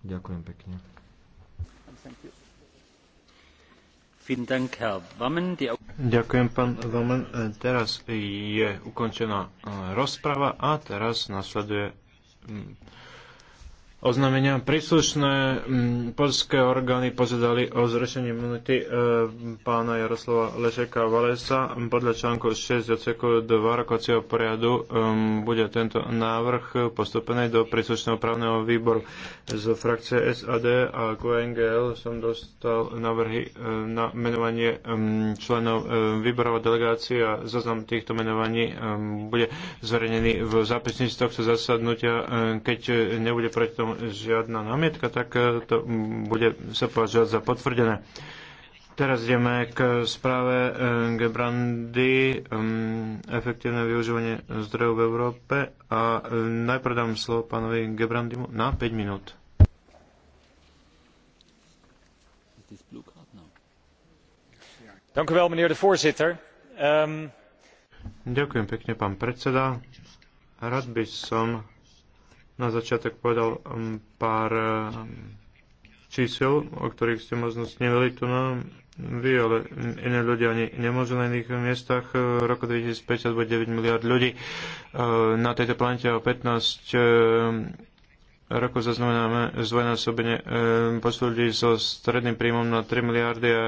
Ďakujem pekne. Ďakujem, pán Vamen. E, teraz je ukončená e, rozprava a teraz nasleduje oznámenia. Príslušné mm, polské orgány požiadali o zrušenie imunity e, pána Jaroslava Lešeka Valesa. Podľa článku 6 odseku 2 rokovacieho poriadu bude tento návrh postupený do príslušného právneho výboru z frakcie SAD a QNGL. E som dostal návrhy e, na menovanie členov výborov delegácie a zoznam týchto menovaní bude zverejnený v zápisnici tohto zasadnutia, keď nebude proti tomu žiadna námietka, tak e, to bude sa považovať za potvrdené. Teraz ideme k správe e, Gebrandy, um, efektívne využívanie zdrojov v Európe a um, najprv dám slovo pánovi Gebrandimu na 5 minút. meneer de voorzitter. Um... Ďakujem pekne, pán predseda. Rád by som na začiatok povedal um, pár um, čísel, o ktorých ste možno sneveli tu na vy, ale um, iné ľudia ani nemôžu na iných miestach. Uh, v roku 2050 bude 9 miliard ľudí uh, na tejto planete a 15 roku zaznamenáme zvojnásobenie počtu ľudí so stredným príjmom na 3 miliardy a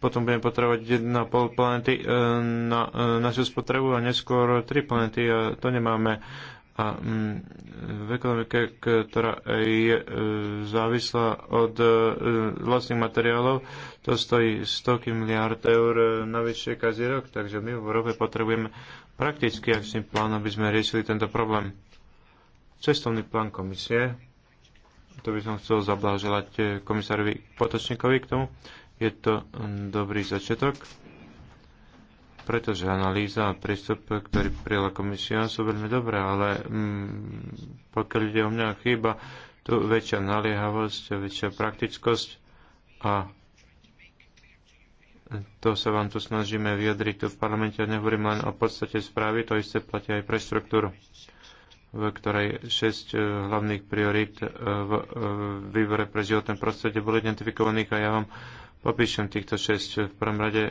potom budeme potrebovať 1,5 planety e, na e, našu spotrebu a neskôr 3 planety a to nemáme. A mm, v ekonomike, ktorá je e, závislá od vlastných materiálov, to stojí 100 miliard eur navyše každý rok, takže my v Európe potrebujeme praktický akčný plán, aby sme riešili tento problém. Cestovný plán komisie, to by som chcel zablahoželať komisárovi Potočníkovi k tomu, je to dobrý začiatok, pretože analýza a prístup, ktorý prijela komisia, sú veľmi dobré, ale mm, pokiaľ ide o mňa chýba, tu väčšia naliehavosť, väčšia praktickosť a to sa vám tu snažíme vyjadriť tu v parlamente a nehovorím len o podstate správy, to isté platí aj pre štruktúru, v ktorej šesť e, hlavných priorít e, v e, výbore pre životné prostredie boli identifikovaných a ja vám popíšem týchto šesť. V prvom rade e,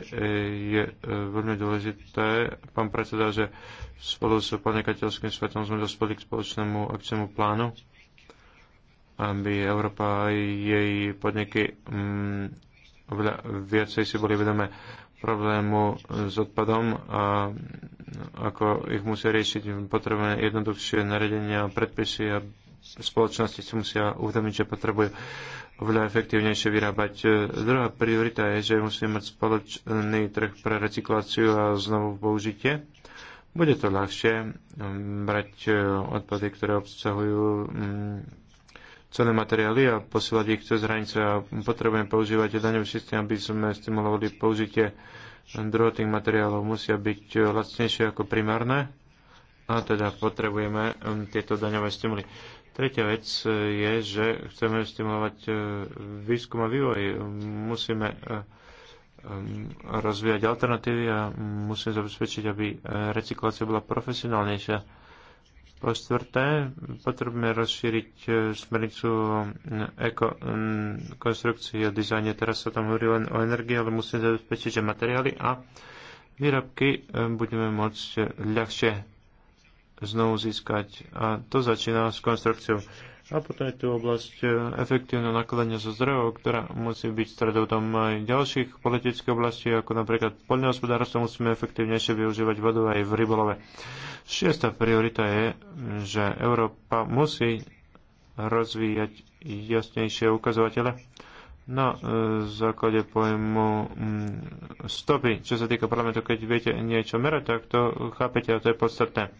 je e, veľmi dôležité, pán predseda, že spolu s podnikateľským svetom sme dospeli k spoločnému akčnému plánu, aby Európa a jej podniky mm, oveľa viacej si boli vedomé problému s odpadom a ako ich musia riešiť. Potrebujeme jednoduchšie naredenia, predpisy a spoločnosti si musia uvedomiť, že potrebujú oveľa efektívnejšie vyrábať. E, druhá priorita je, že musíme mať spoločný trh pre recykláciu a znovu použitie. Bude to ľahšie brať e, odpady, ktoré obsahujú celé materiály a posielať ich cez hranice a potrebujeme používať daňový systém, aby sme stimulovali použitie druhotných materiálov. Musia byť e, lacnejšie ako primárne a teda potrebujeme tieto daňové stimuly. Tretia vec e, je, že chceme stimulovať e, výskum a vývoj. Musíme e, rozvíjať alternatívy a musíme zabezpečiť, aby recyklácia bola profesionálnejšia. Po štvrté, potrebujeme rozšíriť smernicu ekokonstrukcii a dizajne. Teraz sa tam hovorí len o energii, ale musíme zabezpečiť, že materiály a výrobky budeme môcť ľahšie znovu získať. A to začína s konstrukciou. A potom je tu oblasť e, efektívneho nakladania so zdrojov, ktorá musí byť stredovom aj ďalších politických oblastí, ako napríklad poľnohospodárstvo musíme efektívnejšie využívať vodu aj v rybolove. Šiesta priorita je, že Európa musí rozvíjať jasnejšie ukazovatele na e, základe pojmu mm, stopy. Čo sa týka parlamentu, keď viete niečo merať, tak to chápete a to je podstatné.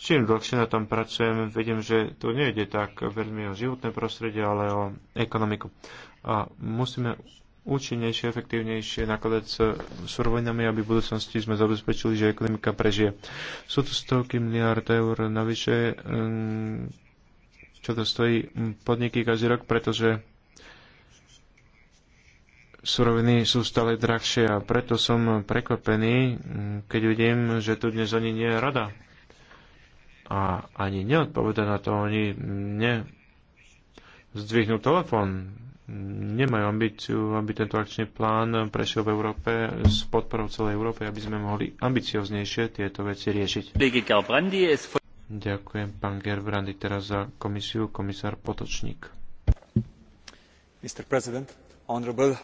Čím dlhšie na tom pracujem, vidím, že tu nejde tak veľmi o životné prostredie, ale o ekonomiku. A musíme účinnejšie, efektívnejšie nakladať s surovinami, aby v budúcnosti sme zabezpečili, že ekonomika prežije. Sú tu stovky miliard eur navyše, mm, čo to stojí podniky každý rok, pretože suroviny sú stále drahšie a preto som prekvapený, mm, keď vidím, že tu dnes ani nie je rada a ani neodpoveda na to, oni ne zdvihnú telefón. Nemajú ambíciu, aby tento akčný plán prešiel v Európe s podporou celej Európy, aby sme mohli ambicioznejšie tieto veci riešiť. Ďakujem, pán Gerbrandy, teraz za komisiu, komisár Potočník. Mr. President, honorable...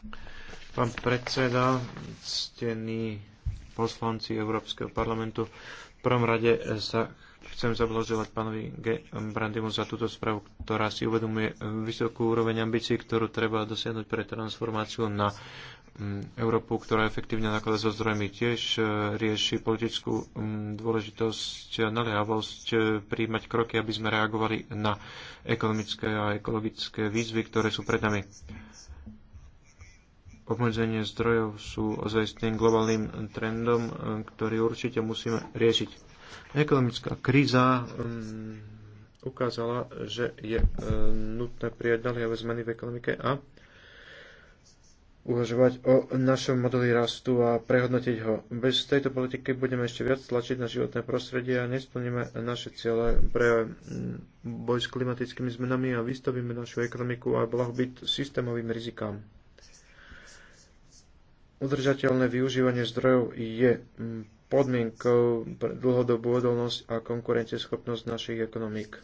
Pán predseda, ctení poslanci Európskeho parlamentu, v prvom rade sa Chcem zablažovať pánovi G. Brandimu za túto správu, ktorá si uvedomuje vysokú úroveň ambícií, ktorú treba dosiahnuť pre transformáciu na mm, Európu, ktorá efektívne nakladá so zdrojmi, tiež e, rieši politickú mm, dôležitosť a naliehavosť e, príjmať kroky, aby sme reagovali na ekonomické a ekologické výzvy, ktoré sú pred nami. Obmedzenie zdrojov sú ozajstným globálnym trendom, e, ktorý určite musíme riešiť Ekonomická kríza um, ukázala, že je um, nutné prijať naliehavé zmeny v ekonomike a uvažovať o našom modeli rastu a prehodnotiť ho. Bez tejto politiky budeme ešte viac tlačiť na životné prostredie a nesplníme naše ciele pre um, boj s klimatickými zmenami a vystavíme našu ekonomiku a blahobyt systémovým rizikám. Udržateľné využívanie zdrojov je podmienkou pre dlhodobú odolnosť a konkurencieschopnosť našich ekonomík.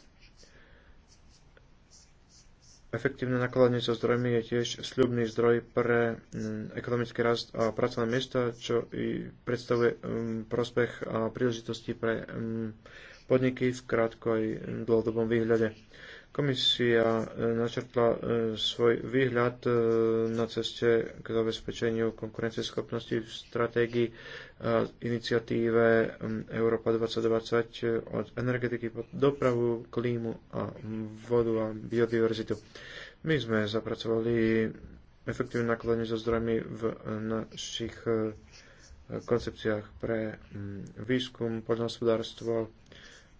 Efektívne nakladanie so zdrojmi je tiež sľubný zdroj pre mm, ekonomický rast a pracovné miesta, čo i predstavuje mm, prospech a príležitosti pre mm, podniky v krátko aj dlhodobom výhľade. Komisia e, načrtla e, svoj výhľad e, na ceste k zabezpečeniu konkurencieschopnosti v stratégii iniciatíve Európa 2020 od energetiky pod dopravu, klímu a vodu a biodiverzitu. My sme zapracovali efektívne nakladanie so zdrojmi v našich koncepciách pre výskum, poľnohospodárstvo,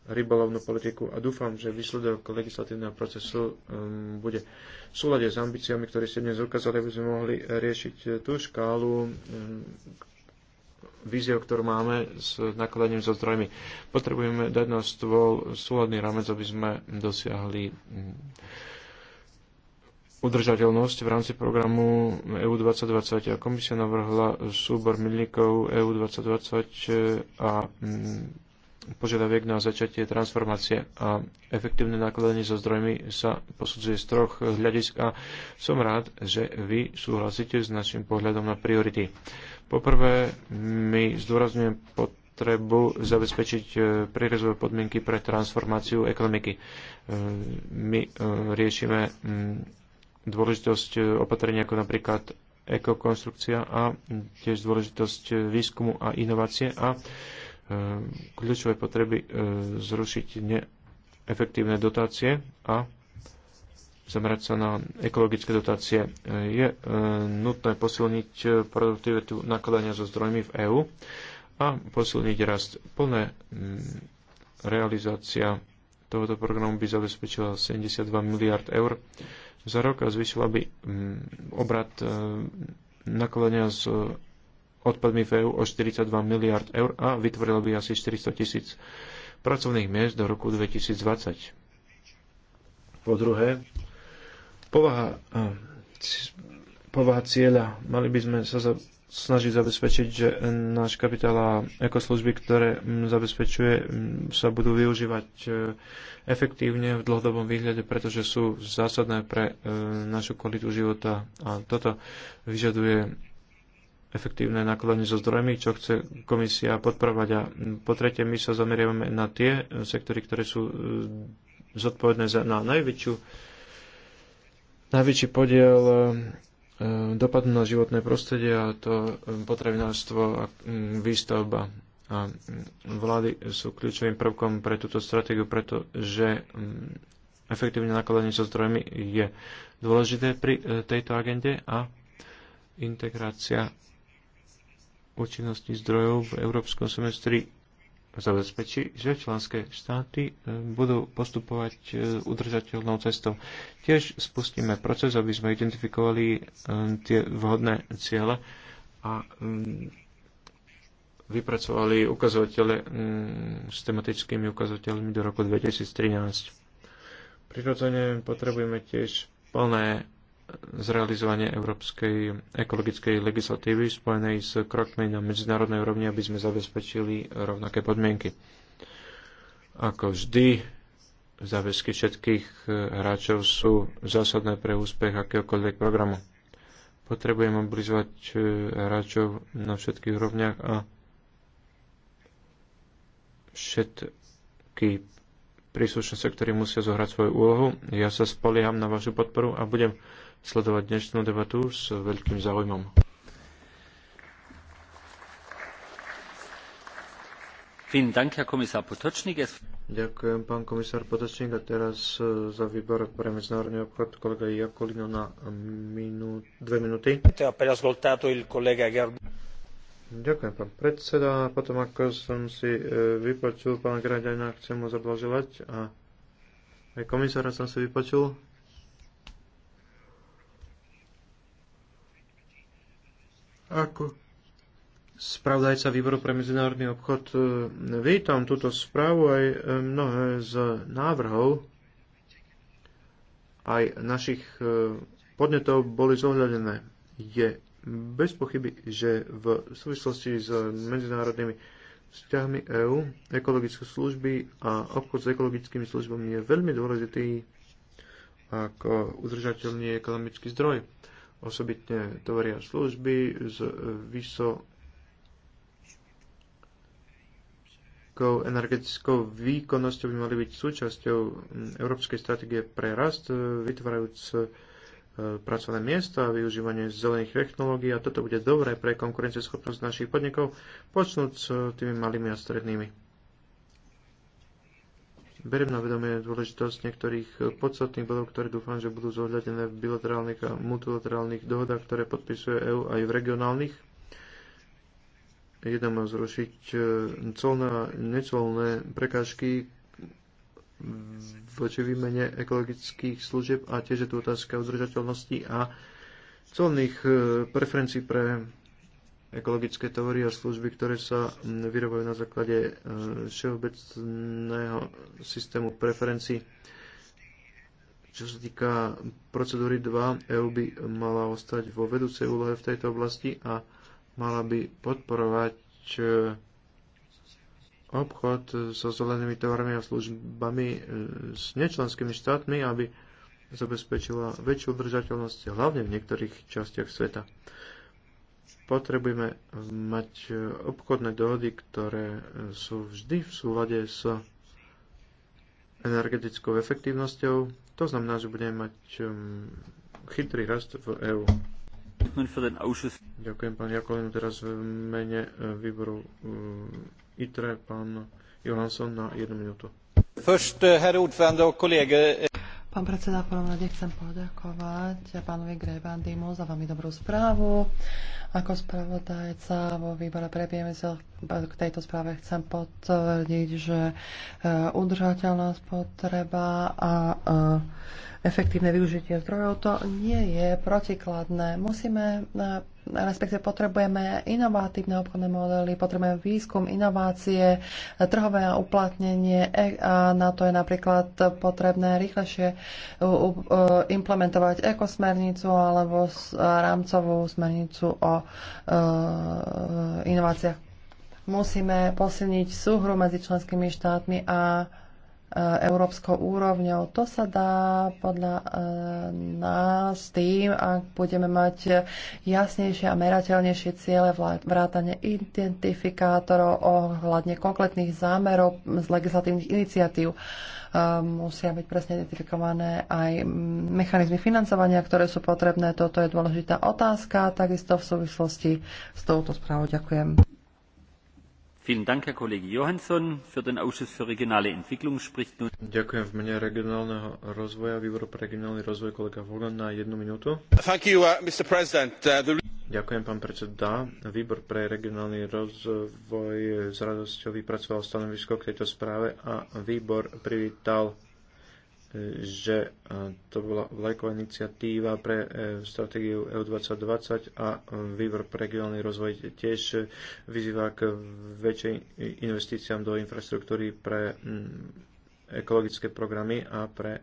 rybolovnú politiku a dúfam, že výsledok legislatívneho procesu um, bude v súlade s ambíciami, ktoré ste dnes ukázali, aby sme mohli riešiť eh, tú škálu, um, eh, víziou, ktorú máme s nakladaním so zdrojmi. Potrebujeme dať na stôl súladný ramec, aby sme dosiahli mm, udržateľnosť v rámci programu EU 2020. A komisia navrhla súbor milníkov EU 2020 eh, a mm, požiadaviek na začatie transformácie a efektívne nakladanie so zdrojmi sa posudzuje z troch hľadisk a som rád, že vy súhlasíte s našim pohľadom na priority. Poprvé, my zdôrazňujem pod potrebu zabezpečiť e, prírezové podmienky pre transformáciu ekonomiky. E, my e, riešime dôležitosť opatrenia ako napríklad ekokonstrukcia a tiež dôležitosť výskumu a inovácie a Eh, kľúčové potreby eh, zrušiť neefektívne dotácie a zamerať sa na ekologické dotácie. Eh, je nutné posilniť produktivitu nakladania so zdrojmi v EÚ a posilniť rast. Plné mm, realizácia tohoto programu by zabezpečila 72 miliard eur za rok a zvyšila by mm, obrad nakladania s odpadmi v EÚ o 42 miliard eur a vytvorilo by asi 400 tisíc pracovných miest do roku 2020. Po druhé, povaha, povaha cieľa. Mali by sme sa za, snažiť zabezpečiť, že náš kapitál a ekoslužby, ktoré zabezpečuje, sa budú využívať e, efektívne v dlhodobom výhľade, pretože sú zásadné pre e, našu kvalitu života a toto vyžaduje efektívne nakladanie so zdrojmi, čo chce komisia podporovať. A po tretie, my sa zameriavame na tie sektory, ktoré sú e, zodpovedné za, na najväčšiu, najväčší podiel e, e, dopadu na životné prostredie a to potravinárstvo a mm, výstavba. A mm, vlády sú kľúčovým prvkom pre túto stratégiu, pretože mm, efektívne nakladanie so zdrojmi je dôležité pri tejto agende a integrácia účinnosti zdrojov v Európskom semestri zabezpečí, že členské štáty e, budú postupovať e, udržateľnou cestou. Tiež spustíme proces, aby sme identifikovali e, tie vhodné ciele a mm, vypracovali ukazovatele mm, s tematickými ukazovateľmi do roku 2013. Prirodzene potrebujeme tiež plné zrealizovanie európskej ekologickej legislatívy spojenej s krokmi na medzinárodnej úrovni, aby sme zabezpečili rovnaké podmienky. Ako vždy, záväzky všetkých hráčov sú zásadné pre úspech akéhokoľvek programu. Potrebujeme mobilizovať eh, hráčov na všetkých úrovniach a všetky príslušné sektory musia zohrať svoju úlohu. Ja sa spolieham na vašu podporu a budem sledovať dnešnú debatu s veľkým záujmom. Ďakujem, pán komisár Potočník. A teraz e, za výbor pre medzinárodný obchod kolega Jakolino na minú, dve minúty. Ďakujem, pán predseda. Potom, ako som si e, vypočul pána Gradina, chcem mu zablažovať. A aj komisára som si vypočul. Ako spravodajca výboru pre medzinárodný obchod e, vítam túto správu aj e, mnohé z návrhov aj našich e, podnetov boli zohľadené. Je bez pochyby, že v súvislosti s medzinárodnými vzťahmi EÚ, ekologické služby a obchod s ekologickými službami je veľmi dôležitý ako udržateľný ekonomický zdroj osobitne tovaria služby s eh, vysokou energetickou výkonnosťou by mali byť súčasťou hm, Európskej stratégie pre rast, eh, vytvárajúc eh, pracovné miesta a využívanie zelených technológií a toto bude dobré pre konkurencieschopnosť našich podnikov, počnúť s tými malými a strednými. Beriem na vedomie dôležitosť niektorých podstatných bodov, ktoré dúfam, že budú zohľadené v bilaterálnych a multilaterálnych dohodách, ktoré podpisuje EÚ aj v regionálnych. Jedna má zrušiť e, colné a necolné prekážky voči výmene ekologických služieb a tiež je tu otázka udržateľnosti a colných e, preferencií pre ekologické tovary a služby, ktoré sa vyrobajú na základe e, všeobecného systému preferencií. Čo sa týka procedúry 2, EU by mala ostať vo vedúcej úlohe v tejto oblasti a mala by podporovať e, obchod so zelenými tovarmi a službami e, s nečlenskými štátmi, aby zabezpečila väčšiu udržateľnosť hlavne v niektorých častiach sveta potrebujeme mať e, obchodné dohody, ktoré e, sú vždy v súlade s energetickou efektívnosťou. To znamená, že budeme mať um, chytrý rast v EÚ. Ďakujem pán Jakolinu. Teraz v mene e, výboru ITRE pán Johansson na jednu minútu. Först, herr ordförande och kollegor. Pán predseda, v prvom rade chcem poďakovať pánovi Grebandimu za veľmi dobrú správu. Ako spravodajca vo výbore pre priemysel k tejto správe chcem potvrdiť, že eh, udržateľná spotreba a eh, efektívne využitie zdrojov, to nie je protikladné. Musíme, respektíve potrebujeme inovatívne obchodné modely, potrebujeme výskum, inovácie, trhové uplatnenie e, a na to je napríklad potrebné rýchlejšie e, implementovať ekosmernicu alebo e, rámcovú smernicu o inováciách musíme posilniť súhru medzi členskými štátmi a E, európskou úrovňou. To sa dá podľa e, nás tým, ak budeme mať jasnejšie a merateľnejšie ciele vrátane identifikátorov ohľadne konkrétnych zámerov z legislatívnych iniciatív. E, musia byť presne identifikované aj mechanizmy financovania, ktoré sú potrebné. Toto je dôležitá otázka, takisto v súvislosti s touto správou. Ďakujem. Ďakujem v mene regionálneho rozvoja, výboru pre regionálny rozvoj, kolega Vogan na jednu minútu. Uh, uh, Ďakujem, pán predseda. Výbor pre regionálny rozvoj s radosťou vypracoval stanovisko k tejto správe a výbor privítal že e, to bola vlajková iniciatíva pre e, stratégiu EU 2020 a e, výbor pre regionálny rozvoj tiež vyzýva k väčšej investíciám do infraštruktúry pre mm, ekologické programy a pre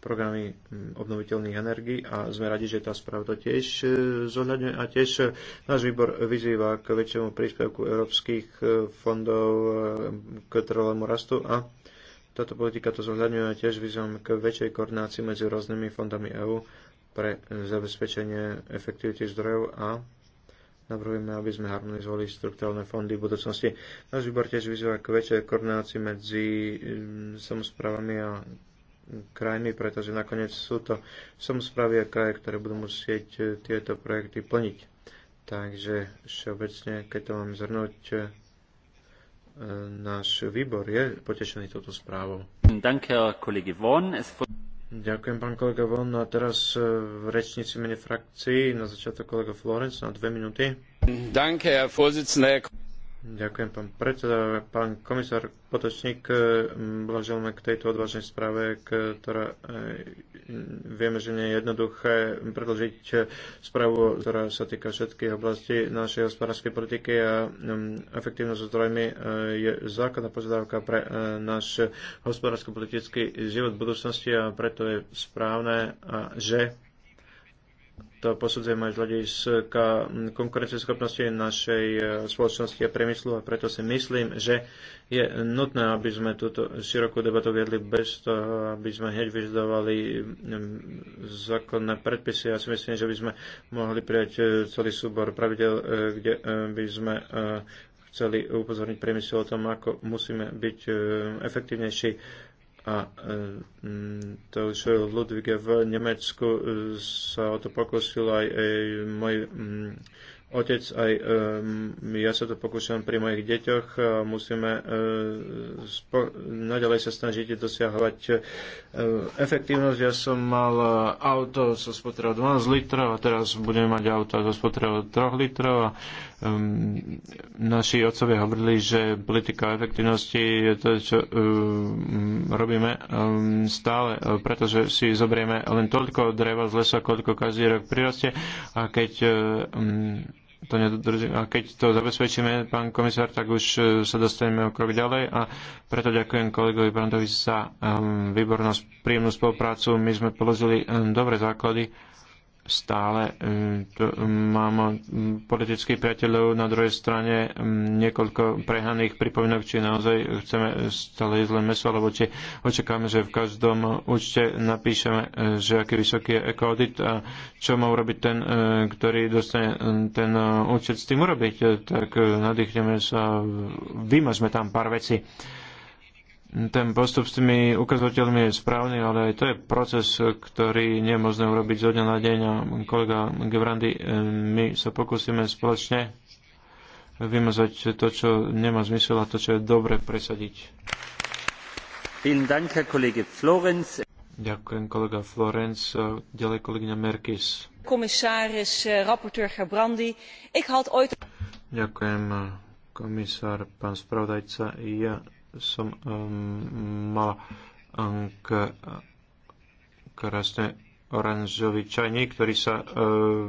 programy mm, obnoviteľných energií a sme radi, že tá správa to tiež zohľadňuje a tiež náš výbor vyzýva k väčšiemu príspevku európskych fondov k trvalému rastu a táto politika to zohľadňuje tiež výzvom k väčšej koordinácii medzi rôznymi fondami EÚ pre zabezpečenie efektivity zdrojov a navrhujeme, aby sme harmonizovali strukturálne fondy v budúcnosti. Náš výbor tiež vyzýva k väčšej koordinácii medzi hm, samozprávami a krajmi, pretože nakoniec sú to samozprávy a kraje, ktoré budú musieť eh, tieto projekty plniť. Takže všeobecne, keď to mám zhrnúť, eh, náš výbor je potešený touto správou. Ďakujem, pán kolega Von. No A teraz e, v rečnici mene frakcii na začiatok kolega Florenc na dve minúty. Danke, Herr Vorsitzender. Ďakujem, pán predseda. Pán komisár Potočník, eh, blaželme k tejto odvážnej správe, ktorá eh, vieme, že nie je jednoduché predložiť eh, správu, ktorá sa týka všetkých oblastí našej hospodárskej politiky a mm, efektívnosť so zdrojmi je základná požiadavka pre náš hospodársko-politický život v budúcnosti a preto je správne, že to posudzujeme aj z hľadiska konkurencieschopnosti našej e, spoločnosti a priemyslu a preto si myslím, že je nutné, aby sme túto širokú debatu viedli bez toho, aby sme hneď vyžadovali zákonné predpisy. Ja si myslím, že by sme mohli prijať e, celý súbor pravidel, e, kde by sme chceli upozorniť priemysel o tom, ako musíme byť efektívnejší a e, to už Ludvige v Nemecku e, sa o to pokusil aj e, môj mm, otec, aj ja sa to pokúšam pri mojich deťoch. Musíme naďalej sa snažiť dosiahovať efektívnosť. Ja som mal auto so spotrebou 12 litrov a teraz budem mať auto so spotrebou 3 litrov a um, naši otcovia hovorili, že politika efektivnosti je to, čo um, robíme um, stále, eh, pretože si zoberieme len toľko dreva z lesa, koľko každý rok prirastie a keď um, to nedodržíme. A keď to zabezpečíme, pán komisár, tak už eh, sa dostaneme o krok ďalej a preto ďakujem kolegovi Brandovi za um, výbornosť, príjemnú spoluprácu. My sme položili um, dobré základy stále hm, tu hm, mám hm, politických priateľov na druhej strane niekoľko prehnaných pripomienok, či naozaj chceme stále ísť len meso, alebo či očakávame, že v každom účte napíšeme, že aký vysoký je ekoaudit a čo má urobiť ten, ktorý dostane ten účet s tým urobiť, tak nadýchneme sa, vymažme tam pár vecí ten postup s tými ukazovateľmi je správny, ale aj to je proces, ktorý nie je možné urobiť zo dňa na deň a kolega Gebrandy, eh, my sa pokúsime spoločne vymazať to, čo nemá zmysel a to, čo je dobre presadiť. Ďakujem, kolega Florenc. Ďalej kolegyňa Merkis. Komisáris, eh, rapporteur Gebrandy. ik had ooit... Ďakujem, eh, komisár, pán spravodajca. Ja som um, mala um, k, krásne oranžový čajník, ktorý sa uh,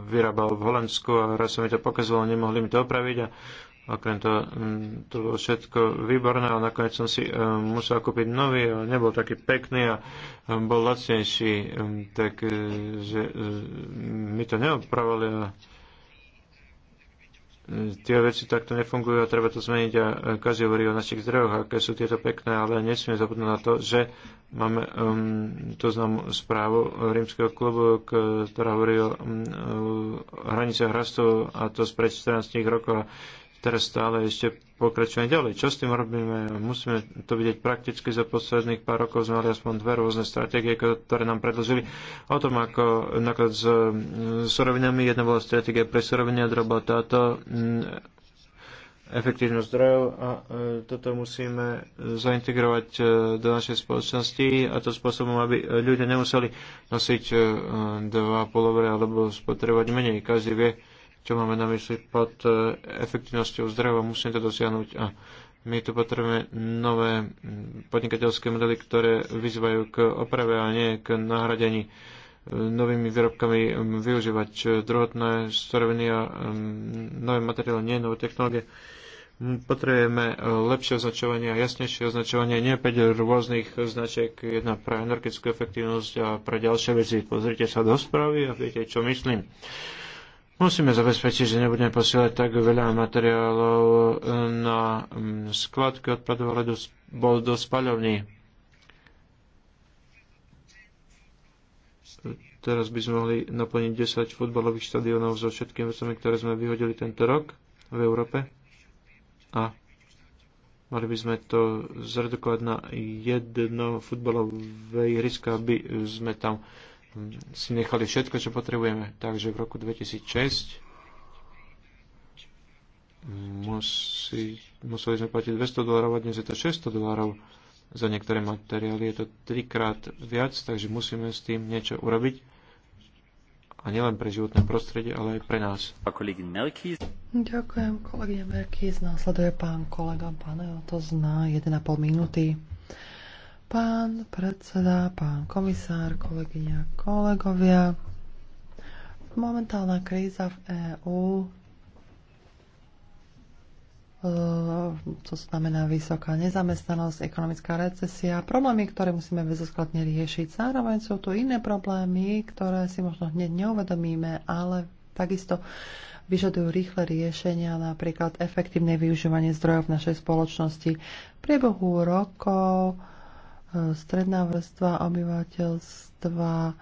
vyrábal v Holandsku a raz sa mi to pokazovalo, nemohli mi to opraviť a okrem toho um, to bolo všetko výborné a nakoniec som si um, musel kúpiť nový a nebol taký pekný a um, bol lacnejší, um, takže e, mi to neopravili a Hm, tie veci takto nefungujú a treba to zmeniť a e, každý hovorí o našich zdrojoch, aké sú tieto pekné, ale nesmie zabudnúť na to, že máme um, tú známu správu rímskeho klubu, ktorá hovorí o um, hraniciach rastu a to z pred 14 rokov teraz stále ešte pokračujeme ďalej. Čo s tým robíme? Musíme to vidieť prakticky. Za posledných pár rokov sme mali aspoň dve rôzne stratégie, ktoré nám predložili o tom, ako naklad s surovinami. Jedna bola stratégia pre surovinia, a druhá táto mm, efektívnosť zdrojov a e, toto musíme zaintegrovať e, do našej spoločnosti a to spôsobom, aby ľudia nemuseli nosiť e, dva polovre alebo spotrebovať menej. Každý vie, čo máme na mysli pod e, efektivnosťou zdravia, musíme to dosiahnuť a my tu potrebujeme nové podnikateľské modely, ktoré vyzývajú k oprave a nie k nahradení e, novými výrobkami využívať druhotné stroviny a nové materiály, nie nové technológie. Potrebujeme e, lepšie označovanie a jasnejšie označovanie, nie 5 rôznych značiek, jedna pre energetickú efektívnosť a pre ďalšie veci. Pozrite sa do správy a viete, čo myslím. Musíme zabezpečiť, že nebudeme posielať tak veľa materiálov e, na skladky odpadu, ale do, bol do spaľovní. Teraz by sme mohli naplniť 10 futbalových štadionov so všetkými vecami, ktoré sme vyhodili tento rok v Európe. A mali by sme to zredukovať na jedno futbalové ihrisko, aby sme tam si nechali všetko, čo potrebujeme. Takže v roku 2006 musí, museli sme platiť 200 dolárov a dnes je to 600 dolárov za niektoré materiály. Je to trikrát viac, takže musíme s tým niečo urobiť. A nielen pre životné prostredie, ale aj pre nás. Ďakujem, kolegyne Merkis. Následuje pán kolega Paneo, to zná 1,5 minúty. Pán predseda, pán komisár, kolegyňa, kolegovia, momentálna kríza v EÚ, eh, to znamená vysoká nezamestnanosť, ekonomická recesia, problémy, ktoré musíme bezoskladne riešiť. Zároveň sú tu iné problémy, ktoré si možno hneď neuvedomíme, ale takisto vyžadujú rýchle riešenia, napríklad efektívne využívanie zdrojov v našej spoločnosti. V priebehu rokov stredná vrstva obyvateľstva e,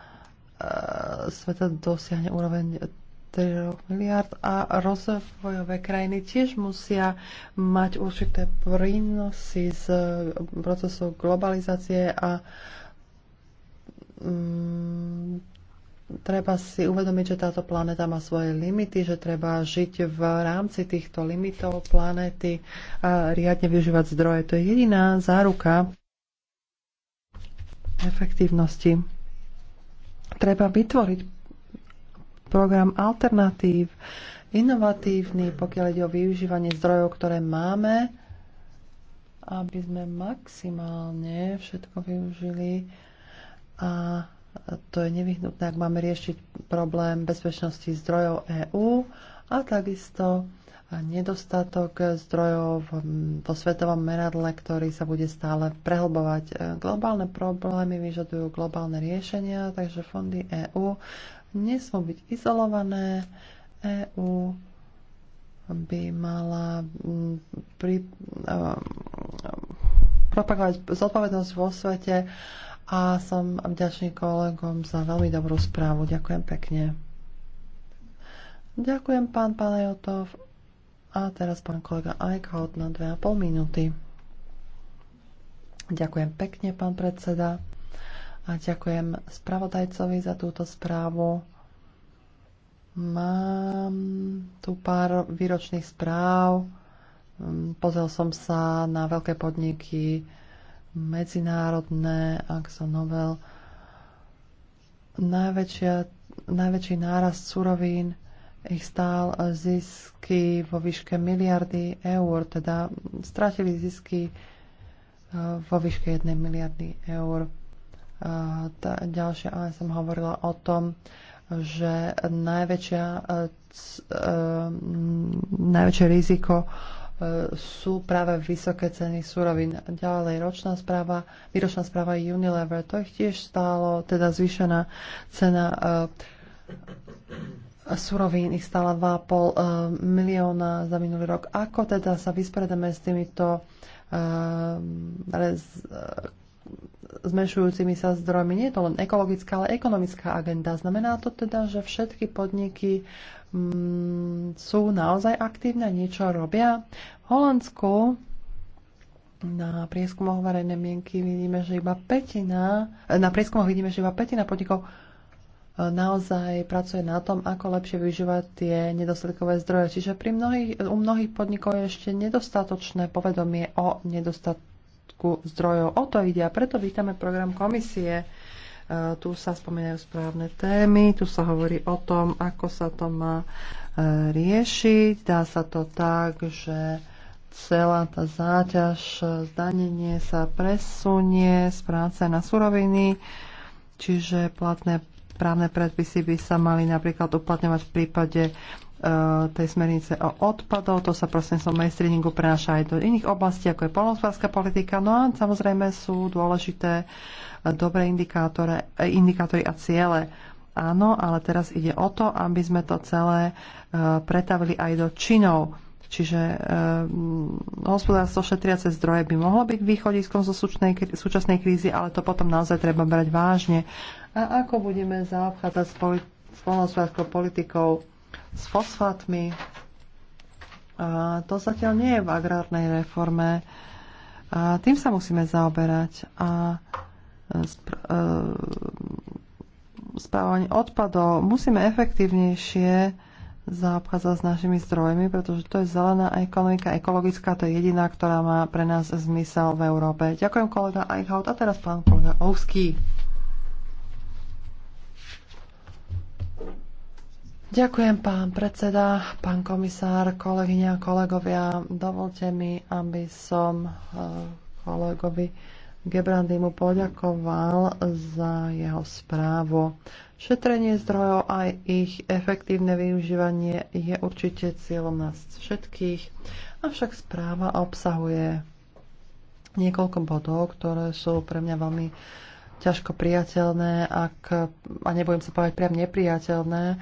sveta dosiahne úroveň 3 miliard a rozvojové krajiny tiež musia mať určité prínosy z procesu globalizácie a mm, treba si uvedomiť, že táto planéta má svoje limity, že treba žiť v rámci týchto limitov planéty a riadne využívať zdroje. To je jediná záruka efektívnosti. Treba vytvoriť program alternatív, inovatívny, pokiaľ ide o využívanie zdrojov, ktoré máme, aby sme maximálne všetko využili a to je nevyhnutné, ak máme riešiť problém bezpečnosti zdrojov EÚ a takisto nedostatok zdrojov vo svetovom meradle, ktorý sa bude stále prehlbovať. E, globálne problémy vyžadujú globálne riešenia, takže fondy EÚ nesmú byť izolované. EÚ by mala pri, uh, propagovať zodpovednosť vo svete a som vďačný kolegom za veľmi dobrú správu. Ďakujem pekne. Ďakujem pán Panajotov a teraz pán kolega Eichhout na 2,5 minúty. Ďakujem pekne, pán predseda. A ďakujem spravodajcovi za túto správu. Mám tu pár výročných správ. Mm, pozrel som sa na veľké podniky, medzinárodné, ak sa novel. Najväčšia, najväčší nárast surovín ich stál zisky vo výške miliardy eur, teda strátili zisky eh, vo výške 1 miliardy eur. Tá ďalšia ale som hovorila o tom, že najväčšia, eh, najväčšie riziko eh, sú práve vysoké ceny súrovín. Ďalej, ročná správa, výročná správa Unilever, to ich tiež stálo, teda zvýšená cena surovín ich stála 2,5 eh, milióna za minulý rok. Ako teda sa vysporiadame s týmito eh, eh, zmenšujúcimi sa zdrojmi. Nie je to len ekologická, ale ekonomická agenda. Znamená to teda, že všetky podniky mm, sú naozaj aktívne, niečo robia. V Holandsku na prieskumoch verejnej mienky vidíme, že iba petina, na prieskumoch vidíme, že iba petina podnikov naozaj pracuje na tom, ako lepšie využívať tie nedostatkové zdroje. Čiže pri mnohých, u mnohých podnikov je ešte nedostatočné povedomie o nedostatku zdrojov. O to ide a preto vítame program komisie. E, tu sa spomínajú správne témy, tu sa hovorí o tom, ako sa to má e, riešiť. Dá sa to tak, že celá tá záťaž, zdanenie sa presunie z práce na suroviny, čiže platné Právne predpisy by sa mali napríklad uplatňovať v prípade e, tej smernice o odpadov. To sa prosím som mainstreamingu prenáša aj do iných oblastí, ako je polnospodárska politika. No a samozrejme sú dôležité e, dobré e, indikátory a ciele. Áno, ale teraz ide o to, aby sme to celé pretavili aj do činov. Čiže e, hospodárstvo šetriace zdroje by mohlo byť východiskom zo súčnej, súčasnej krízy, ale to potom naozaj treba brať vážne a ako budeme zaobchádzať s, polit- polnospodárskou politikou, s fosfátmi. A to zatiaľ nie je v agrárnej reforme. A tým sa musíme zaoberať. A e, e, správanie odpadov musíme efektívnejšie zaobchádzať s našimi zdrojmi, pretože to je zelená ekonomika, ekologická, to je jediná, ktorá má pre nás zmysel v Európe. Ďakujem kolega Eichhout a teraz pán kolega Ovský. Ďakujem, pán predseda, pán komisár, kolegyňa, kolegovia. Dovolte mi, aby som e, kolegovi mu poďakoval za jeho správu. Šetrenie zdrojov a ich efektívne využívanie je určite cieľom nás všetkých, avšak správa obsahuje niekoľko bodov, ktoré sú pre mňa veľmi ťažko priateľné, ak, a nebudem sa povedať priam nepriateľné,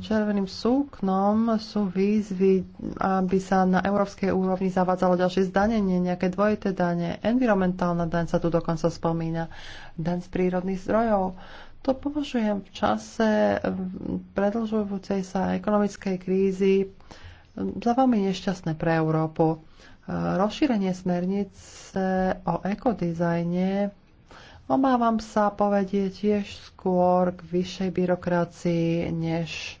červeným súknom sú výzvy, aby sa na európskej úrovni zavádzalo ďalšie zdanenie, nejaké dvojité dane. Environmentálna daň sa tu dokonca spomína. Daň z prírodných zdrojov. To považujem v čase predlžujúcej sa ekonomickej krízy za veľmi nešťastné pre Európu. Rozšírenie smernice o ekodizajne Obávam sa, povedie tiež skôr k vyššej byrokracii, než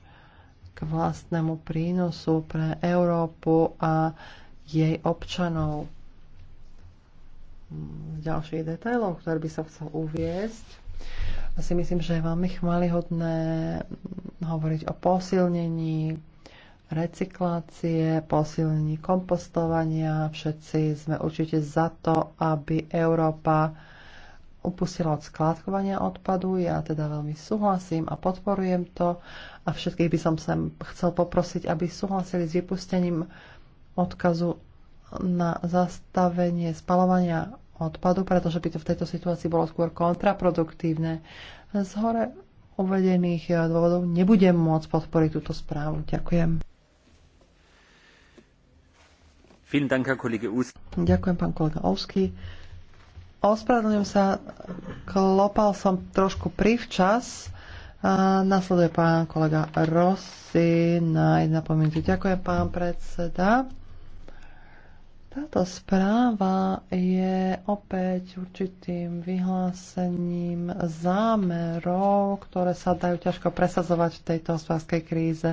k vlastnému prínosu pre Európu a jej občanov. Z ďalších detailov, ktoré by som chcel uviesť, si myslím, že je veľmi chmalihodné hovoriť o posilnení recyklácie, posilnení kompostovania. Všetci sme určite za to, aby Európa upustila od skládkovania odpadu. Ja teda veľmi súhlasím a podporujem to a všetkých by som sem chcel poprosiť, aby súhlasili s vypustením odkazu na zastavenie spalovania odpadu, pretože by to v tejto situácii bolo skôr kontraproduktívne. Z hore uvedených dôvodov nebudem môcť podporiť túto správu. Ďakujem. Ďakujem, pán kolega Ovsky. Ospravedlňujem sa, klopal som trošku privčas. A nasleduje pán kolega Rossi na jedna pomienku. Ďakujem, pán predseda. Táto správa je opäť určitým vyhlásením zámerov, ktoré sa dajú ťažko presazovať v tejto hospodárskej kríze.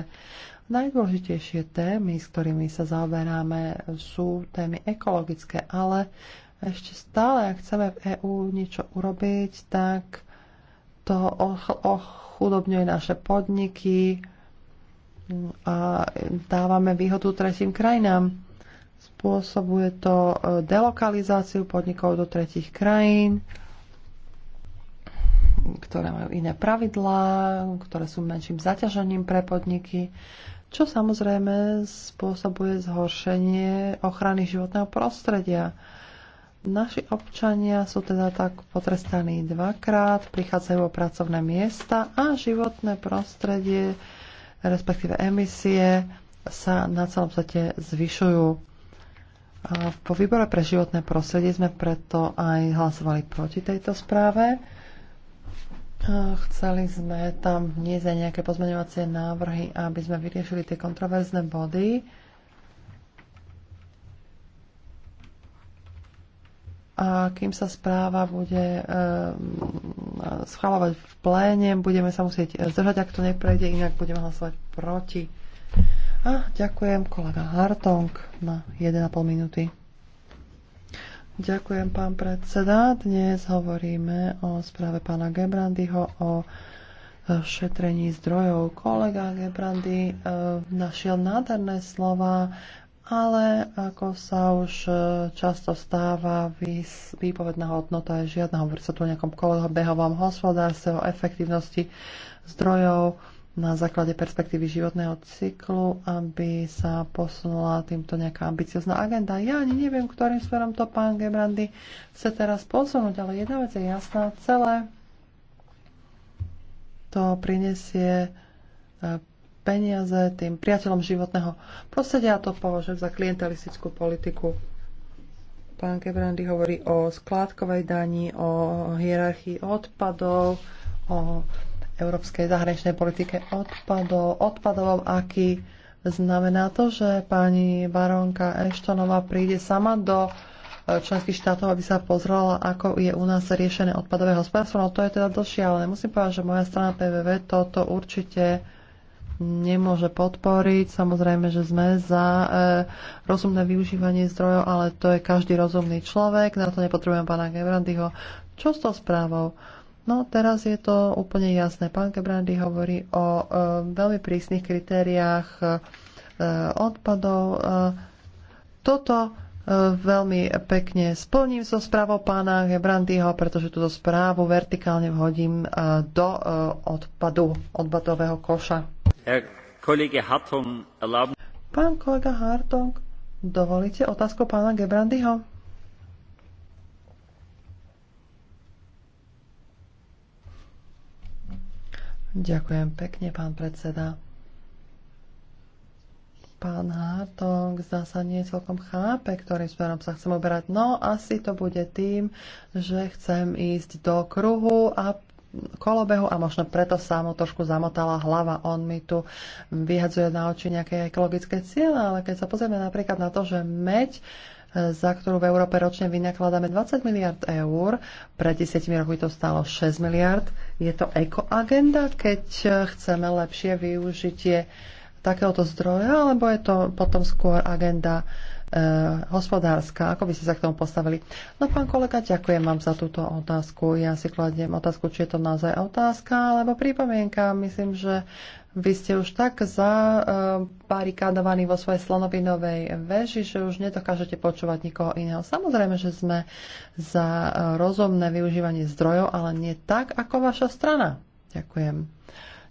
Najdôležitejšie témy, s ktorými sa zaoberáme, sú témy ekologické, ale ešte stále, ak chceme v EÚ niečo urobiť, tak to ochudobňuje naše podniky a dávame výhodu tretím krajinám. Spôsobuje to e, delokalizáciu podnikov do tretich krajín, ktoré majú iné pravidlá, ktoré sú menším zaťažením pre podniky, čo samozrejme spôsobuje zhoršenie ochrany životného prostredia Naši občania sú teda tak potrestaní dvakrát, prichádzajú o pracovné miesta a životné prostredie, respektíve emisie, sa na celom svete zvyšujú. A po výbore pre životné prostredie sme preto aj hlasovali proti tejto správe. Chceli sme tam vniesť aj nejaké pozmeňovacie návrhy, aby sme vyriešili tie kontroverzné body a kým sa správa bude ehm, schvalovať v pléne, budeme sa musieť e, zdržať, ak to neprejde, inak budeme hlasovať proti. A ďakujem kolega Hartong na 1,5 minúty. Ďakujem, pán predseda. Dnes hovoríme o správe pána Gebrandyho o e, šetrení zdrojov. Kolega Gebrandy e, našiel nádherné slova ale ako sa už e, často stáva, výpovedná hodnota je žiadna. Hovorí sa tu o nejakom behovom hospodárstve, o efektívnosti zdrojov na základe perspektívy životného cyklu, aby sa posunula týmto nejaká ambiciozná agenda. Ja ani neviem, ktorým smerom to pán Gebrandy chce teraz posunúť, ale jedna vec je jasná, celé to prinesie e, peniaze tým priateľom životného prostredia a to považujem za klientelistickú politiku. Pán Kebrandy hovorí o skládkovej daní, o hierarchii odpadov, o európskej zahraničnej politike odpadov, odpadovom aký. Znamená to, že pani baronka Eštonová príde sama do e, členských štátov, aby sa pozrela, ako je u nás riešené odpadové hospodárstvo. No to je teda dlhšie, ale musím povedať, že moja strana PVV toto určite nemôže podporiť. Samozrejme, že sme za e, rozumné využívanie zdrojov, ale to je každý rozumný človek. Na to nepotrebujem pána Gebrandyho. Čo s tou správou? No teraz je to úplne jasné. Pán Gebrandy hovorí o e, veľmi prísnych kritériách e, odpadov. E, toto e, veľmi pekne splním so správou pána Gebrandyho, pretože túto správu vertikálne vhodím e, do e, odpadu, odpadového koša. Pán kolega Hartong, dovolíte otázku pána Gebrandyho? Ďakujem pekne, pán predseda. Pán Hartong zdá sa nie celkom chápe, ktorým smerom sa chcem oberať. No, asi to bude tým, že chcem ísť do kruhu a kolobehu a možno preto sa mu trošku zamotala hlava. On mi tu vyhadzuje na oči nejaké ekologické cieľe, ale keď sa pozrieme napríklad na to, že meď e, za ktorú v Európe ročne vynakladáme 20 miliard eur. Pred 10 rokmi to stálo 6 miliard. Je to ekoagenda, keď e, chceme lepšie využitie takéhoto zdroja, alebo je to potom skôr agenda E, hospodárska. Ako by ste sa k tomu postavili? No, pán kolega, ďakujem vám za túto otázku. Ja si kladiem otázku, či je to naozaj otázka, alebo pripomienka. Myslím, že vy ste už tak zabarikádovaní e, vo svojej slonovinovej veži, že už nedokážete počúvať nikoho iného. Samozrejme, že sme za e, rozumné využívanie zdrojov, ale nie tak, ako vaša strana. Ďakujem.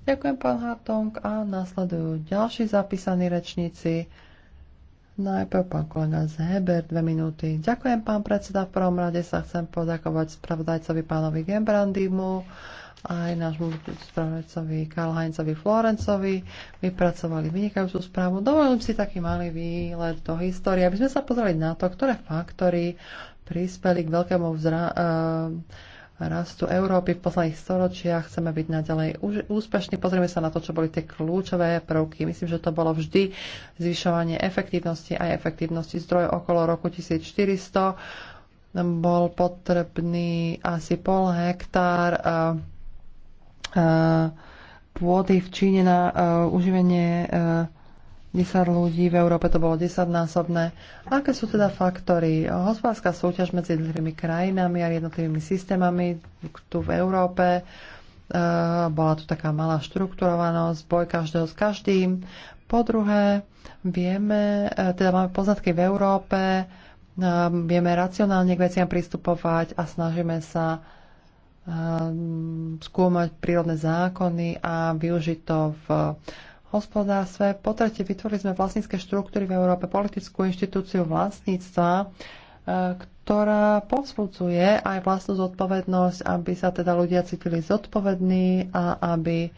Ďakujem, pán Hartong. A nasledujú ďalší zapísaní rečníci. Najprv pán kolega Heber, dve minúty. Ďakujem, pán predseda. V prvom rade sa chcem poďakovať spravodajcovi pánovi Gembrandimu aj nášmu spravodajcovi Karl Heinzovi Florencovi. Vypracovali vynikajúcu správu. Dovolím si taký malý výlet do histórie, aby sme sa pozreli na to, ktoré faktory prispeli k veľkému vzra- uh, rastu Európy v posledných storočiach. Chceme byť naďalej úspešní. Pozrieme sa na to, čo boli tie kľúčové prvky. Myslím, že to bolo vždy zvyšovanie efektívnosti aj efektívnosti zdrojov okolo roku 1400. Bol potrebný asi pol hektár eh, eh, pôdy v Číne na eh, uživenie 10 ľudí, v Európe to bolo 10-násobné. Aké sú teda faktory? Hospodárska súťaž medzi jednotlivými krajinami a jednotlivými systémami tu v Európe, e, bola tu taká malá štrukturovanosť, boj každého s každým. Po druhé, vieme, e, teda máme poznatky v Európe, e, vieme racionálne k veciam pristupovať a snažíme sa skúmať prírodné zákony a využiť to v hospodárstve. Po tretie, vytvorili sme vlastnícke štruktúry v Európe, politickú inštitúciu vlastníctva, e, ktorá povzbudzuje aj vlastnú zodpovednosť, aby sa teda ľudia cítili zodpovední a aby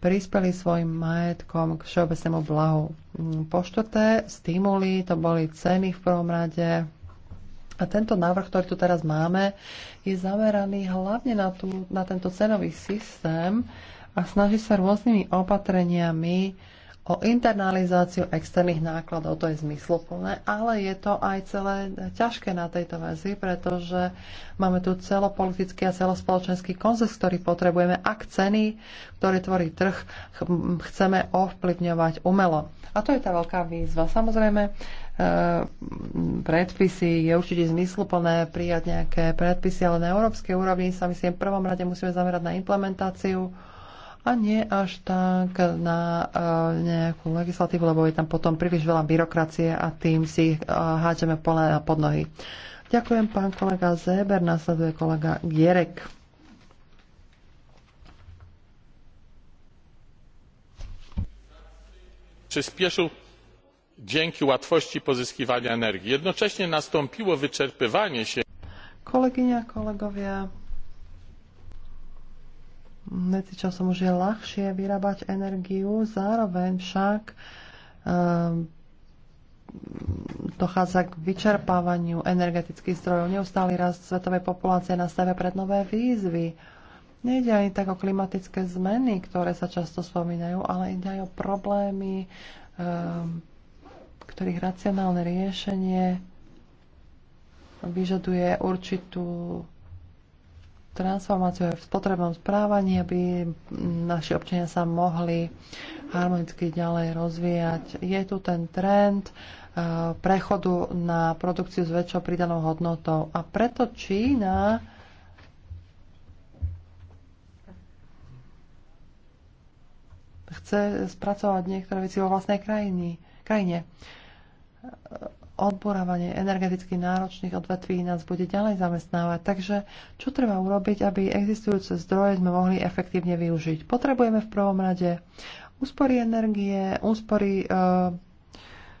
prispeli svojim majetkom k všeobecnému blahu. Mm, po štvrté, stimuli, to boli ceny v prvom rade. A tento návrh, ktorý tu teraz máme, je zameraný hlavne na, tú, na tento cenový systém, a snaží sa rôznymi opatreniami o internalizáciu externých nákladov. To je zmysluplné, ale je to aj celé ťažké na tejto väzi, pretože máme tu celopolitický a celospoločenský konzes, ktorý potrebujeme, ak ceny, ktoré tvorí trh, chceme ovplyvňovať umelo. A to je tá veľká výzva. Samozrejme, e, predpisy, je určite zmysluplné prijať nejaké predpisy, ale na európskej úrovni sa myslím v prvom rade musíme zamerať na implementáciu a nie až tak na uh, nejakú legislatívu, lebo je tam potom príliš veľa byrokracie a tým si uh, e, háčeme pole na podnohy. Ďakujem pán kolega Zéber, nasleduje kolega Gierek. przyspieszył dzięki łatwości pozyskiwania energii. jednocześnie nastąpiło wyczerpywanie się. Kolegyňa, kolegovia, časom už je ľahšie vyrábať energiu, zároveň však ehm, dochádza k vyčerpávaniu energetických zdrojov. Neustály rast svetovej populácie na sebe pred nové výzvy. Nejde ani tak o klimatické zmeny, ktoré sa často spomínajú, ale ide aj o problémy, ehm, ktorých racionálne riešenie vyžaduje určitú transformáciu aj v spotrebnom správaní, aby naši občania sa mohli harmonicky ďalej rozvíjať. Je tu ten trend eh, prechodu na produkciu s väčšou pridanou hodnotou a preto Čína chce spracovať niektoré veci vo vlastnej krajine. krajine odborávanie energeticky náročných odvetví nás bude ďalej zamestnávať. Takže čo treba urobiť, aby existujúce zdroje sme mohli efektívne využiť? Potrebujeme v prvom rade úspory energie, úspory e,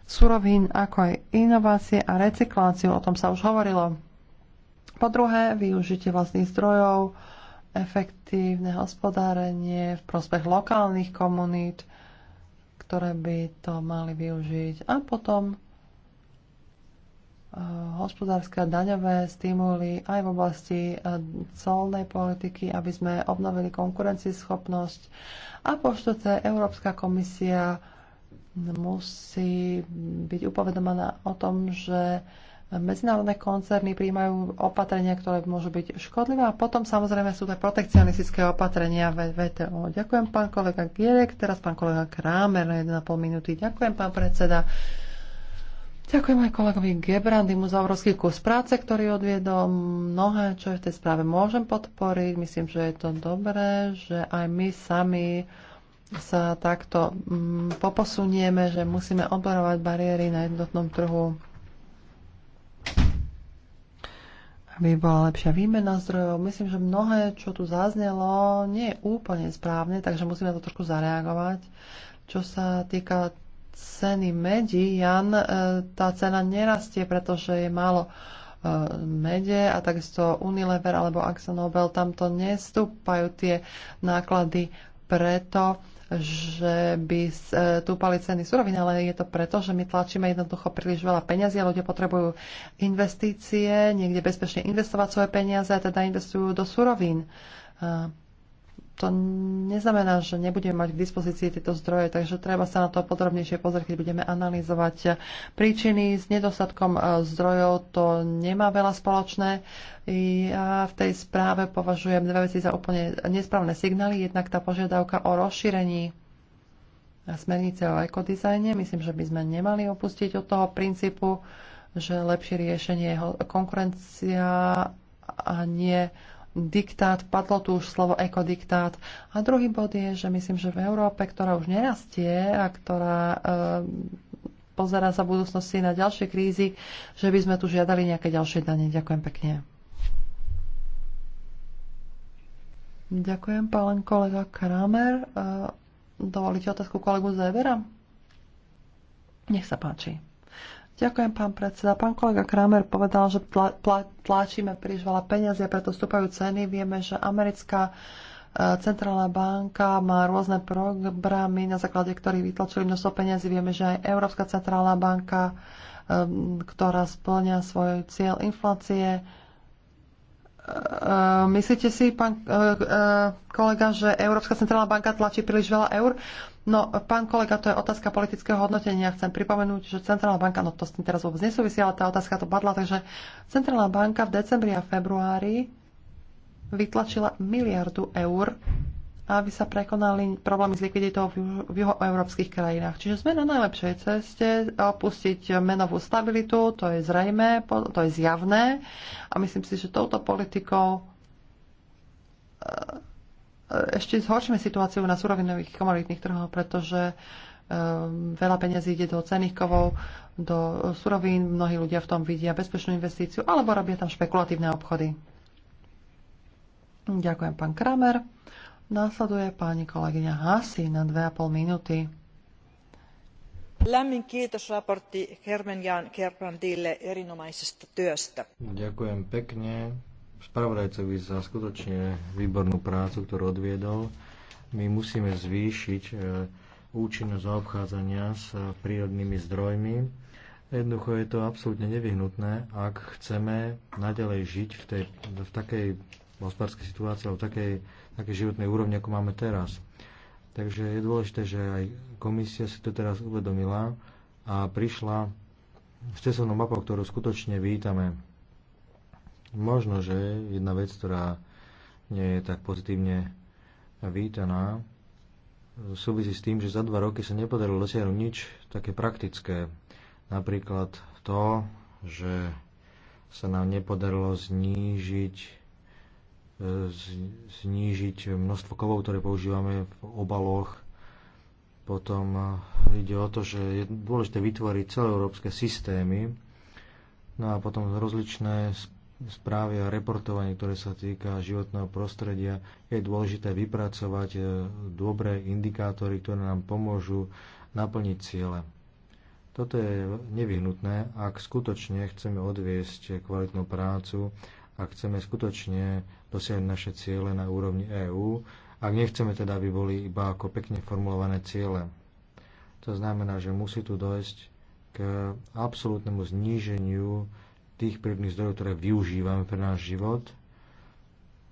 surovín, ako aj inovácie a recykláciu. O tom sa už hovorilo. Po druhé, využitie vlastných zdrojov, efektívne hospodárenie v prospech lokálnych komunít, ktoré by to mali využiť. A potom Eh, hospodárske a daňové stimuly aj v oblasti eh, colnej politiky, aby sme obnovili konkurencieschopnosť. A po štvrté, Európska komisia musí byť upovedomaná o tom, že medzinárodné koncerny príjmajú opatrenia, ktoré môžu byť škodlivé a potom samozrejme sú to protekcionistické opatrenia VTO. Ďakujem pán kolega Gierek, teraz pán kolega Krámer na 1,5 minúty. Ďakujem pán predseda. Ďakujem aj kolegovi Gebrandimu za obrovský kus práce, ktorý odviedol mnohé, čo v tej správe môžem podporiť. Myslím, že je to dobré, že aj my sami sa takto mm, poposunieme, že musíme odborovať bariéry na jednotnom trhu, aby bola lepšia výmena zdrojov. Myslím, že mnohé, čo tu zaznelo, nie je úplne správne, takže musíme to trošku zareagovať. Čo sa týka ceny medí, Jan, e, tá cena nerastie, pretože je málo e, mede a takisto Unilever alebo Axonobel, tam to nestúpajú tie náklady preto, že by stúpali e, ceny surovín, ale je to preto, že my tlačíme jednoducho príliš veľa peniazy a ľudia potrebujú investície, niekde bezpečne investovať svoje peniaze a teda investujú do surovín to neznamená, že nebudeme mať k dispozícii tieto zdroje, takže treba sa na to podrobnejšie pozrieť, keď budeme analyzovať príčiny. S nedostatkom e, zdrojov to nemá veľa spoločné. Ja v tej správe považujem dve veci za úplne nesprávne signály. Jednak tá požiadavka o rozšírení smernice o ekodizajne. Myslím, že by sme nemali opustiť od toho princípu, že lepšie riešenie je konkurencia a nie diktát, padlo tu už slovo ekodiktát. A druhý bod je, že myslím, že v Európe, ktorá už nerastie a ktorá e, eh, pozera sa budúcnosti na ďalšie krízy, že by sme tu žiadali nejaké ďalšie dane. Ďakujem pekne. Ďakujem, pán kolega Kramer. E, dovolíte otázku kolegu Zevera? Nech sa páči. Ďakujem, pán predseda. Pán kolega Kramer povedal, že tla, tla, tlačíme príliš veľa peniazy a preto vstúpajú ceny. Vieme, že americká e, Centrálna banka má rôzne programy, na základe ktorých vytlačili množstvo peniazy. Vieme, že aj Európska centrálna banka, e, ktorá splňa svoj cieľ inflácie, Eh, myslíte si, pán eh, eh, kolega, že Európska centrálna banka tlačí príliš veľa eur? No, pán kolega, to je otázka politického hodnotenia. Chcem pripomenúť, že Centrálna banka, no to s tým teraz vôbec nesúvisí, ale tá otázka to padla, takže Centrálna banka v decembri a februári vytlačila miliardu eur aby sa prekonali problémy s likviditou v juhoeurópskych krajinách. Čiže sme na najlepšej ceste opustiť menovú stabilitu, to je zrejme, to je zjavné a myslím si, že touto politikou e, e, ešte zhoršíme situáciu na surovinových komoditných trhoch, pretože e, veľa peniazí ide do cených kovov, do surovín, mnohí ľudia v tom vidia bezpečnú investíciu alebo robia tam špekulatívne obchody. Ďakujem, pán Kramer. Následuje pani kolegyňa Hasi na 2,5 minúty. Lämmin kiitos raportti Hermen Jan Kerbrandille erinomaisesta työstä. Ďakujem pekne spravodajcovi za skutočne výbornú prácu, ktorú odviedol. My musíme zvýšiť e, účinnosť obchádzania s prírodnými zdrojmi. Jednoducho je to absolútne nevyhnutné, ak chceme nadalej žiť v, tej, v takej hospodárskej situácii alebo v takej také životnej úrovne, ako máme teraz. Takže je dôležité, že aj komisia si to teraz uvedomila a prišla s cestovnou mapou, ktorú skutočne vítame. Možno, že jedna vec, ktorá nie je tak pozitívne vítaná, súvisí s tým, že za dva roky sa nepodarilo dosiahnuť nič také praktické. Napríklad to, že sa nám nepodarilo znížiť znížiť množstvo kovov, ktoré používame v obaloch. Potom eh, ide o to, že je dôležité vytvoriť celoeurópske systémy. No a potom rozličné správy a reportovanie, ktoré sa týka životného prostredia, je dôležité vypracovať eh, dobré indikátory, ktoré nám pomôžu naplniť ciele. Toto je nevyhnutné, ak skutočne chceme odviesť kvalitnú prácu ak chceme skutočne dosiahnuť naše ciele na úrovni EÚ, ak nechceme teda, aby boli iba ako pekne formulované ciele. To znamená, že musí tu dojsť k absolútnemu zníženiu tých prírodných zdrojov, ktoré využívame pre náš život.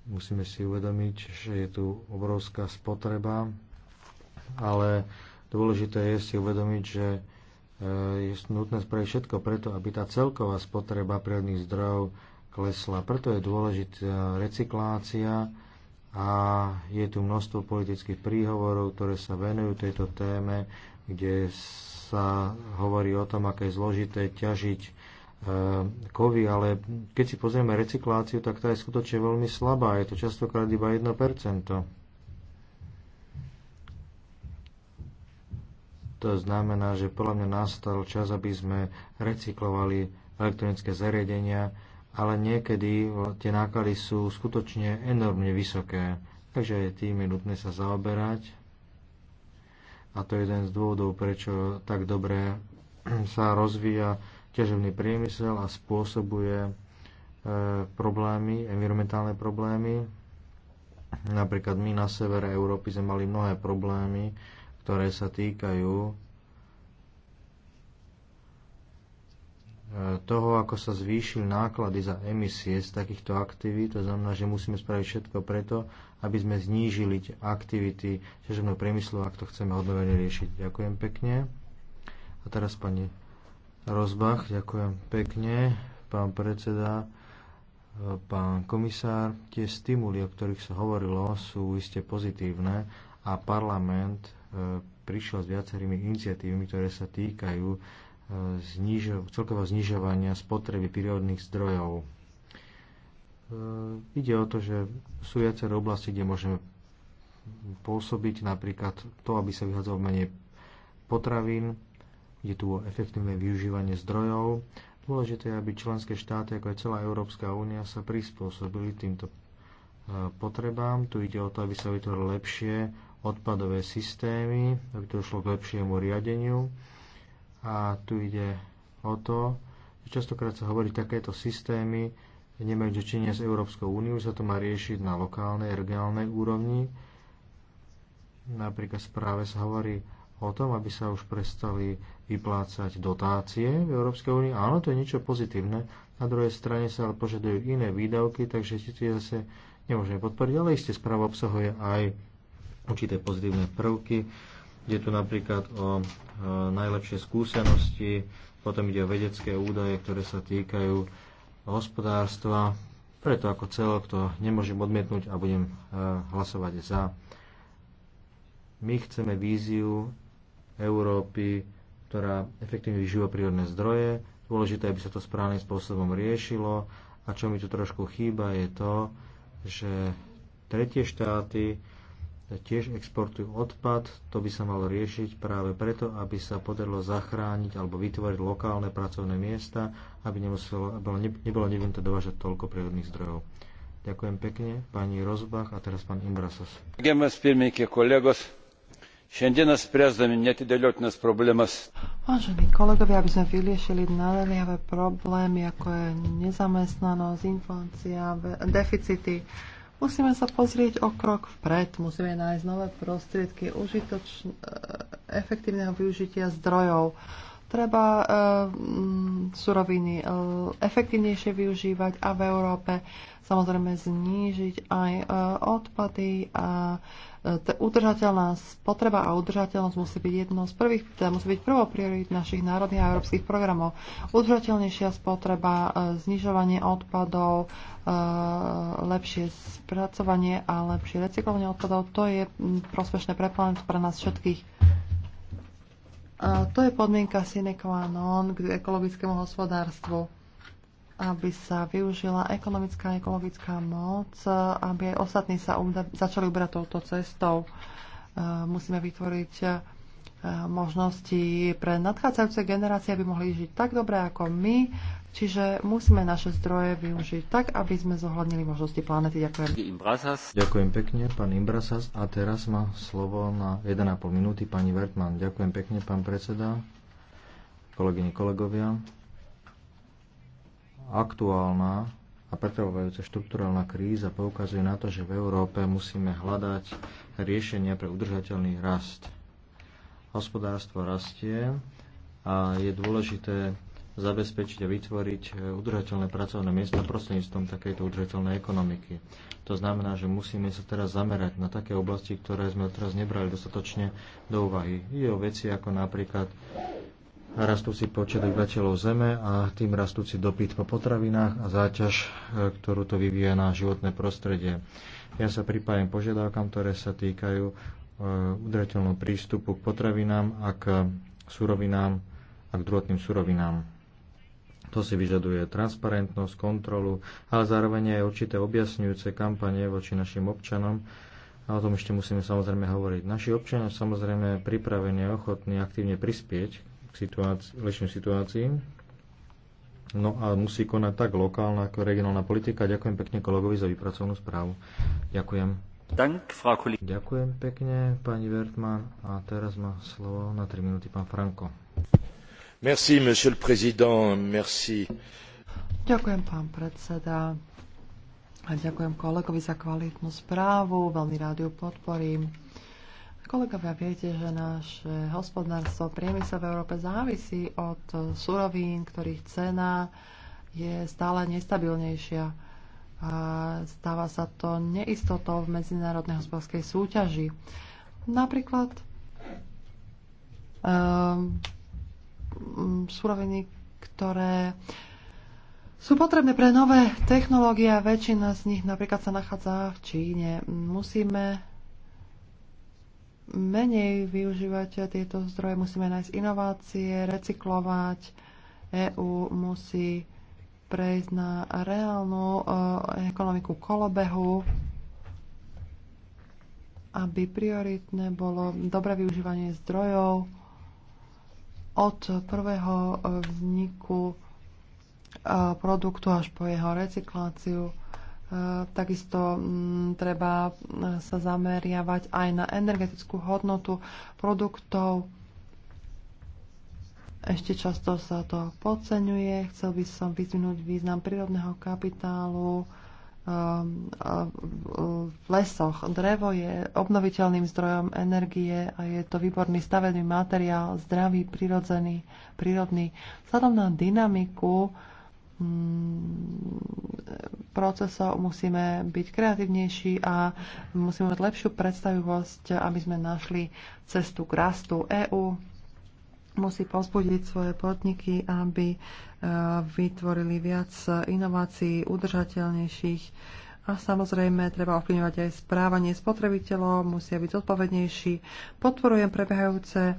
Musíme si uvedomiť, že je tu obrovská spotreba, ale dôležité je si uvedomiť, že e, je nutné spraviť všetko preto, aby tá celková spotreba prírodných zdrojov klesla. Preto je dôležitá recyklácia a je tu množstvo politických príhovorov, ktoré sa venujú tejto téme, kde sa hovorí o tom, aké je zložité ťažiť e, kovy, ale keď si pozrieme recykláciu, tak tá je skutočne veľmi slabá. Je to častokrát iba 1%. To znamená, že podľa mňa nastal čas, aby sme recyklovali elektronické zariadenia, ale niekedy tie náklady sú skutočne enormne vysoké. Takže tým je nutné sa zaoberať. A to je jeden z dôvodov, prečo tak dobre sa rozvíja ťažobný priemysel a spôsobuje e, problémy, environmentálne problémy. Napríklad my na severe Európy sme mali mnohé problémy, ktoré sa týkajú toho, ako sa zvýšili náklady za emisie z takýchto aktivít. To znamená, že musíme spraviť všetko preto, aby sme znížili aktivity ťažobného priemyslu, ak to chceme odnovene riešiť. Ďakujem pekne. A teraz pani Rozbach, ďakujem pekne. Pán predseda, pán komisár, tie stimuly, o ktorých sa hovorilo, sú iste pozitívne a parlament e, prišiel s viacerými iniciatívami, ktoré sa týkajú znižo, celkového znižovania spotreby prírodných zdrojov. E, ide o to, že sú viaceré oblasti, kde môžeme pôsobiť, napríklad to, aby sa vyhádzalo menej potravín, je tu o efektívne využívanie zdrojov. Dôležité je, aby členské štáty, ako aj celá Európska únia, sa prispôsobili týmto e, potrebám. Tu ide o to, aby sa vytvorili lepšie odpadové systémy, aby to došlo k lepšiemu riadeniu a tu ide o to, že častokrát sa hovorí, takéto systémy nemajú dočinenia s Európskou úniou, sa to má riešiť na lokálnej, regionálnej úrovni. Napríklad správe sa hovorí o tom, aby sa už prestali vyplácať dotácie v Európskej únii. Áno, to je niečo pozitívne. Na druhej strane sa ale požadujú iné výdavky, takže tie zase nemôžeme podporiť, ale isté správa obsahuje aj určité pozitívne prvky Ide tu napríklad o e, najlepšie skúsenosti, potom ide o vedecké údaje, ktoré sa týkajú hospodárstva. Preto ako celok to nemôžem odmietnúť a budem e, hlasovať za. My chceme víziu Európy, ktorá efektívne vyžíva prírodné zdroje. Dôležité, aby sa to správnym spôsobom riešilo. A čo mi tu trošku chýba, je to, že tretie štáty tiež exportujú odpad. To by sa malo riešiť práve preto, aby sa podarilo zachrániť alebo vytvoriť lokálne pracovné miesta, aby nemuselo, aby nebolo nevinto dovážať toľko prírodných zdrojov. Ďakujem pekne, pani Rozbach a teraz pán Imbrasos. Gerbiamas pirmininkė, kolegos, šiandieną spręsdami netidėliotinas problemas. Vážení kolegovia, aby sme vyriešili naliehavé problémy, ako je nezamestnanosť, inflácia, deficity, Musíme sa pozrieť o krok vpred, musíme nájsť nové prostriedky užitoč- e, efektívneho využitia zdrojov. Treba e, suroviny e, efektívnejšie využívať a v Európe samozrejme znížiť aj e, odpady a e, udržateľná spotreba a udržateľnosť musí byť jednou z prvých, teda musí byť prvou priorit našich národných a európskych programov. Udržateľnejšia spotreba, e, znižovanie odpadov, e, lepšie spracovanie a lepšie recyklovanie odpadov, to je prospešné pre planetu, pre nás všetkých. A to je podmienka sine qua non k ekologickému hospodárstvu aby sa využila ekonomická a ekologická moc, aby aj ostatní sa umda- začali ubrať touto cestou. E, musíme vytvoriť e, možnosti pre nadchádzajúce generácie, aby mohli žiť tak dobre ako my. Čiže musíme naše zdroje využiť tak, aby sme zohľadnili možnosti planety. Ďakujem. Ďakujem pekne, pán Imbrasas. A teraz má slovo na 1,5 minúty pani Vertman. Ďakujem pekne, pán predseda, kolegyne, kolegovia aktuálna a pretrvávajúca štrukturálna kríza poukazuje na to, že v Európe musíme hľadať riešenia pre udržateľný rast. Hospodárstvo rastie a je dôležité zabezpečiť a vytvoriť udržateľné pracovné miesta prostredníctvom takejto udržateľnej ekonomiky. To znamená, že musíme sa teraz zamerať na také oblasti, ktoré sme teraz nebrali dostatočne do úvahy. Je o veci ako napríklad rastúci počet obyvateľov Zeme a tým rastúci dopyt po potravinách a záťaž, e, ktorú to vyvíja na životné prostredie. Ja sa pripájem požiadavkám, ktoré sa týkajú e, udrateľnú prístupu k potravinám a k surovinám a k druhotným surovinám. To si vyžaduje transparentnosť, kontrolu, ale zároveň aj určité objasňujúce kampanie voči našim občanom, a o tom ešte musíme samozrejme hovoriť. Naši občania samozrejme pripravení a ochotní aktívne prispieť k situácii, ličnú situácii. No a musí konať tak lokálna ako regionálna politika. Ďakujem pekne kolegovi za vypracovanú správu. Ďakujem. Dank, frau Ďakujem pekne, pani Wertmann. A teraz má slovo na 3 minúty pán Franko. Merci, monsieur le président. Merci. Ďakujem, pán predseda. A ďakujem kolegovi za kvalitnú správu. Veľmi rád ju podporím Kolegovia, viete, že naše hospodárstvo, priemysel v Európe závisí od surovín, ktorých cena je stále nestabilnejšia. A stáva sa to neistotou v medzinárodnej hospodárskej súťaži. Napríklad um, suroviny, ktoré sú potrebné pre nové technológie a väčšina z nich napríklad sa nachádza v Číne. Musíme menej využívať tieto zdroje, musíme nájsť inovácie, recyklovať. EÚ musí prejsť na reálnu eh, ekonomiku kolobehu, aby prioritné bolo dobré využívanie zdrojov od prvého eh, vzniku eh, produktu až po jeho recykláciu Eh, takisto mm, treba eh, sa zameriavať aj na energetickú hodnotu produktov. Ešte často sa to podceňuje. Chcel by som vyzvinúť význam prírodného kapitálu ehm, v lesoch. Drevo je obnoviteľným zdrojom energie a je to výborný stavebný materiál, zdravý, prirodzený, prírodný. Vzhľadom na dynamiku Mm, procesov, musíme byť kreatívnejší a musíme mať lepšiu predstavivosť, aby sme našli cestu k rastu EÚ musí pozbudiť svoje podniky, aby e, vytvorili viac inovácií udržateľnejších. A samozrejme, treba ovplyvňovať aj správanie spotrebiteľov, musia byť zodpovednejší. Podporujem prebiehajúce e,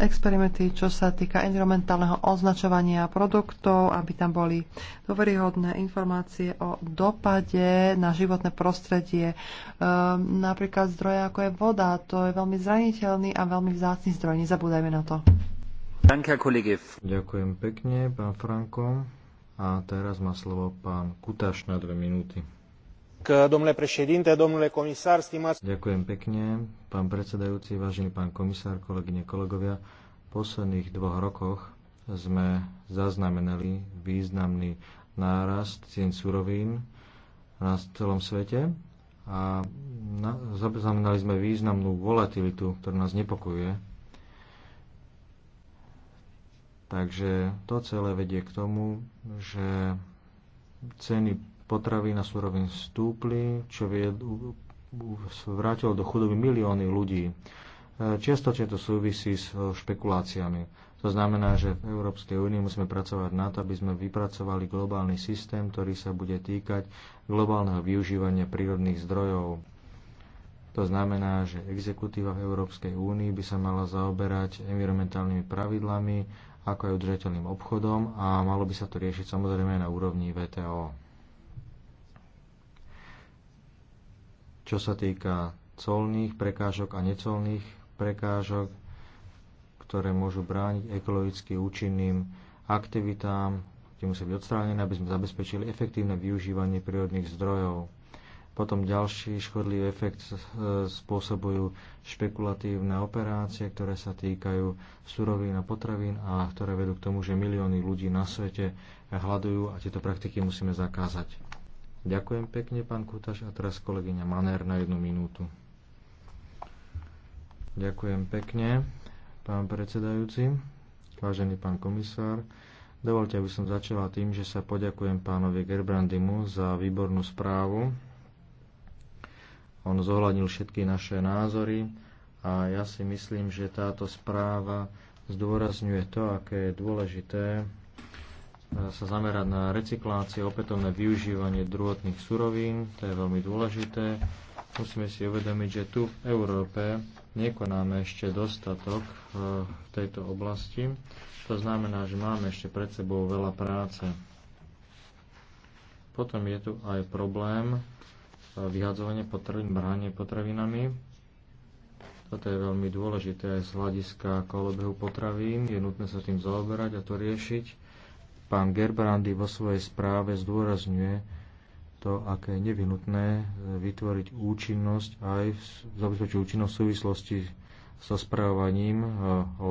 experimenty, čo sa týka environmentálneho označovania produktov, aby tam boli dôveryhodné informácie o dopade na životné prostredie. Um, napríklad zdroje ako je voda, to je veľmi zraniteľný a veľmi vzácný zdroj, nezabúdajme na to. Ďakujem pekne, pán Franko. A teraz má slovo pán Kutaš na dve minúty. Ďakujem pekne, pán predsedajúci, vážený pán komisár, kolegyne, kolegovia. V posledných dvoch rokoch sme zaznamenali významný nárast cien surovín na celom svete a na, zaznamenali sme významnú volatilitu, ktorá nás nepokojuje. Takže to celé vedie k tomu, že ceny potravín a surovín stúpli, čo vrátilo do chudoby milióny ľudí. E, čiastočne to súvisí s e, špekuláciami. To znamená, že v Európskej únii musíme pracovať na to, aby sme vypracovali globálny systém, ktorý sa bude týkať globálneho využívania prírodných zdrojov. To znamená, že exekutíva v Európskej únii by sa mala zaoberať environmentálnymi pravidlami, ako aj udržateľným obchodom a malo by sa to riešiť samozrejme na úrovni VTO. čo sa týka colných prekážok a necolných prekážok, ktoré môžu brániť ekologicky účinným aktivitám, ktoré musia byť odstránené, aby sme zabezpečili efektívne využívanie prírodných zdrojov. Potom ďalší škodlivý efekt e, spôsobujú špekulatívne operácie, ktoré sa týkajú surovín a potravín a ktoré vedú k tomu, že milióny ľudí na svete hľadujú a tieto praktiky musíme zakázať. Ďakujem pekne, pán Kutaš. A teraz kolegyňa Maner na jednu minútu. Ďakujem pekne, pán predsedajúci, vážený pán komisár. Dovolte, aby som začala tým, že sa poďakujem pánovi Gerbrandimu za výbornú správu. On zohľadnil všetky naše názory a ja si myslím, že táto správa zdôrazňuje to, aké je dôležité sa zamerať na recykláciu, opätovné využívanie druhotných surovín, to je veľmi dôležité. Musíme si uvedomiť, že tu v Európe nekonáme ešte dostatok eh, v tejto oblasti. To znamená, že máme ešte pred sebou veľa práce. Potom je tu aj problém eh, vyhadzovania potravín, bránie potravinami. Toto je veľmi dôležité aj z hľadiska kolobehu potravín. Je nutné sa tým zaoberať a to riešiť. Pán Gerbrandy vo svojej správe zdôrazňuje to, aké je nevyhnutné vytvoriť účinnosť aj v, zabezpečiť účinnosť v súvislosti so spravovaním e,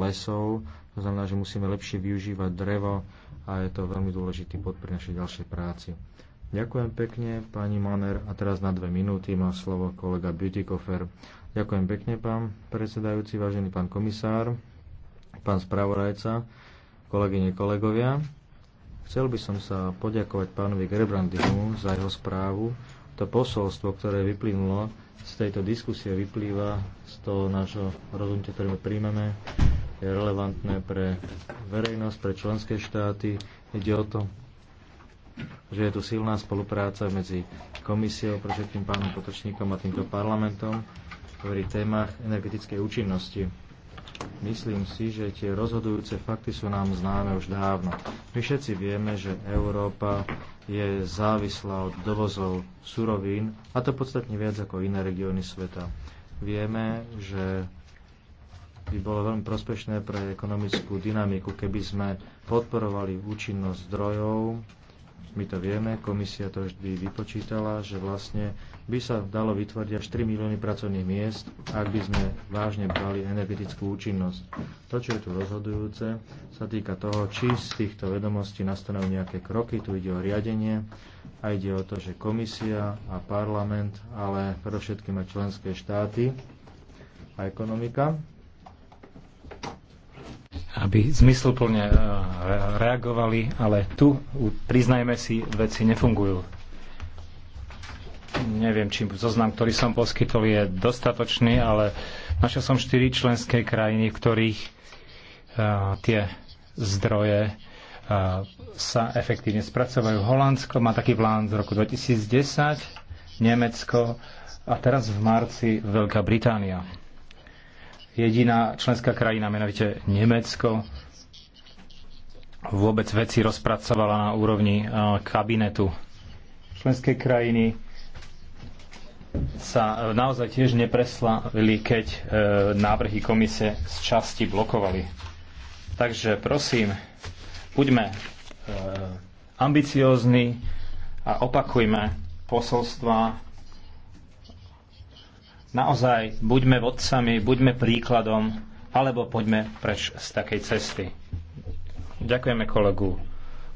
lesov. To znamená, že musíme lepšie využívať drevo a je to veľmi dôležitý bod pri našej ďalšej práci. Ďakujem pekne, pani Maner. A teraz na dve minúty má slovo kolega Beautykofer. Ďakujem pekne, pán predsedajúci, vážený pán komisár, pán spravodajca, kolegyne, kolegovia. Chcel by som sa poďakovať pánovi Grebrandimu za jeho správu. To posolstvo, ktoré vyplynulo z tejto diskusie, vyplýva z toho nášho rozhodnutia, ktoré my príjmeme. Je relevantné pre verejnosť, pre členské štáty. Ide o to, že je tu silná spolupráca medzi komisiou, pre všetkým pánom Potočníkom a týmto parlamentom pri témach energetickej účinnosti Myslím si, že tie rozhodujúce fakty sú nám známe už dávno. My všetci vieme, že Európa je závislá od dovozov surovín a to podstatne viac ako iné regióny sveta. Vieme, že by bolo veľmi prospešné pre ekonomickú dynamiku, keby sme podporovali účinnosť zdrojov, my to vieme, komisia to vždy vypočítala, že vlastne by sa dalo vytvoriť až 3 milióny pracovných miest, ak by sme vážne brali energetickú účinnosť. To, čo je tu rozhodujúce, sa týka toho, či z týchto vedomostí nastanú nejaké kroky, tu ide o riadenie a ide o to, že komisia a parlament, ale predovšetkým aj členské štáty a ekonomika aby zmysluplne e, reagovali, ale tu, priznajme si, veci nefungujú. Neviem, či zoznam, ktorý som poskytol, je dostatočný, ale našiel som štyri členské krajiny, v ktorých e, tie zdroje e, sa efektívne spracovajú. Holandsko má taký plán z roku 2010, Nemecko a teraz v marci Veľká Británia jediná členská krajina, menovite Nemecko, vôbec veci rozpracovala na úrovni e, kabinetu. členskej krajiny sa e, naozaj tiež nepreslavili, keď e, návrhy komise z časti blokovali. Takže prosím, buďme e, ambiciózni a opakujme posolstva Naozaj, buďme vodcami, buďme príkladom, alebo poďme preč z takej cesty. Ďakujeme kolegu,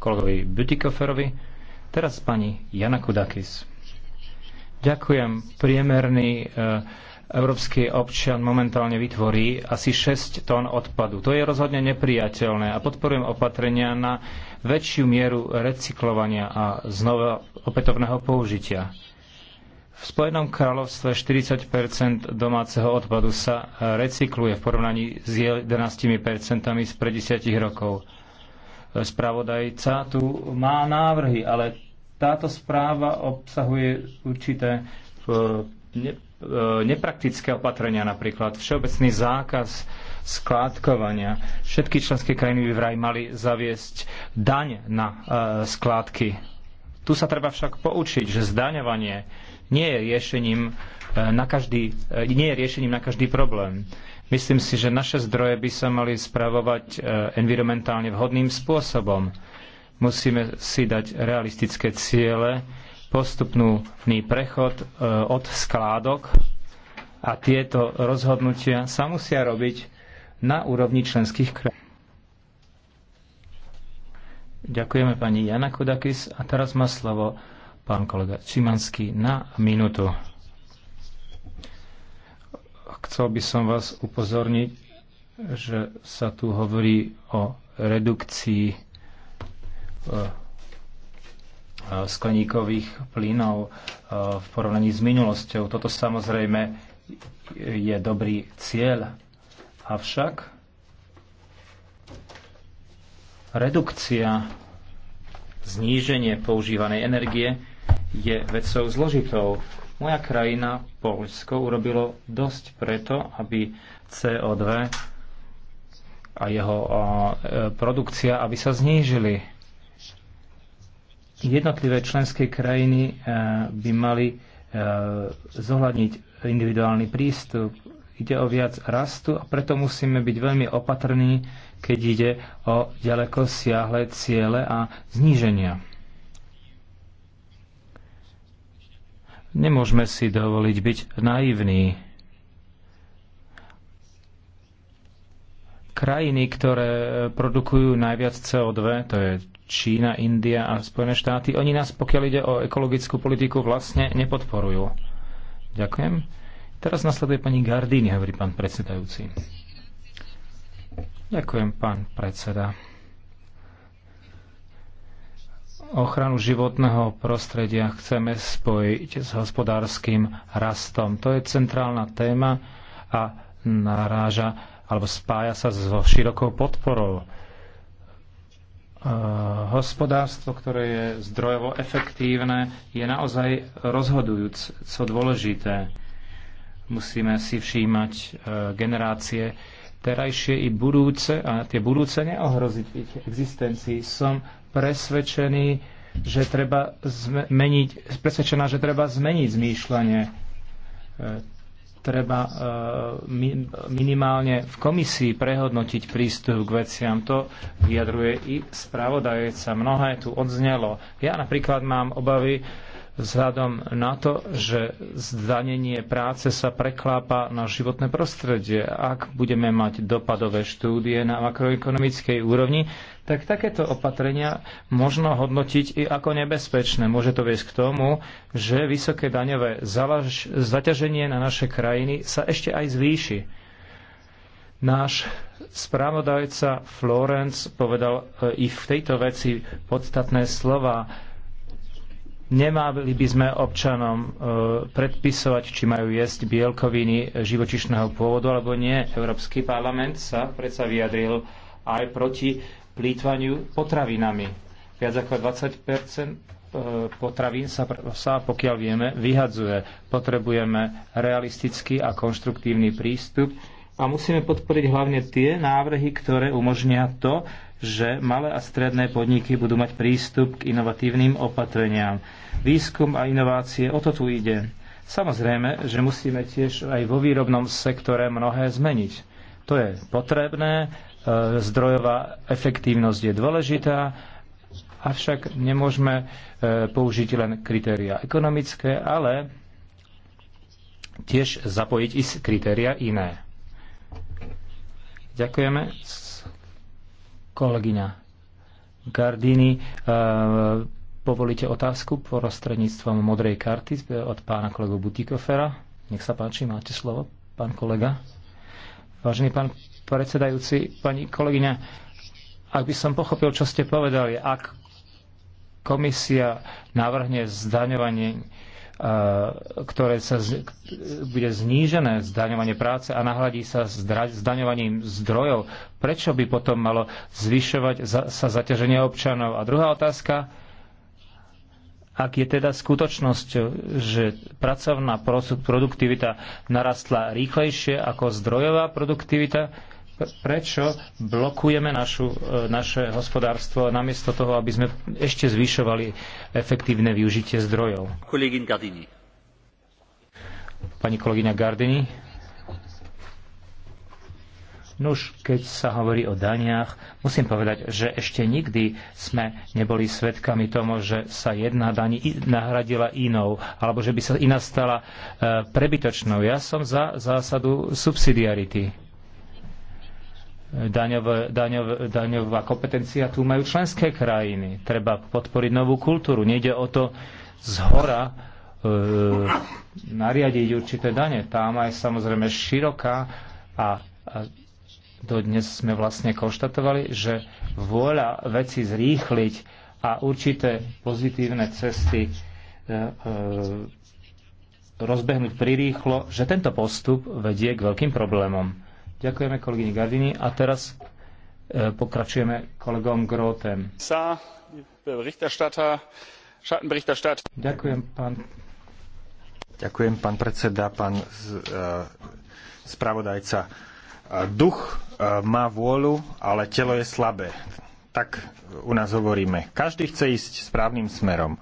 kolegovi Butikoferovi. Teraz pani Jana Kudakis. Ďakujem. Priemerný e, európsky občan momentálne vytvorí asi 6 tón odpadu. To je rozhodne nepriateľné a podporujem opatrenia na väčšiu mieru recyklovania a znova opätovného použitia v Spojenom kráľovstve 40 domáceho odpadu sa e, recykluje v porovnaní s 11 z pred 10 rokov. E, spravodajca tu má návrhy, ale táto správa obsahuje určité e, nepraktické opatrenia, napríklad všeobecný zákaz skládkovania. Všetky členské krajiny by vraj mali zaviesť daň na skládky. Tu sa treba však poučiť, že zdaňovanie nie je riešením e, na každý, e, nie je riešením na každý problém. Myslím si, že naše zdroje by sa mali spravovať e, environmentálne vhodným spôsobom. Musíme si dať realistické ciele, postupný prechod od skládok a tieto rozhodnutia sa musia robiť na úrovni členských krajín. Ďakujeme pani Jana Kudakis a teraz má slovo pán kolega Čimanský, na minútu. Chcel by som vás upozorniť, že sa tu hovorí o redukcii e, skleníkových plynov e, v porovnaní s minulosťou. Toto samozrejme je dobrý cieľ, avšak redukcia, zníženie používanej energie je vecou zložitou. Moja krajina, Polsko, urobilo dosť preto, aby CO2 a jeho e, produkcia, aby sa znížili. Jednotlivé členské krajiny e, by mali e, zohľadniť individuálny prístup. Ide o viac rastu a preto musíme byť veľmi opatrní, keď ide o ďaleko siahle ciele a zníženia. Nemôžeme si dovoliť byť naivní. Krajiny, ktoré produkujú najviac CO2, to je Čína, India a Spojené štáty, oni nás, pokiaľ ide o ekologickú politiku, vlastne nepodporujú. Ďakujem. Teraz nasleduje pani Gardini, hovorí pán predsedajúci. Ďakujem, pán predseda ochranu životného prostredia chceme spojiť s hospodárským rastom. To je centrálna téma a naráža alebo spája sa so širokou podporou. E, hospodárstvo, ktoré je zdrojovo efektívne, je naozaj co dôležité. Musíme si všímať e, generácie terajšie i budúce a tie budúce neohroziť ich existencii. Som presvedčený, že treba zmeniť, presvedčená, že treba zmeniť zmýšľanie. E, treba e, minimálne v komisii prehodnotiť prístup k veciam. To vyjadruje i spravodajca. Mnohé tu odznelo. Ja napríklad mám obavy, vzhľadom na to, že zdanenie práce sa preklápa na životné prostredie. Ak budeme mať dopadové štúdie na makroekonomickej úrovni, tak takéto opatrenia možno hodnotiť i ako nebezpečné. Môže to viesť k tomu, že vysoké daňové zaťaženie na naše krajiny sa ešte aj zvýši. Náš správodajca Florence povedal e, i v tejto veci podstatné slova Nemali by sme občanom e, predpisovať, či majú jesť bielkoviny živočišného pôvodu alebo nie. Európsky parlament sa predsa vyjadril aj proti plýtvaniu potravinami. Viac ako 20 e, potravín sa, sa, pokiaľ vieme, vyhadzuje. Potrebujeme realistický a konštruktívny prístup a musíme podporiť hlavne tie návrhy, ktoré umožnia to, že malé a stredné podniky budú mať prístup k inovatívnym opatreniam. Výskum a inovácie, o to tu ide. Samozrejme, že musíme tiež aj vo výrobnom sektore mnohé zmeniť. To je potrebné, e, zdrojová efektívnosť je dôležitá, avšak nemôžeme e, použiť len kritéria ekonomické, ale tiež zapojiť i kritéria iné. Ďakujeme. Kolegyňa Gardini, eh, povolíte otázku po prostredníctvom modrej karty od pána kolegu Butikofera. Nech sa páči, máte slovo, pán kolega. Vážený pán predsedajúci, pani kolegyňa, ak by som pochopil, čo ste povedali, ak komisia navrhne zdaňovanie ktoré sa z, bude znížené zdaňovanie práce a nahladí sa zdaňovaním zdrojov, prečo by potom malo zvyšovať za, sa zaťaženie občanov? A druhá otázka, ak je teda skutočnosť, že pracovná produktivita narastla rýchlejšie ako zdrojová produktivita, prečo blokujeme našu, e, naše hospodárstvo namiesto toho, aby sme ešte zvyšovali efektívne využitie zdrojov. Gardini. Pani kolegyňa Gardini. Nuž, keď sa hovorí o daniach, musím povedať, že ešte nikdy sme neboli svedkami tomu, že sa jedna daň nahradila inou, alebo že by sa iná stala e, prebytočnou. Ja som za zásadu subsidiarity daňové, daňové, daňová kompetencia tu majú členské krajiny. Treba podporiť novú kultúru. Nejde o to z hora e, nariadiť určité dane. Táma je samozrejme široká a, a dodnes sme vlastne konštatovali, že vôľa veci zrýchliť a určité pozitívne cesty e, e, rozbehnúť prirýchlo, že tento postup vedie k veľkým problémom Ďakujeme kolegyni Gardini a teraz e, pokračujeme kolegom Grotem. Ďakujem, pán Ďakujem, pán predseda, pán e, spravodajca. E, duch má vôľu, ale telo je slabé. Tak u nás hovoríme. Každý chce ísť správnym smerom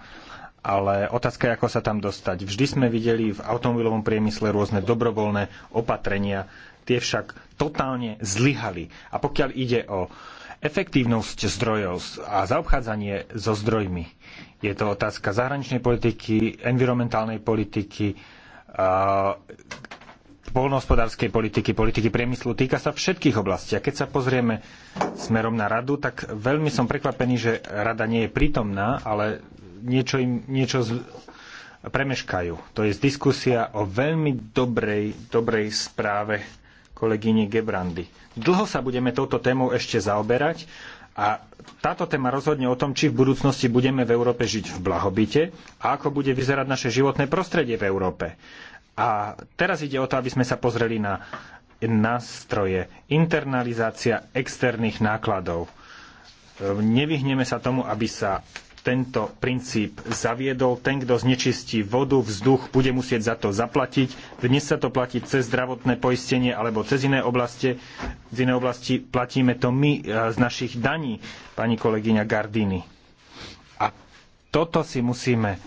ale otázka je, ako sa tam dostať. Vždy sme videli v automobilovom priemysle rôzne dobrovoľné opatrenia, Tie však totálne zlyhali. A pokiaľ ide o efektívnosť zdrojov a zaobchádzanie so zdrojmi, je to otázka zahraničnej politiky, environmentálnej politiky, poľnohospodárskej politiky, politiky priemyslu, týka sa všetkých oblastí. A keď sa pozrieme smerom na radu, tak veľmi som prekvapený, že rada nie je prítomná, ale niečo im niečo z... premeškajú. To je diskusia o veľmi dobrej, dobrej správe kolegyni Gebrandy. Dlho sa budeme touto témou ešte zaoberať a táto téma rozhodne o tom, či v budúcnosti budeme v Európe žiť v blahobite a ako bude vyzerať naše životné prostredie v Európe. A teraz ide o to, aby sme sa pozreli na nástroje internalizácia externých nákladov. Nevyhneme sa tomu, aby sa tento princíp zaviedol. Ten, kto znečistí vodu, vzduch, bude musieť za to zaplatiť. Dnes sa to platí cez zdravotné poistenie alebo cez iné oblasti. Z iné oblasti platíme to my e, z našich daní, pani kolegyňa Gardini. A toto si musíme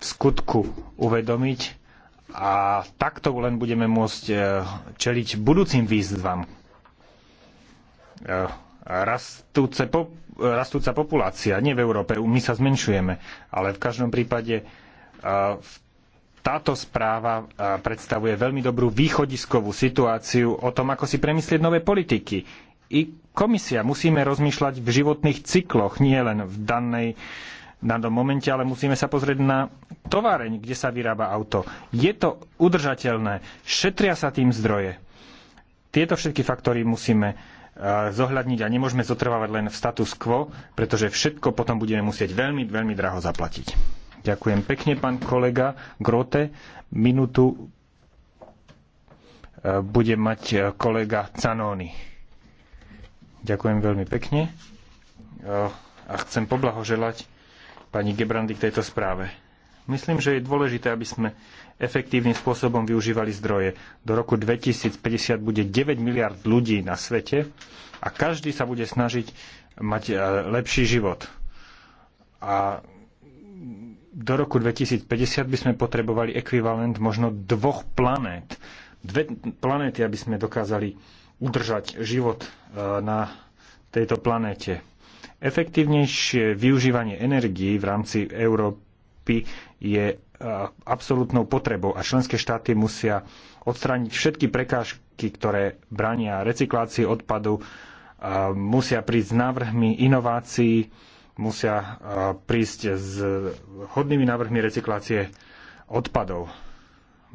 v skutku uvedomiť a takto len budeme môcť e, čeliť budúcim výzvam. E, rastúce rastúca populácia. Nie v Európe, my sa zmenšujeme, ale v každom prípade táto správa predstavuje veľmi dobrú východiskovú situáciu o tom, ako si premyslieť nové politiky. I komisia musíme rozmýšľať v životných cykloch, nie len v danej na tom momente, ale musíme sa pozrieť na továreň, kde sa vyrába auto. Je to udržateľné, šetria sa tým zdroje. Tieto všetky faktory musíme zohľadniť a nemôžeme zotrvávať len v status quo, pretože všetko potom budeme musieť veľmi, veľmi draho zaplatiť. Ďakujem pekne, pán kolega Grote. Minútu e, bude mať e, kolega Canóny. Ďakujem veľmi pekne e, a chcem poblahoželať pani Gebrandy k tejto správe. Myslím, že je dôležité, aby sme efektívnym spôsobom využívali zdroje. Do roku 2050 bude 9 miliard ľudí na svete a každý sa bude snažiť mať e, lepší život. A do roku 2050 by sme potrebovali ekvivalent možno dvoch planét. Dve planéty, aby sme dokázali udržať život e, na tejto planéte. Efektívnejšie využívanie energií v rámci Európy je absolútnou potrebou a členské štáty musia odstrániť všetky prekážky, ktoré brania recyklácii odpadu, musia prísť s návrhmi inovácií, musia prísť s hodnými návrhmi recyklácie odpadov.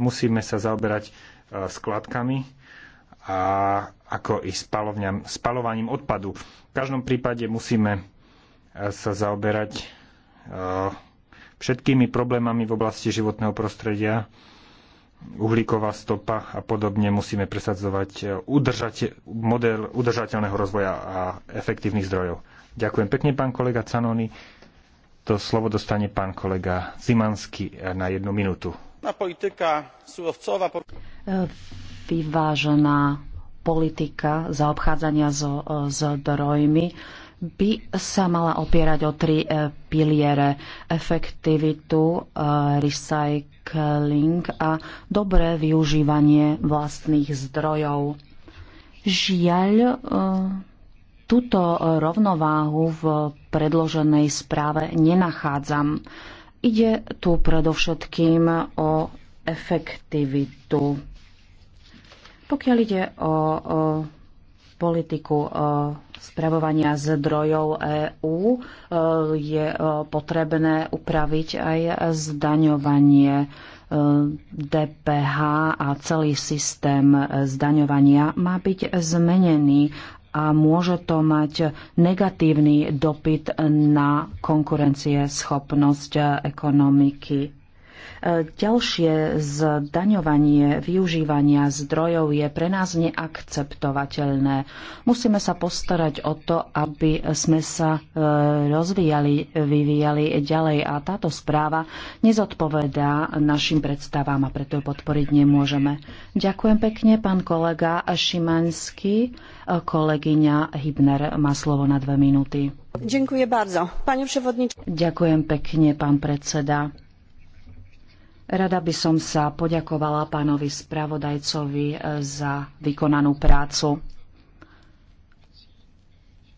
Musíme sa zaoberať skladkami a ako i spalovaním odpadu. V každom prípade musíme sa zaoberať všetkými problémami v oblasti životného prostredia, uhlíková stopa a podobne musíme presadzovať e, udržate, model udržateľného rozvoja a efektívnych zdrojov. Ďakujem pekne, pán kolega Canoni. To slovo dostane pán kolega Zimanský e, na jednu minútu. Politika surovcová... E, vyvážená politika zaobchádzania so zdrojmi so by sa mala opierať o tri e, piliere. Efektivitu, e, recycling a dobré využívanie vlastných zdrojov. Žiaľ, e, túto rovnováhu v predloženej správe nenachádzam. Ide tu predovšetkým o efektivitu. Pokiaľ ide o, o politiku o spravovania zdrojov EÚ e, je e, potrebné upraviť aj zdaňovanie e, DPH a celý systém zdaňovania má byť zmenený a môže to mať negatívny dopyt na konkurencieschopnosť ekonomiky Ďalšie zdaňovanie využívania zdrojov je pre nás neakceptovateľné. Musíme sa postarať o to, aby sme sa e, rozvíjali, vyvíjali ďalej a táto správa nezodpovedá našim predstavám a preto ju podporiť nemôžeme. Ďakujem pekne, pán kolega Šimanský. E, kolegyňa Hybner má slovo na dve minúty. Ďakujem bardzo. Ďakujem pekne, pán predseda. Rada by som sa poďakovala pánovi spravodajcovi eh, za vykonanú prácu.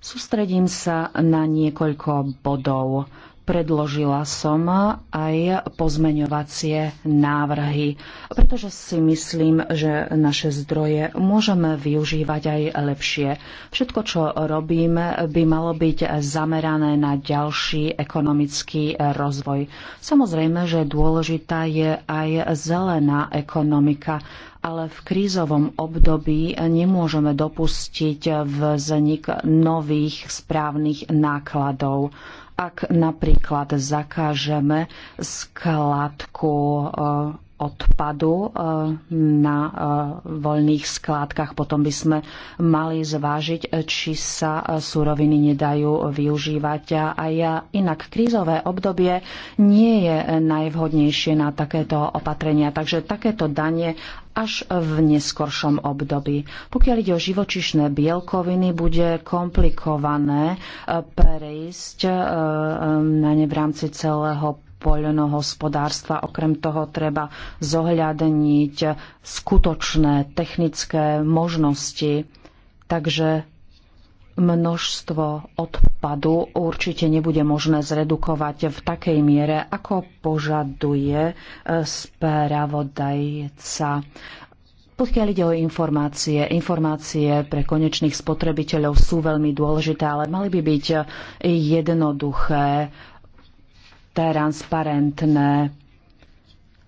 Sústredím sa na niekoľko bodov. Predložila som aj pozmeňovacie návrhy, pretože si myslím, že naše zdroje môžeme využívať aj lepšie. Všetko, čo robíme, by malo byť zamerané na ďalší ekonomický rozvoj. Samozrejme, že dôležitá je aj zelená ekonomika, ale v krízovom období nemôžeme dopustiť vznik nových správnych nákladov ak napríklad zakážeme skladku eh, odpadu eh, na eh, voľných skládkach. Potom by sme mali zvážiť, eh, či sa suroviny nedajú využívať. A ja inak krízové obdobie nie je najvhodnejšie na takéto opatrenia. Takže takéto danie až v neskoršom období. Pokiaľ ide o živočišné bielkoviny, bude komplikované prejsť na ne v rámci celého poľnohospodárstva. Okrem toho treba zohľadniť skutočné technické možnosti. Takže množstvo odpadu určite nebude možné zredukovať v takej miere, ako požaduje e, spravodajca. Pokiaľ ide o informácie, informácie pre konečných spotrebiteľov sú veľmi dôležité, ale mali by byť jednoduché transparentné.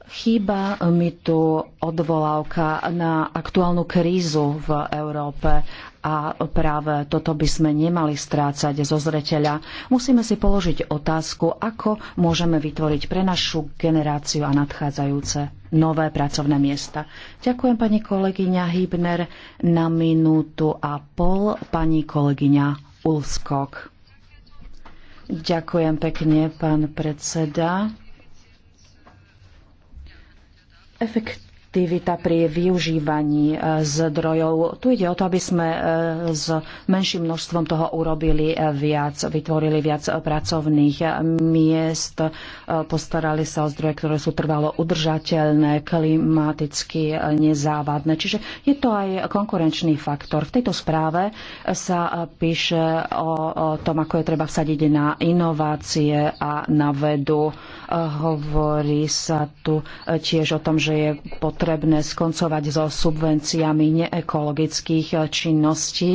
Chýba mi tu odvolávka na aktuálnu krízu v Európe a práve toto by sme nemali strácať zo zreteľa. Musíme si položiť otázku, ako môžeme vytvoriť pre našu generáciu a nadchádzajúce nové pracovné miesta. Ďakujem pani kolegyňa Hybner na minútu a pol pani kolegyňa Ulskok. Ďakujem pekne, pán predseda. Efekt aktivita pri využívaní e, zdrojov. Tu ide o to, aby sme e, s menším množstvom toho urobili e, viac, vytvorili viac pracovných miest, postarali sa o zdroje, ktoré sú trvalo udržateľné, klimaticky nezávadné. Čiže je to aj konkurenčný faktor. V tejto správe sa píše o, o tom, ako je treba vsadiť na inovácie a na vedu Hovorí sa tu e, tiež o tom, že je potrebné skoncovať so subvenciami neekologických e, činností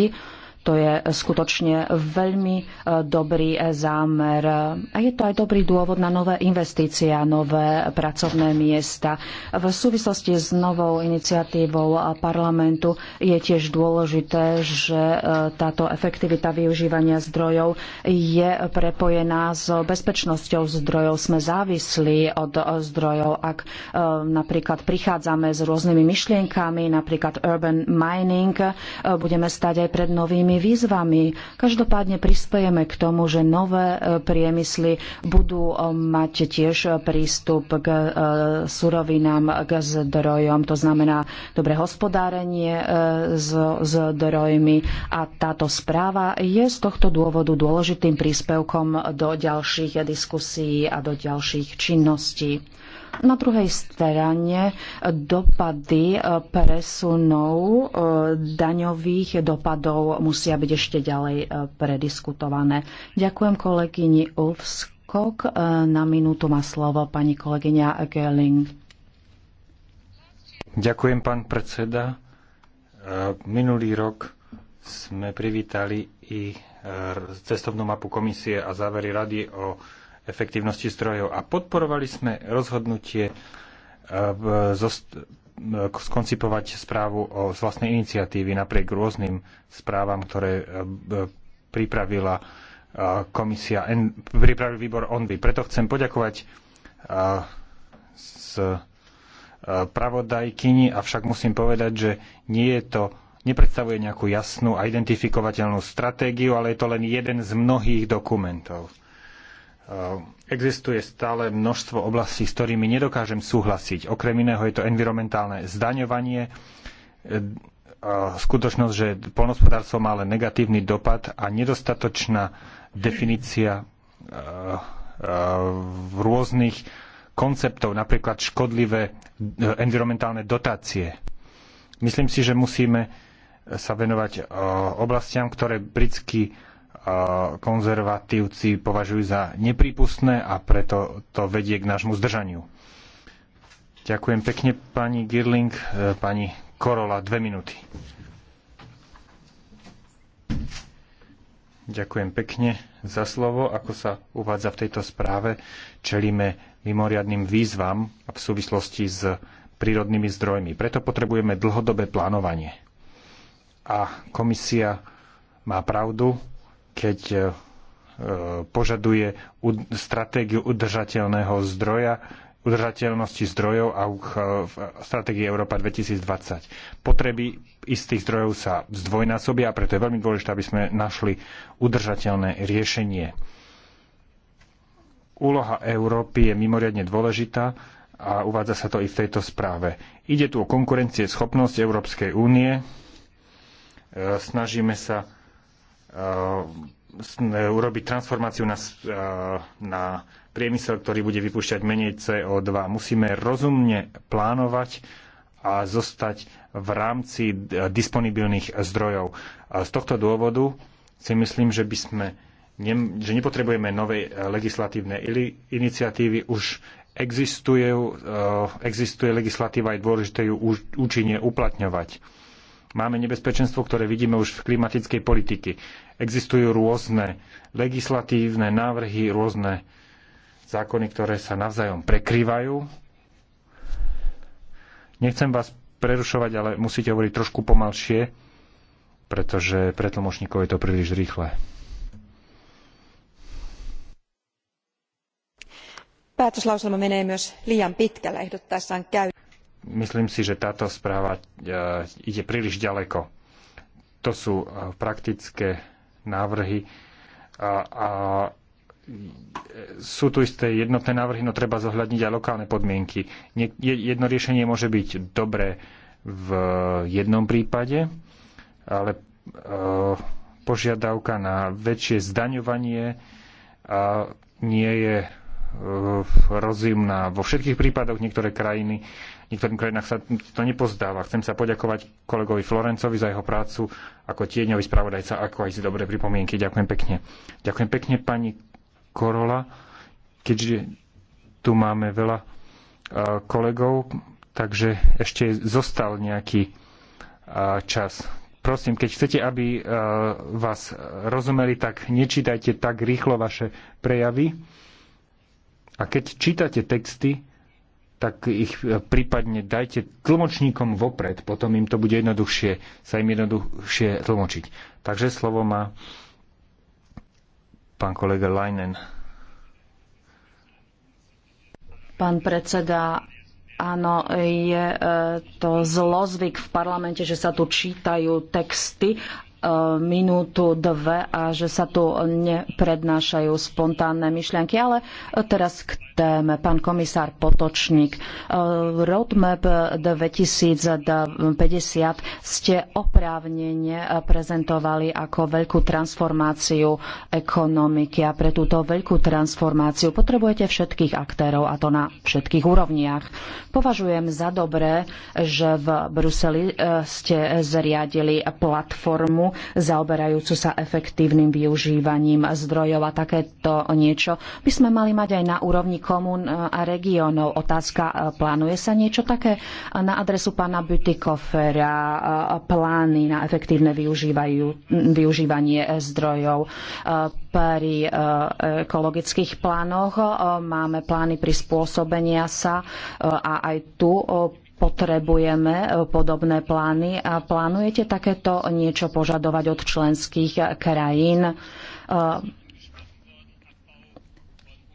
to je skutočne veľmi e, dobrý e, zámer. A je to aj dobrý dôvod na nové investície a nové pracovné miesta. V súvislosti s novou iniciatívou parlamentu je tiež dôležité, že e, táto efektivita využívania zdrojov je prepojená s bezpečnosťou zdrojov. Sme závislí od zdrojov. Ak napríklad prichádzame s rôznymi myšlienkami, napríklad urban mining, budeme stať aj pred novými novými výzvami. Každopádne prispiejeme k tomu, že nové e, priemysly budú e, mať tiež prístup k e, surovinám, k zdrojom, to znamená dobre hospodárenie s zdrojmi a táto správa je z tohto dôvodu dôležitým príspevkom do ďalších diskusí a do ďalších činností. Na druhej strane dopady e, presunov e, daňových dopadov musia byť ešte ďalej e, prediskutované. Ďakujem kolegyni Ulfskok. Na minútu má slovo pani kolegyňa Gelling. Ďakujem, pán predseda. Minulý rok sme privítali i cestovnú mapu komisie a závery rady o efektívnosti zdrojov. A podporovali sme rozhodnutie e, e, skoncipovať správu o, z vlastnej iniciatívy napriek rôznym správam, ktoré e, pripravila komisia, pripravil výbor ONVY. Preto chcem poďakovať z pravodajkyni, avšak musím povedať, že nie je to nepredstavuje nejakú jasnú a identifikovateľnú stratégiu, ale je to len jeden z mnohých dokumentov. Eh, existuje stále množstvo oblastí, s ktorými nedokážem súhlasiť. Okrem iného je to environmentálne zdaňovanie, eh, skutočnosť, že polnospodárstvo má len negatívny dopad a nedostatočná definícia eh, rôznych konceptov, napríklad škodlivé environmentálne dotácie. Myslím si, že musíme sa venovať oblastiam, ktoré britský konzervatívci považujú za nepripustné a preto to vedie k nášmu zdržaniu. Ďakujem pekne pani Girling, e, pani Korola, dve minúty. Ďakujem pekne za slovo. Ako sa uvádza v tejto správe, čelíme mimoriadným výzvam v súvislosti s prírodnými zdrojmi. Preto potrebujeme dlhodobé plánovanie. A komisia má pravdu, keď e, požaduje stratégiu udržateľného zdroja, udržateľnosti zdrojov a e, v stratégii Európa 2020. Potreby istých zdrojov sa zdvojnásobia a preto je veľmi dôležité, aby sme našli udržateľné riešenie. Úloha Európy je mimoriadne dôležitá a uvádza sa to i v tejto správe. Ide tu o konkurencie schopnosť Európskej únie. E, snažíme sa Eh, urobiť transformáciu na, eh, na priemysel, ktorý bude vypúšťať menej CO2. Musíme rozumne plánovať a zostať v rámci eh, disponibilných zdrojov. Z tohto dôvodu si myslím, že by sme ne, že nepotrebujeme nové legislatívne iniciatívy, už existuje, existuje legislatíva, je dôležité ju účinne uplatňovať Máme nebezpečenstvo, ktoré vidíme už v klimatickej politike. Existujú rôzne legislatívne návrhy, rôzne zákony, ktoré sa navzájom prekrývajú. Nechcem vás prerušovať, ale musíte hovoriť trošku pomalšie, pretože pre tlmočníkov je to príliš rýchle. Päätöslauselma menee myös liian pitkälle ehdottaessaan käy myslím si, že táto správa e, ide príliš ďaleko. To sú e, praktické návrhy a, a sú tu isté jednotné návrhy, no treba zohľadniť aj lokálne podmienky. Jedno riešenie môže byť dobré v jednom prípade, ale e, požiadavka na väčšie zdaňovanie nie je rozumná vo všetkých prípadoch. Niektoré krajiny niektorým krajinách sa to nepozdáva. Chcem sa poďakovať kolegovi Florencovi za jeho prácu ako tieňový spravodajca, ako aj si dobré pripomienky. Ďakujem pekne. Ďakujem pekne pani Korola, keďže tu máme veľa e, kolegov, takže ešte zostal nejaký e, čas. Prosím, keď chcete, aby e, vás rozumeli, tak nečítajte tak rýchlo vaše prejavy. A keď čítate texty, tak ich e, prípadne dajte tlmočníkom vopred, potom im to bude jednoduchšie, sa im jednoduchšie tlmočiť. Takže slovo má pán kolega Leinen. Pán predseda, Áno, je e, to zlozvyk v parlamente, že sa tu čítajú texty E, minútu, dve a že sa tu neprednášajú spontánne myšlienky. Ale teraz k téme. Pán komisár Potočník, e, roadmap 2050 ste oprávnene prezentovali ako veľkú transformáciu ekonomiky a pre túto veľkú transformáciu potrebujete všetkých aktérov a to na všetkých úrovniach. Považujem za dobré, že v Bruseli e, ste zriadili platformu zaoberajúcu sa efektívnym využívaním zdrojov a takéto niečo by sme mali mať aj na úrovni komún e, a regiónov. Otázka, e, plánuje sa niečo také na adresu pána Butikofera, e, plány na efektívne využívanie zdrojov pri ekologických plánoch. Máme plány prispôsobenia sa a aj tu potrebujeme e, podobné plány a plánujete takéto niečo požadovať od členských krajín? E,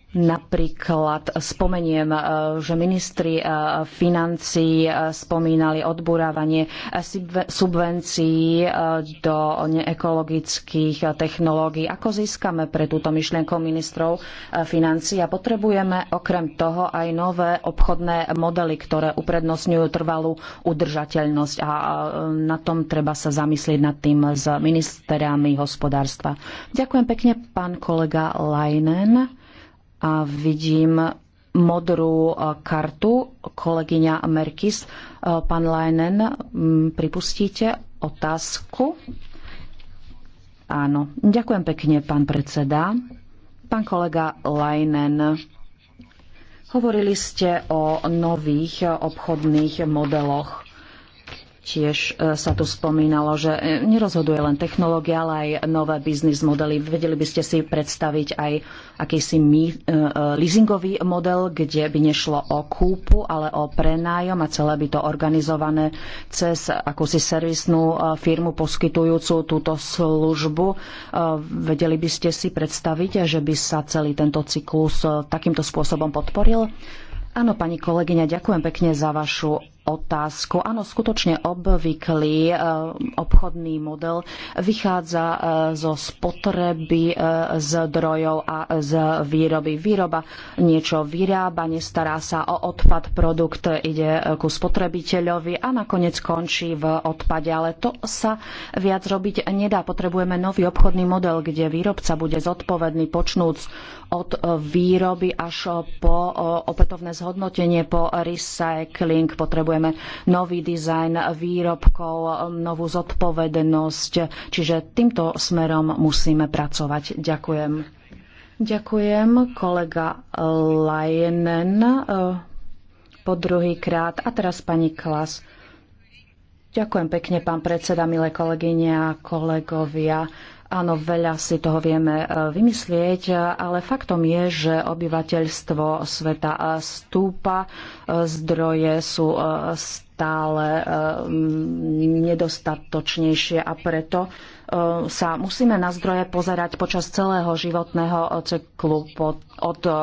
Napríklad spomeniem, e, že ministri e, financií e, spomínali odburávanie subvencií do neekologických technológií. Ako získame pre túto myšlienku ministrov financií? A potrebujeme okrem toho aj nové obchodné modely, ktoré uprednostňujú trvalú udržateľnosť. A na tom treba sa zamyslieť nad tým s ministerami hospodárstva. Ďakujem pekne, pán kolega Leinen. A vidím modrú e, kartu. Kolegyňa Merkis, e, pán Leinen, pripustíte otázku? Áno. Ďakujem pekne, pán predseda. Pán kolega Leinen, hovorili ste o nových obchodných modeloch. Tiež e, sa tu spomínalo, že e, nerozhoduje len technológia, ale aj nové biznis modely. Vedeli by ste si predstaviť aj akýsi e, leasingový model, kde by nešlo o kúpu, ale o prenájom a celé by to organizované cez akúsi servisnú firmu poskytujúcu túto službu. Vedeli by ste si predstaviť, že by sa celý tento cyklus takýmto spôsobom podporil? Áno, pani kolegyňa, ďakujem pekne za vašu otázku. Áno, skutočne obvyklý e, obchodný model vychádza e, zo spotreby e, zdrojov a z výroby. Výroba niečo vyrába, nestará sa o odpad, produkt ide ku spotrebiteľovi a nakoniec končí v odpade. Ale to sa viac robiť nedá. Potrebujeme nový obchodný model, kde výrobca bude zodpovedný počnúc od výroby až po opätovné zhodnotenie, po recycling. Potrebujeme samozrejme nový dizajn výrobkov, novú zodpovednosť. Čiže týmto smerom musíme pracovať. Ďakujem. Ďakujem, kolega Lajenen eh, po druhý krát. A teraz pani Klas. Ďakujem pekne, pán predseda, milé kolegyne a kolegovia. Áno, veľa si toho vieme e, vymyslieť, e, ale faktom je, že obyvateľstvo sveta e, stúpa, zdroje sú stále nedostatočnejšie a preto E, sa musíme na zdroje pozerať počas celého životného cyklu od e,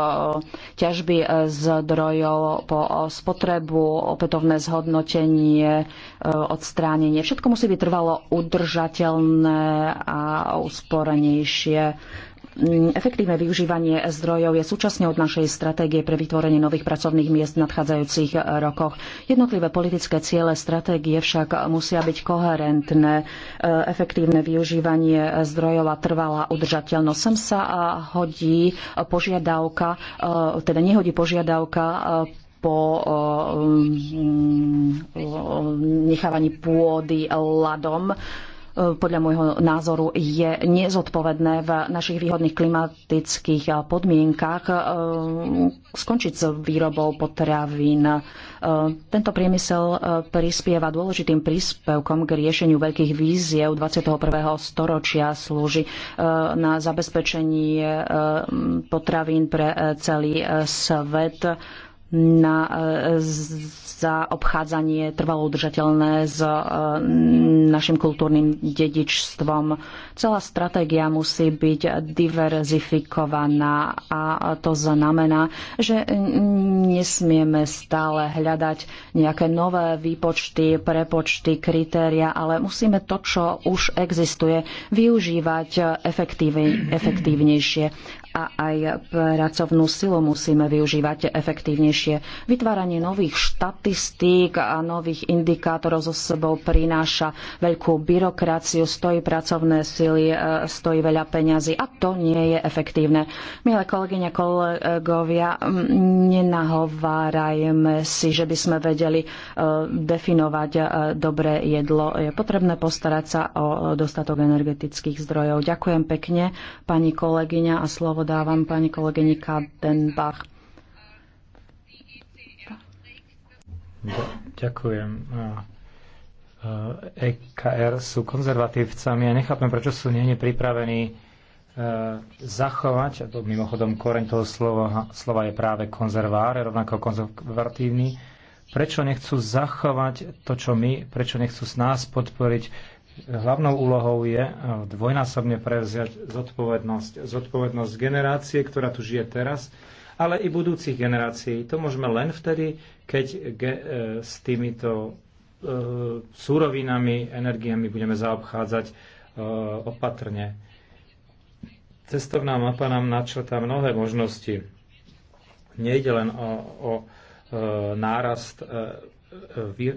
ťažby zdrojov po spotrebu, opätovné zhodnotenie, e, odstránenie. Všetko musí byť trvalo udržateľné a úsporenejšie. Mm, efektívne využívanie zdrojov je súčasne od našej stratégie pre vytvorenie nových pracovných miest v nadchádzajúcich e, rokoch. Jednotlivé politické ciele stratégie však musia byť koherentné. E, efektívne využívanie zdrojov a trvalá udržateľnosť. Sem sa e, hodí požiadavka, teda nehodí požiadavka po mm, nechávaní pôdy ľadom podľa môjho názoru je nezodpovedné v našich výhodných klimatických podmienkach eh, skončiť s výrobou potravín. Eh, tento priemysel eh, prispieva dôležitým príspevkom k riešeniu veľkých víziev 21. storočia slúži na zabezpečenie potravín pre celý svet na, e, za obchádzanie trvalo udržateľné s e, našim kultúrnym dedičstvom. Celá stratégia musí byť diverzifikovaná a to znamená, že nesmieme stále hľadať nejaké nové výpočty, prepočty, kritéria, ale musíme to, čo už existuje, využívať efektívnejšie a aj pracovnú silu musíme využívať efektívnejšie. Vytváranie nových štatistík a nových indikátorov so sebou prináša veľkú byrokraciu, stojí pracovné sily, e, stojí veľa peňazí a to nie je efektívne. Milé kolegyne, kolegovia, nenahovárajme si, že by sme vedeli e, definovať e, dobré jedlo. Je potrebné postarať sa o dostatok energetických zdrojov. Ďakujem pekne, pani kolegyňa a slovo dávam pani kolegyni Kadenbach. Ďakujem. EKR sú konzervatívcami a nechápem, prečo sú nie pripravení e, zachovať, a to mimochodom koreň toho slova, slova je práve konzerváre, rovnako konzervatívny, prečo nechcú zachovať to, čo my, prečo nechcú z nás podporiť hlavnou úlohou je eh, dvojnásobne prevziať zodpovednosť. Zodpovednosť generácie, ktorá tu žije teraz, ale i budúcich generácií. To môžeme len vtedy, keď ge- eh, s týmito e, súrovinami, energiami budeme zaobchádzať e, opatrne. Cestovná mapa nám načrta mnohé možnosti. Nejde len o, o e, nárast e, e,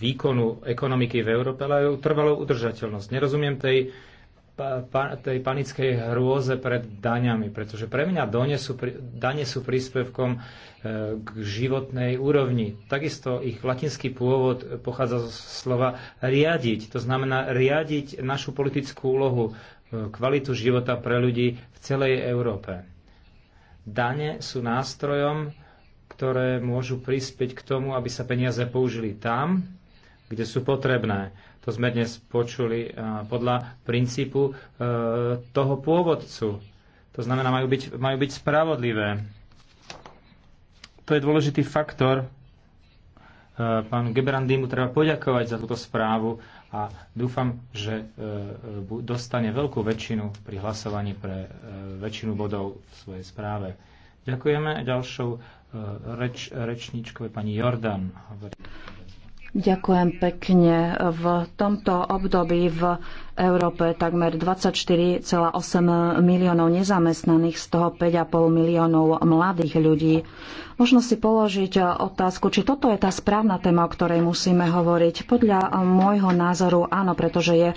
výkonu ekonomiky v Európe, ale aj trvalú udržateľnosť. Nerozumiem tej, pa, tej panickej hrôze pred daňami, pretože pre mňa sú, dane sú príspevkom e, k životnej úrovni. Takisto ich latinský pôvod pochádza zo slova riadiť. To znamená riadiť našu politickú úlohu, e, kvalitu života pre ľudí v celej Európe. Dane sú nástrojom, ktoré môžu prispieť k tomu, aby sa peniaze použili tam, kde sú potrebné. To sme dnes počuli eh, podľa princípu eh, toho pôvodcu. To znamená, majú byť, majú byť spravodlivé. To je dôležitý faktor. Eh, pán Gebrandy mu treba poďakovať za túto správu a dúfam, že dostane veľkú väčšinu pri hlasovaní pre väčšinu bodov v svojej správe. Ďakujeme. Ďalšou reč, rečníčkou je pani Jordan. Ďakujem pekne. V tomto období v Európe takmer 24,8 miliónov nezamestnaných, z toho 5,5 miliónov mladých ľudí. Možno si položiť otázku, či toto je tá správna téma, o ktorej musíme hovoriť. Podľa môjho názoru áno, pretože je e,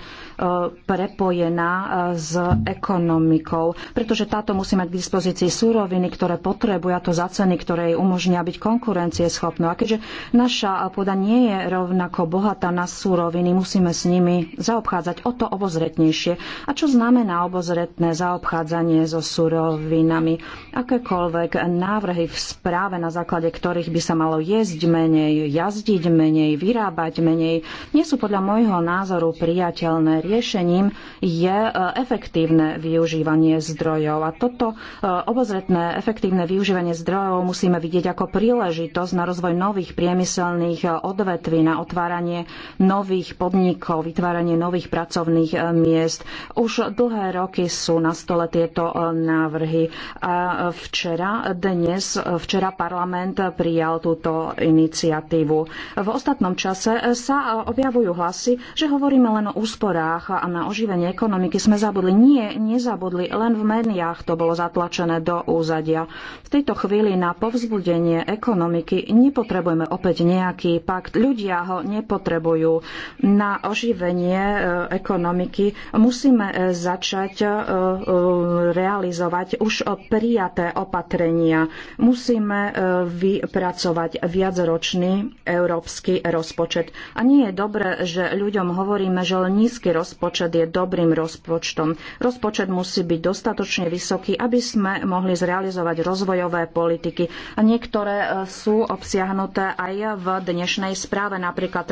prepojená e, s ekonomikou, pretože táto musí mať k dispozícii súroviny, ktoré potrebuje a to za ceny, ktoré jej umožnia byť konkurencieschopnou. A keďže naša pôda nie je rovnako bohatá na súroviny, musíme s nimi zaobchádzať o to obozretnejšie. A čo znamená obozretné zaobchádzanie so surovinami? Akékoľvek návrhy v správe, na základe ktorých by sa malo jesť menej, jazdiť menej, vyrábať menej, nie sú podľa môjho názoru priateľné. Riešením je e, efektívne využívanie zdrojov. A toto e, obozretné efektívne využívanie zdrojov musíme vidieť ako príležitosť na rozvoj nových priemyselných e, odvetví, na otváranie nových podnikov, vytváranie nových pracovných pracovných eh, miest. Už dlhé roky sú na stole tieto eh, návrhy. A eh, včera, dnes, včera parlament prijal túto iniciatívu. V ostatnom čase sa objavujú hlasy, že hovoríme len o úsporách a na oživenie ekonomiky sme zabudli. Nie, nezabudli, len v médiách to bolo zatlačené do úzadia. V tejto chvíli na povzbudenie ekonomiky nepotrebujeme opäť nejaký pakt. Ľudia ho nepotrebujú. Na oživenie ekonomiky ekonomiky musíme e, začať e, e, realizovať už prijaté opatrenia. Musíme vypracovať viacročný európsky rozpočet. A nie je dobré, že ľuďom hovoríme, že len nízky rozpočet je dobrým rozpočtom. Rozpočet musí byť dostatočne vysoký, aby sme mohli zrealizovať rozvojové politiky. A niektoré sú obsiahnuté aj v dnešnej správe, napríklad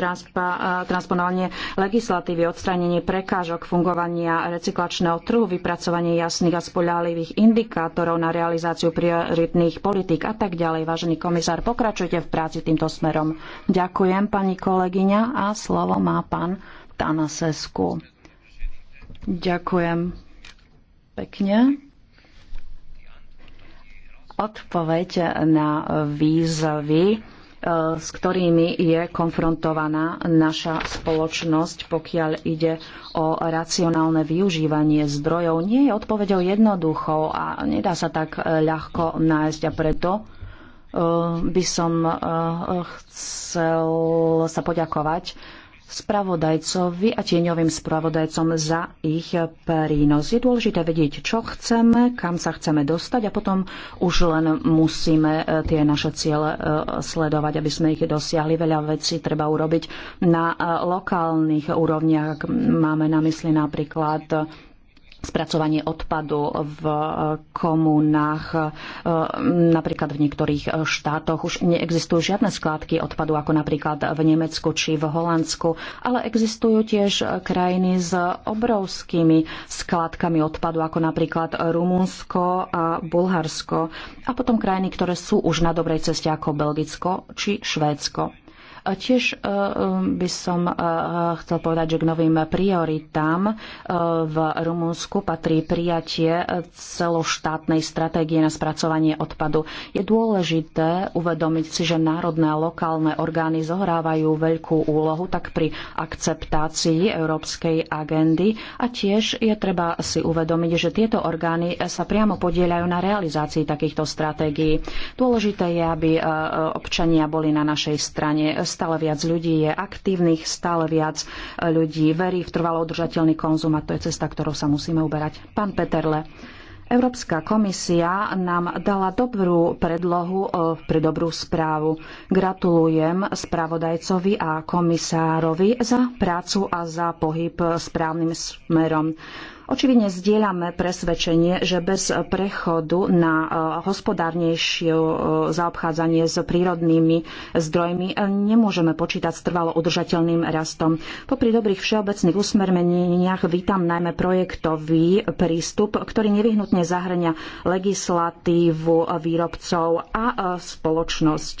transponovanie legislatívy, odstránenie pre prekážok fungovania recyklačného trhu, vypracovanie jasných a spoľahlivých indikátorov na realizáciu prioritných politík a tak ďalej. Vážený komisár, pokračujte v práci týmto smerom. Ďakujem, pani kolegyňa, a slovo má pán Tanasesku. Ďakujem pekne. Odpoveď na výzvy Eh, s ktorými je konfrontovaná naša spoločnosť, pokiaľ ide o racionálne využívanie zdrojov, nie je odpovedou jednoduchou a nedá sa tak eh, ľahko nájsť a preto eh, by som chcel sa poďakovať spravodajcovi a tieňovým spravodajcom za ich prínos. Je dôležité vedieť, čo chceme, kam sa chceme dostať a potom už len musíme e, tie naše ciele e, sledovať, aby sme ich dosiahli. Veľa vecí treba urobiť na e, lokálnych úrovniach. Máme na mysli napríklad spracovanie odpadu v e, komunách. E, napríklad v niektorých e, štátoch už neexistujú žiadne skládky odpadu, ako napríklad v Nemecku či v Holandsku, ale existujú tiež krajiny s obrovskými skládkami odpadu, ako napríklad Rumunsko a Bulharsko. A potom krajiny, ktoré sú už na dobrej ceste, ako Belgicko či Švédsko. Tiež e, by som e, chcel povedať, že k novým prioritám e, v Rumunsku patrí prijatie celoštátnej stratégie na spracovanie odpadu. Je dôležité uvedomiť si, že národné a lokálne orgány zohrávajú veľkú úlohu tak pri akceptácii európskej agendy a tiež je treba si uvedomiť, že tieto orgány sa priamo podielajú na realizácii takýchto stratégií. Dôležité je, aby občania boli na našej strane stále viac ľudí je aktívnych, stále viac e, ľudí verí v trvalo udržateľný konzum a to je cesta, ktorou sa musíme uberať. Pán Peterle, Európska komisia nám dala dobrú predlohu e, pre dobrú správu. Gratulujem spravodajcovi a komisárovi za prácu a za pohyb správnym smerom. Očividne zdieľame presvedčenie, že bez prechodu na eh, hospodárnejšie eh, zaobchádzanie s prírodnými zdrojmi eh, nemôžeme počítať s trvalo udržateľným rastom. Popri dobrých všeobecných usmermeniach vítam najmä projektový prístup, ktorý nevyhnutne zahrania legislatívu výrobcov a spoločnosť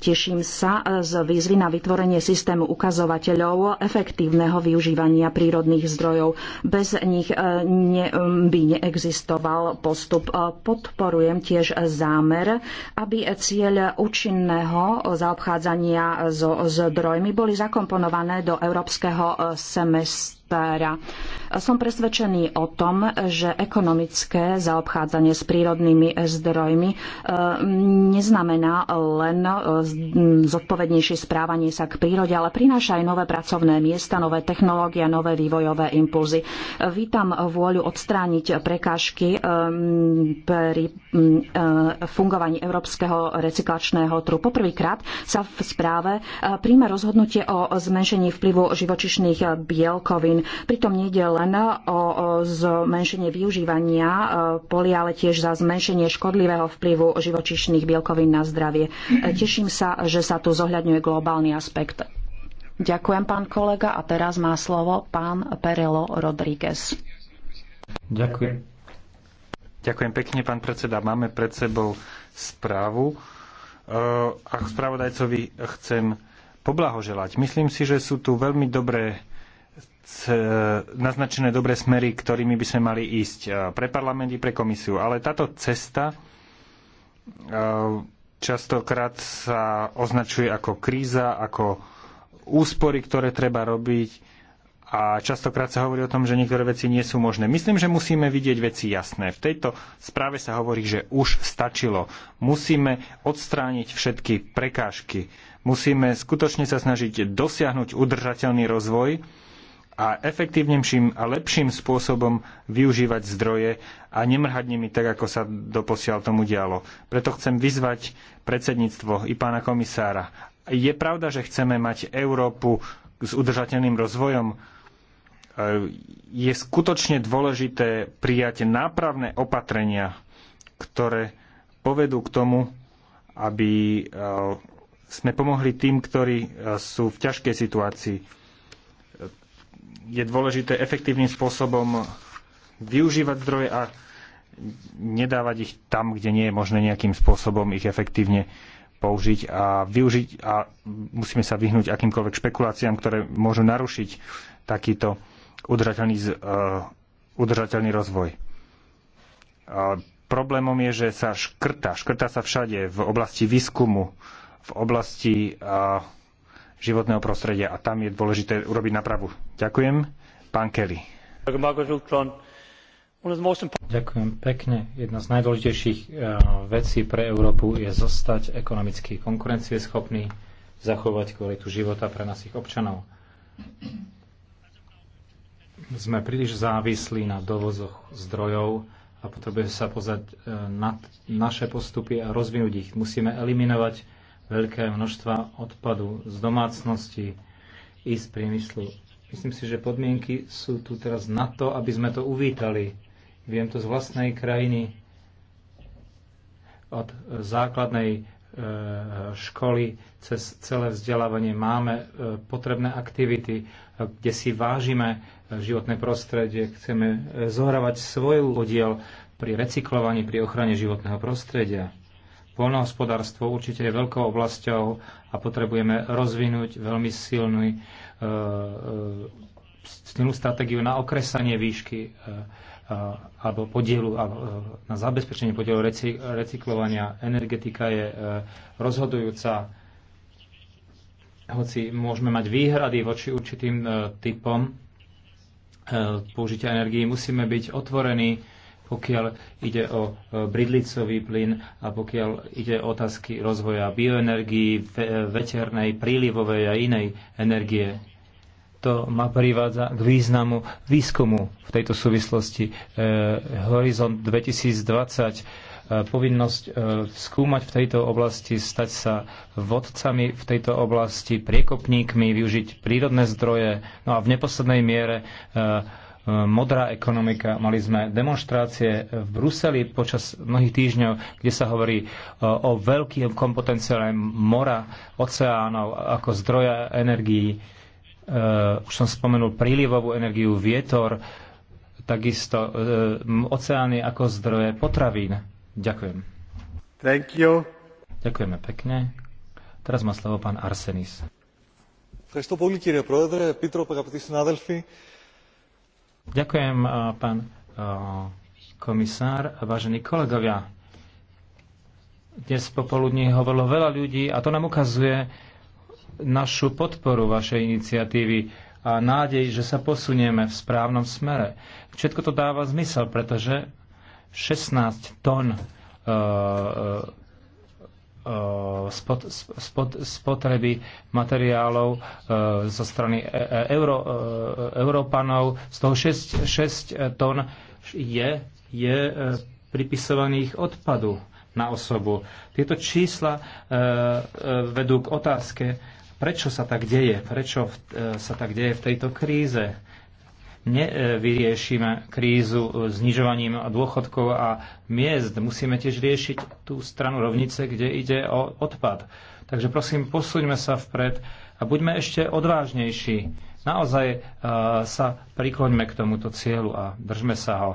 Teším sa z výzvy na vytvorenie systému ukazovateľov efektívneho využívania prírodných zdrojov. Bez nich e, ne, by neexistoval postup. E, podporujem tiež zámer, aby cieľ účinného zaobchádzania so zdrojmi boli zakomponované do európskeho semestra aktéra. Som presvedčený o tom, že ekonomické zaobchádzanie s prírodnými eh, zdrojmi eh, neznamená len eh, mm, zodpovednejšie správanie sa k prírode, ale prináša aj nové pracovné miesta, nové technológie, nové vývojové impulzy. Vítam vôľu odstrániť prekážky pri mm, fungovaní európskeho recyklačného trhu. Poprvýkrát sa v správe príjma rozhodnutie o zmenšení vplyvu živočišných bielkovín Pritom nejde len o zmenšenie využívania e, polia, ale tiež za zmenšenie škodlivého vplyvu živočišných bielkovín na zdravie. E, teším sa, že sa tu zohľadňuje globálny aspekt. Ďakujem, pán kolega. A teraz má slovo pán Perelo Rodríguez. Ďakujem. Ďakujem pekne, pán predseda. Máme pred sebou správu e, a spravodajcovi chcem poblahoželať. Myslím si, že sú tu veľmi dobré naznačené dobré smery, ktorými by sme mali ísť e, pre parlament i pre komisiu. Ale táto cesta e, častokrát sa označuje ako kríza, ako úspory, ktoré treba robiť a častokrát sa hovorí o tom, že niektoré veci nie sú možné. Myslím, že musíme vidieť veci jasné. V tejto správe sa hovorí, že už stačilo. Musíme odstrániť všetky prekážky. Musíme skutočne sa snažiť dosiahnuť udržateľný rozvoj a efektívnejším a lepším spôsobom využívať zdroje a nemrhať nimi tak, ako sa doposiaľ tomu dialo. Preto chcem vyzvať predsedníctvo i pána komisára. Je pravda, že chceme mať Európu s udržateľným rozvojom? E, je skutočne dôležité prijať nápravné opatrenia, ktoré povedú k tomu, aby e, sme pomohli tým, ktorí e, sú v ťažkej situácii je dôležité efektívnym spôsobom využívať zdroje a nedávať ich tam, kde nie je možné nejakým spôsobom ich efektívne použiť a využiť a musíme sa vyhnúť akýmkoľvek špekuláciám, ktoré môžu narušiť takýto udržateľný, uh, udržateľný rozvoj. Uh, problémom je, že sa škrta. Škrta sa všade v oblasti výskumu, v oblasti uh, životného prostredia a tam je dôležité urobiť napravu. Ďakujem. Pán Kelly. Ďakujem pekne. Jedna z najdôležitejších e, vecí pre Európu je zostať ekonomicky konkurencieschopný, zachovať kvalitu života pre našich občanov. Sme príliš závislí na dovozoch zdrojov, a potrebujeme sa pozrieť e, na naše postupy a rozvinúť ich. Musíme eliminovať veľké množstva odpadu z domácnosti i z priemyslu. Myslím si, že podmienky sú tu teraz na to, aby sme to uvítali. Viem to z vlastnej krajiny. Od e, základnej e, školy cez celé vzdelávanie máme e, potrebné aktivity, kde si vážime životné prostredie, chceme zohrávať svoj podiel pri recyklovaní, pri ochrane životného prostredia. Poľnohospodárstvo určite je veľkou oblasťou a potrebujeme rozvinúť veľmi silný, e, e, silnú stratégiu na okresanie výšky e, alebo podielu, na zabezpečenie podielu recyklovania. Energetika je rozhodujúca, hoci môžeme mať výhrady voči určitým typom použitia energii, musíme byť otvorení pokiaľ ide o e, bridlicový plyn a pokiaľ ide o otázky rozvoja bioenergii, e, veternej, prílivovej a inej energie. To ma privádza k významu výskumu v tejto súvislosti. E, Horizont 2020 povinnosť skúmať v tejto oblasti, stať sa vodcami v tejto oblasti, priekopníkmi, využiť prírodné zdroje, no a v neposlednej miere modrá ekonomika. Mali sme demonstrácie v Bruseli počas mnohých týždňov, kde sa hovorí e, o veľkým kompetenciále mora, oceánov ako zdroja energií. E, už som spomenul prílivovú energiu, vietor, takisto e, oceány ako zdroje potravín. Ďakujem. Thank you. Ďakujeme pekne. Teraz má slovo pán Arsenis. Ďakujem πολύ κύριε Πρόεδρε, Επίτροπε, Ďakujem, eh, pán eh, komisár. Vážení kolegovia, dnes popoludní hovorilo veľa ľudí a to nám ukazuje našu podporu vašej iniciatívy a nádej, že sa posunieme v správnom smere. Všetko to dáva zmysel, pretože 16 tón eh, Eh, spot, spot, spotreby materiálov eh, zo strany eh, Európanov. Z toho 6, 6 tón je, je pripisovaných odpadu na osobu. Tieto čísla vedú k otázke, prečo sa tak deje, prečo sa tak deje v tejto kríze nevyriešime krízu znižovaním dôchodkov a miest. Musíme tiež riešiť tú stranu rovnice, kde ide o odpad. Takže prosím, posuňme sa vpred a buďme ešte odvážnejší. Naozaj e, sa prikloňme k tomuto cieľu a držme sa ho.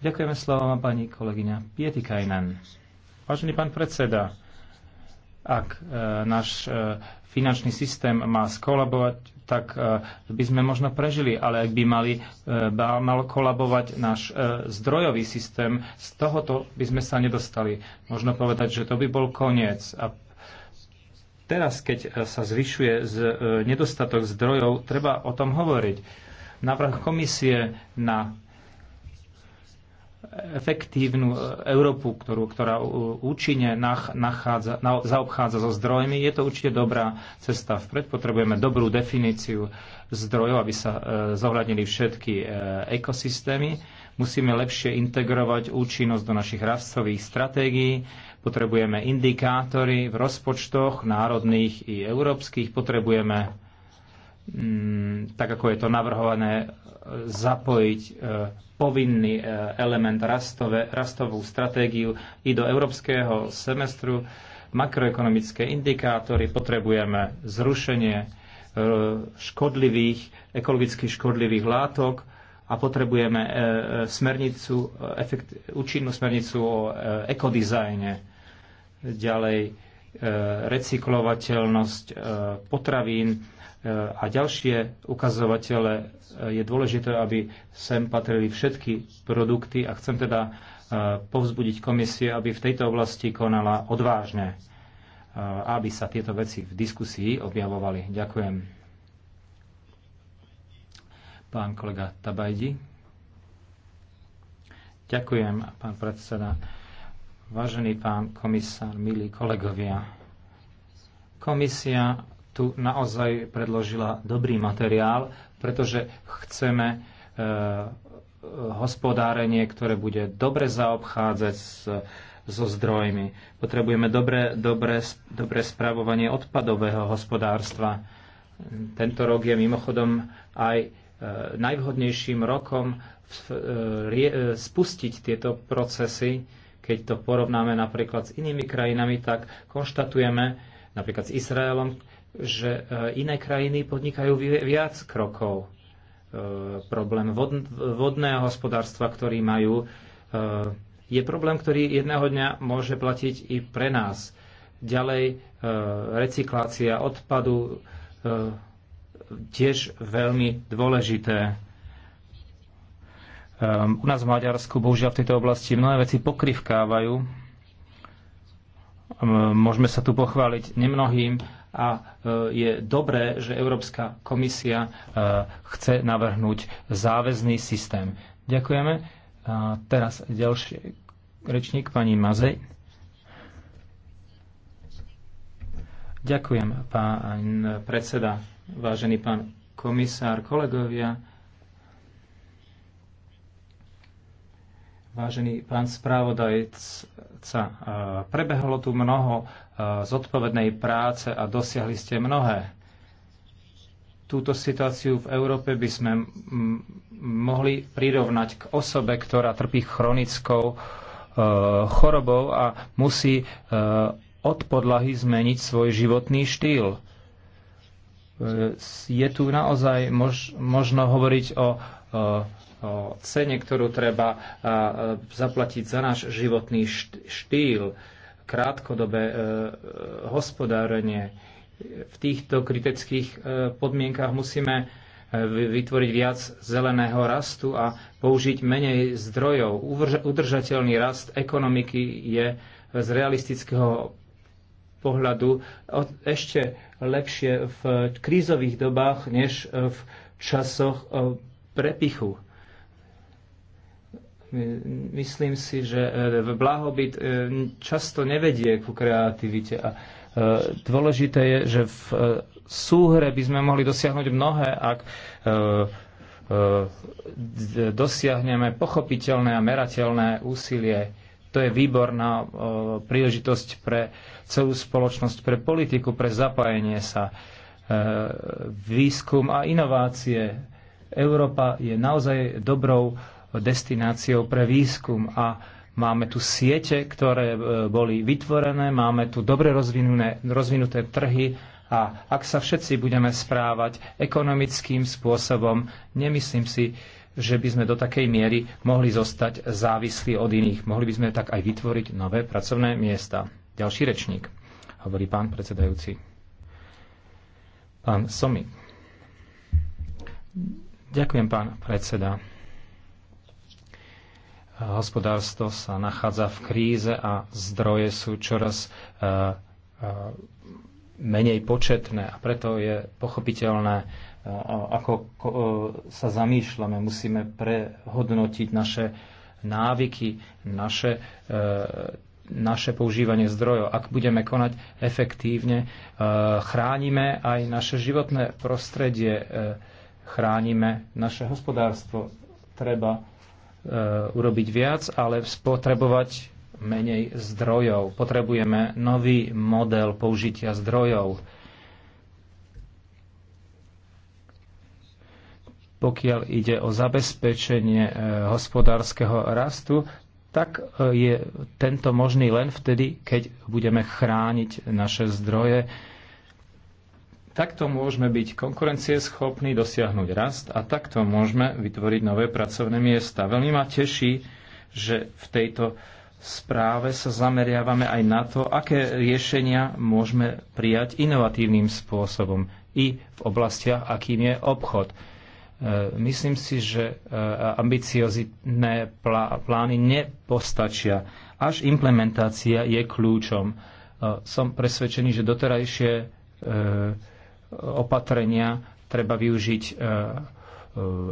Ďakujeme slovo pani kolegyňa Pietikajnen. Vážený pán predseda, ak e, náš e, finančný systém má skolabovať, tak e, by sme možno prežili, ale ak by mali, e, mal kolabovať náš e, zdrojový systém, z tohoto by sme sa nedostali. Možno povedať, že to by bol koniec. A teraz, keď sa zvyšuje z, nedostatok zdrojov, treba o tom hovoriť. Návrh komisie na efektívnu e, Európu, ktorú, ktorá e, účinne nachádza, na, zaobchádza so zdrojmi, je to určite dobrá cesta vpred. Potrebujeme dobrú definíciu zdrojov, aby sa e, zohľadnili všetky e, ekosystémy. Musíme lepšie integrovať účinnosť do našich rastových stratégií. Potrebujeme indikátory v rozpočtoch národných i európskych. Potrebujeme Mm, tak ako je to navrhované, e, zapojiť e, povinný e, element rastové, rastovú stratégiu i do európskeho semestru. Makroekonomické indikátory potrebujeme zrušenie škodlivých, ekologicky škodlivých látok a potrebujeme smernicu, efekt, účinnú smernicu o ekodizajne. Ďalej recyklovateľnosť potravín, a ďalšie ukazovatele e, je dôležité, aby sem patrili všetky produkty a chcem teda e, povzbudiť komisie, aby v tejto oblasti konala odvážne, e, aby sa tieto veci v diskusii objavovali. Ďakujem. Pán kolega Tabajdi. Ďakujem, pán predseda. Vážený pán komisár, milí kolegovia, komisia tu naozaj predložila dobrý materiál, pretože chceme e, hospodárenie, ktoré bude dobre zaobchádzať s, so zdrojmi. Potrebujeme dobré, dobré, dobré spravovanie odpadového hospodárstva. Tento rok je mimochodom aj e, najvhodnejším rokom e, spustiť tieto procesy. Keď to porovnáme napríklad s inými krajinami, tak konštatujeme, napríklad s Izraelom, že e, iné krajiny podnikajú viac krokov. E, problém vodného hospodárstva, ktorý majú, e, je problém, ktorý jedného dňa môže platiť i pre nás. Ďalej recyklácia odpadu tiež veľmi dôležité. U nás v Maďarsku bohužiaľ v tejto oblasti mnohé veci pokrivkávajú. Môžeme sa tu pochváliť nemnohým, a e, je dobré, že Európska komisia e, chce navrhnúť záväzný systém. Ďakujeme. A teraz ďalší rečník, pani Mazej. Ďakujem, pán predseda, vážený pán komisár, kolegovia, vážený pán správodajca. Prebehlo tu mnoho Eh, zodpovednej práce a dosiahli ste mnohé. Túto situáciu v Európe by sme mohli prirovnať k osobe, ktorá trpí chronickou eh, chorobou a musí eh, od podlahy zmeniť svoj životný štýl. Je tu naozaj mož, možno hovoriť o, o cene, ktorú treba zaplatiť za náš životný štýl krátkodobé e, e, hospodárenie. V týchto kritických e, podmienkach musíme vytvoriť viac zeleného rastu a použiť menej zdrojov. Udržateľný rast ekonomiky je z realistického pohľadu ešte lepšie v krízových dobách, než v časoch prepichu Myslím si, že e, blahobyt e, často nevedie ku kreativite a e, dôležité je, že v súhre by sme mohli dosiahnuť mnohé, ak dosiahneme pochopiteľné a merateľné úsilie. To je výborná príležitosť pre celú spoločnosť, pre politiku, pre zapájenie sa, výskum a inovácie. Európa je naozaj dobrou destináciou pre výskum a máme tu siete, ktoré e, boli vytvorené, máme tu dobre rozvinuté, rozvinuté trhy a ak sa všetci budeme správať ekonomickým spôsobom, nemyslím si, že by sme do takej miery mohli zostať závislí od iných. Mohli by sme tak aj vytvoriť nové pracovné miesta. Ďalší rečník, hovorí pán predsedajúci. Pán Somi. Ďakujem, pán predseda hospodárstvo sa nachádza v kríze a zdroje sú čoraz e, e, menej početné a preto je pochopiteľné, e, ako sa zamýšľame, musíme prehodnotiť naše návyky, naše, naše používanie zdrojov. Ak budeme konať efektívne, chránime aj naše životné prostredie, chránime naše hospodárstvo. Treba Eh, urobiť viac, ale spotrebovať menej zdrojov. Potrebujeme nový model použitia zdrojov. Pokiaľ ide o zabezpečenie eh, hospodárskeho rastu, tak eh, je tento možný len vtedy, keď budeme chrániť naše zdroje, Takto môžeme byť konkurencieschopní, dosiahnuť rast a takto môžeme vytvoriť nové pracovné miesta. Veľmi ma teší, že v tejto správe sa zameriavame aj na to, aké riešenia môžeme prijať inovatívnym spôsobom i v oblastiach, akým je obchod. E, myslím si, že e, ambiciozitné plány nepostačia. Až implementácia je kľúčom. E, som presvedčený, že doterajšie opatrenia treba využiť e, e,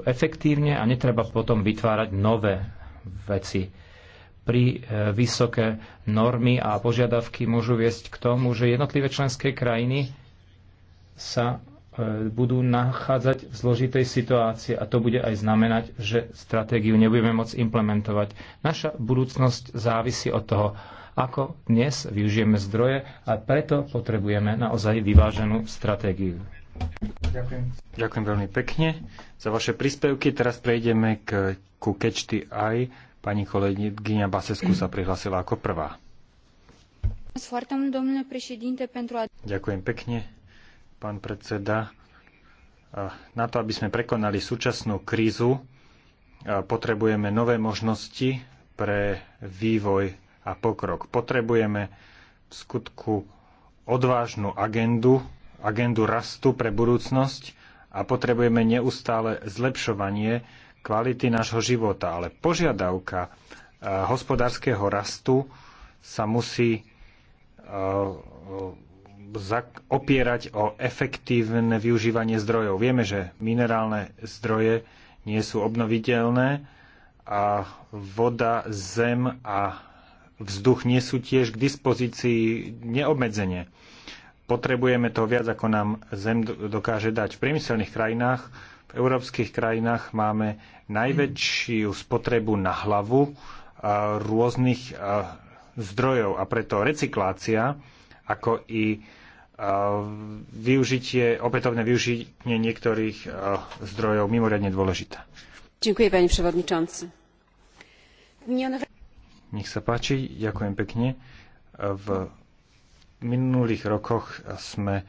efektívne a netreba potom vytvárať nové veci. Pri e, vysoké normy a požiadavky môžu viesť k tomu, že jednotlivé členské krajiny sa budú nachádzať v zložitej situácii a to bude aj znamenať, že stratégiu nebudeme môcť implementovať. Naša budúcnosť závisí od toho, ako dnes využijeme zdroje a preto potrebujeme naozaj vyváženú stratégiu. Ďakujem. Ďakujem veľmi pekne za vaše príspevky. Teraz prejdeme k, ku kečty aj. Pani kolegyňa Basesku sa prihlásila ako prvá. Ďakujem pekne, pán predseda. Na to, aby sme prekonali súčasnú krízu, potrebujeme nové možnosti pre vývoj a pokrok. Potrebujeme v skutku odvážnu agendu, agendu rastu pre budúcnosť a potrebujeme neustále zlepšovanie kvality nášho života. Ale požiadavka eh, hospodárskeho rastu sa musí eh, eh, opierať o efektívne využívanie zdrojov. Vieme, že minerálne zdroje nie sú obnoviteľné a voda, zem a vzduch nie sú tiež k dispozícii neobmedzenie. Potrebujeme to viac, ako nám Zem dokáže dať. V priemyselných krajinách, v európskych krajinách máme najväčšiu spotrebu na hlavu rôznych zdrojov a preto recyklácia, ako i využitie, opätovné využitie niektorých zdrojov mimoriadne dôležité. Ďakujem, pani przewodniczący. Nech sa páči, ďakujem pekne. V minulých rokoch sme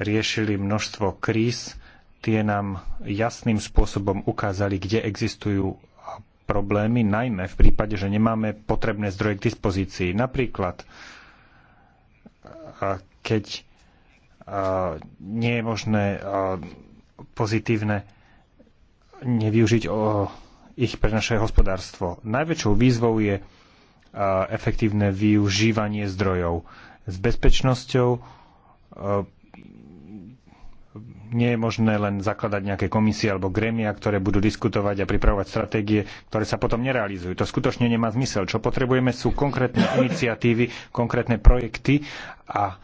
riešili množstvo kríz, tie nám jasným spôsobom ukázali, kde existujú problémy, najmä v prípade, že nemáme potrebné zdroje k dispozícii. Napríklad, keď nie je možné pozitívne nevyužiť ich pre naše hospodárstvo. Najväčšou výzvou je efektívne využívanie zdrojov. S bezpečnosťou e, nie je možné len zakladať nejaké komisie alebo gremia, ktoré budú diskutovať a pripravovať stratégie, ktoré sa potom nerealizujú. To skutočne nemá zmysel. Čo potrebujeme sú konkrétne iniciatívy, konkrétne projekty a,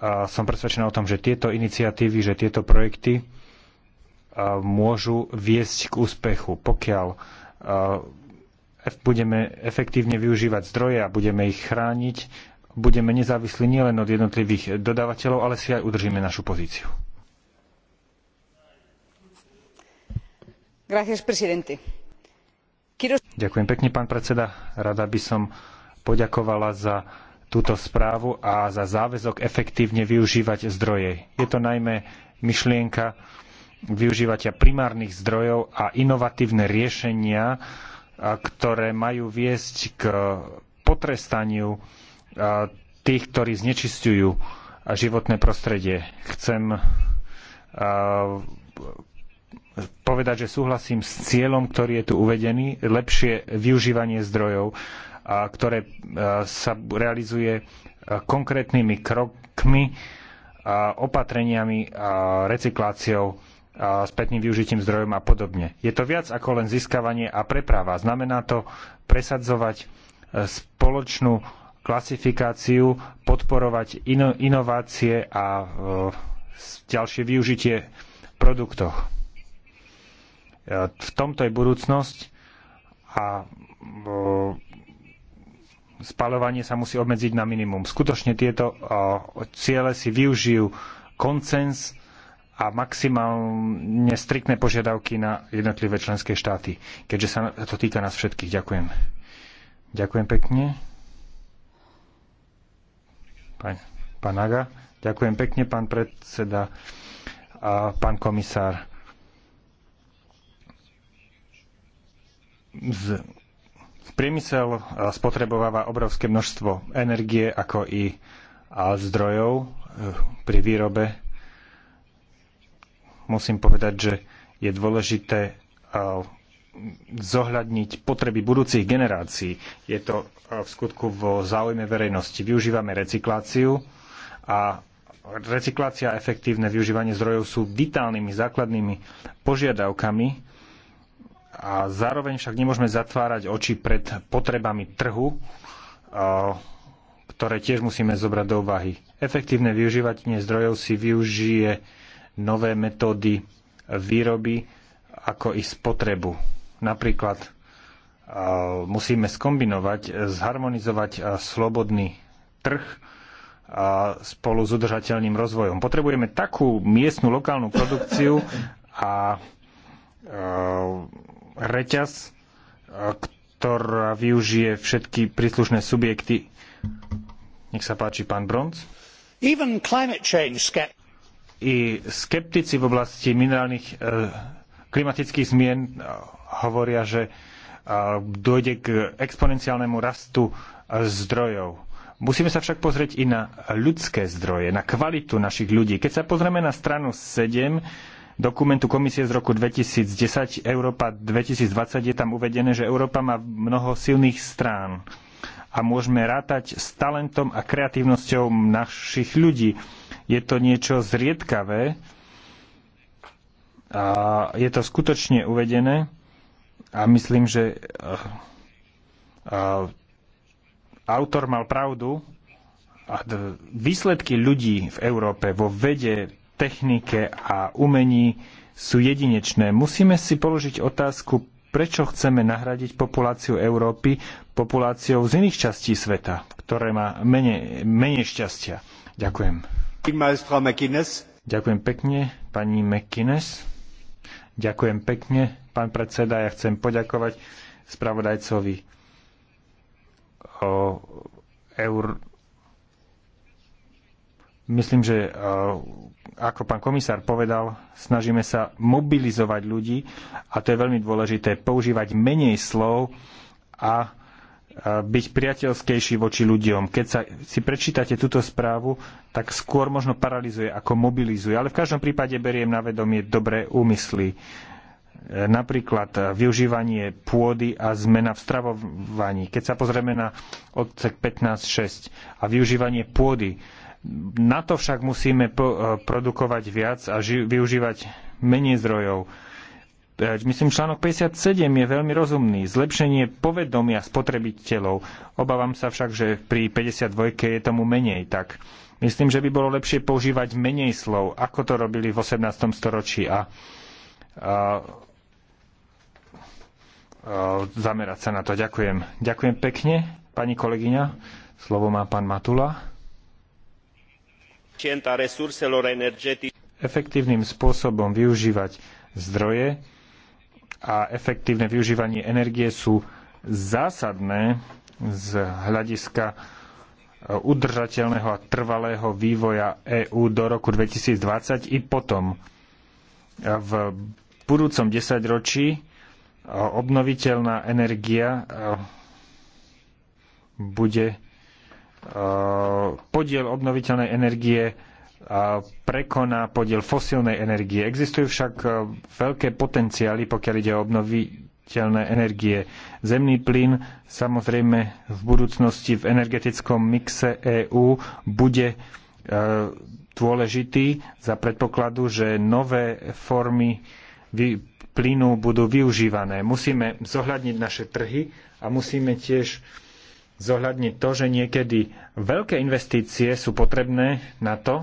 a som presvedčená o tom, že tieto iniciatívy, že tieto projekty a, môžu viesť k úspechu, pokiaľ a, budeme efektívne využívať zdroje a budeme ich chrániť, budeme nezávislí nielen od jednotlivých dodávateľov, ale si aj udržíme našu pozíciu. Ďakujem pekne, pán predseda. Rada by som poďakovala za túto správu a za záväzok efektívne využívať zdroje. Je to najmä myšlienka využívatia primárnych zdrojov a inovatívne riešenia, ktoré majú viesť k potrestaniu tých, ktorí znečisťujú životné prostredie. Chcem povedať, že súhlasím s cieľom, ktorý je tu uvedený, lepšie využívanie zdrojov, ktoré sa realizuje konkrétnymi krokmi, opatreniami a recykláciou a spätným využitím zdrojom a podobne. Je to viac ako len získavanie a preprava. Znamená to presadzovať e, spoločnú klasifikáciu, podporovať ino, inovácie a e, ďalšie využitie v E, V tomto je budúcnosť a e, spalovanie sa musí obmedziť na minimum. Skutočne tieto ciele si využijú koncens a maximálne striktné požiadavky na jednotlivé členské štáty, keďže sa to týka nás všetkých. Ďakujem. Ďakujem pekne. Pán, pán Aga. Ďakujem pekne, pán predseda a pán komisár. Z, priemysel eh, spotrebováva obrovské množstvo energie, ako i a zdrojov eh, pri výrobe musím povedať, že je dôležité eh, zohľadniť potreby budúcich generácií. Je to eh, v skutku vo záujme verejnosti. Využívame recikláciu a recyklácia a efektívne využívanie zdrojov sú vitálnymi základnými požiadavkami a zároveň však nemôžeme zatvárať oči pred potrebami trhu, eh, ktoré tiež musíme zobrať do úvahy. Efektívne využívanie zdrojov si využije nové metódy výroby, ako i spotrebu. Napríklad e, musíme skombinovať, zharmonizovať e, slobodný trh e, spolu s udržateľným rozvojom. Potrebujeme takú miestnu lokálnu produkciu a reťaz, ktorá využije všetky príslušné subjekty. Nech sa páči, pán Bronc. Even climate change i skeptici v oblasti minerálnych e, klimatických zmien e, hovoria, že e, dojde k exponenciálnemu rastu zdrojov. Musíme sa však pozrieť i na ľudské zdroje, na kvalitu našich ľudí. Keď sa pozrieme na stranu 7 dokumentu komisie z roku 2010 Európa 2020, je tam uvedené, že Európa má mnoho silných strán a môžeme rátať s talentom a kreatívnosťou našich ľudí je to niečo zriedkavé a je to skutočne uvedené a myslím, že eh, eh, autor mal pravdu a výsledky ľudí v Európe vo vede, technike a umení sú jedinečné. Musíme si položiť otázku, prečo chceme nahradiť populáciu Európy populáciou z iných častí sveta, ktoré má menej, menej šťastia. Ďakujem. Ďakujem pekne, pani McInnes. Ďakujem pekne, pán predseda. Ja chcem poďakovať spravodajcovi o eur... Myslím, že e, ako pán komisár povedal, snažíme sa mobilizovať ľudí a to je veľmi dôležité, používať menej slov a byť priateľskejší voči ľuďom. Keď sa, si prečítate túto správu, tak skôr možno paralizuje ako mobilizuje. Ale v každom prípade beriem na vedomie dobré úmysly. E, napríklad využívanie pôdy a zmena v stravovaní. Keď sa pozrieme na odsek 15.6 a využívanie pôdy, na to však musíme e, produkovať viac a využívať menej zdrojov Myslím, článok 57 je veľmi rozumný. Zlepšenie povedomia spotrebiteľov. Obávam sa však, že pri 52 je tomu menej tak. Myslím, že by bolo lepšie používať menej slov, ako to robili v 18. storočí a, a, a zamerať sa na to. Ďakujem. Ďakujem pekne, pani kolegyňa. Slovo má pán Matula. Efektívnym spôsobom využívať zdroje a efektívne využívanie energie sú zásadné z hľadiska e, udržateľného a trvalého vývoja EÚ do roku 2020 i potom. E, v budúcom desaťročí e, obnoviteľná energia bude podiel obnoviteľnej energie prekoná podiel fosílnej energie. Existujú však e, veľké potenciály, pokiaľ ide o obnoviteľné energie. Zemný plyn samozrejme v budúcnosti v energetickom mixe EÚ bude e, dôležitý za predpokladu, že nové formy plynu budú využívané. Musíme zohľadniť naše trhy a musíme tiež zohľadniť to, že niekedy veľké investície sú potrebné na to,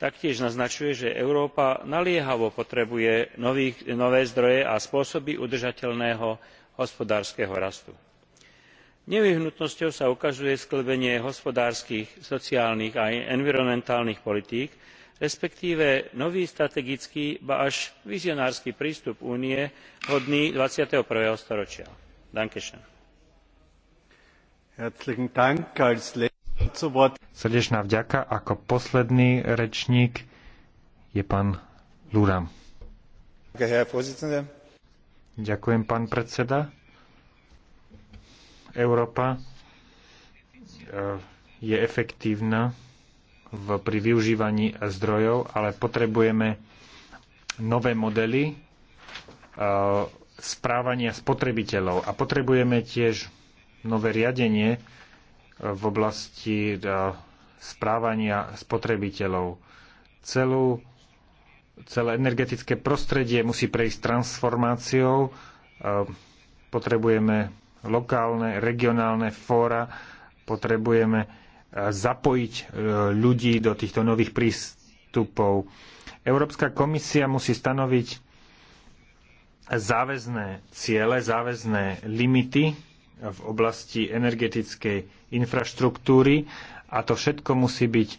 taktiež naznačuje že európa naliehavo potrebuje nové zdroje a spôsoby udržateľného hospodárskeho rastu. nevyhnutnosťou sa ukazuje sklbenie hospodárskych sociálnych a environmentálnych politík respektíve nový strategický ba až vizionársky prístup únie hodný. twenty one storočia. Srdečná vďaka. Ako posledný rečník je pán Luram. Ďakujem, pán predseda. Európa eh, je efektívna v, pri využívaní zdrojov, ale potrebujeme nové modely eh, správania spotrebiteľov a potrebujeme tiež nové riadenie v oblasti e, správania spotrebiteľov. Celú, celé energetické prostredie musí prejsť transformáciou. E, potrebujeme lokálne, regionálne fóra, potrebujeme e, zapojiť ľudí do týchto nových prístupov. Európska komisia musí stanoviť záväzné ciele, záväzné limity v oblasti energetickej infraštruktúry a to všetko musí byť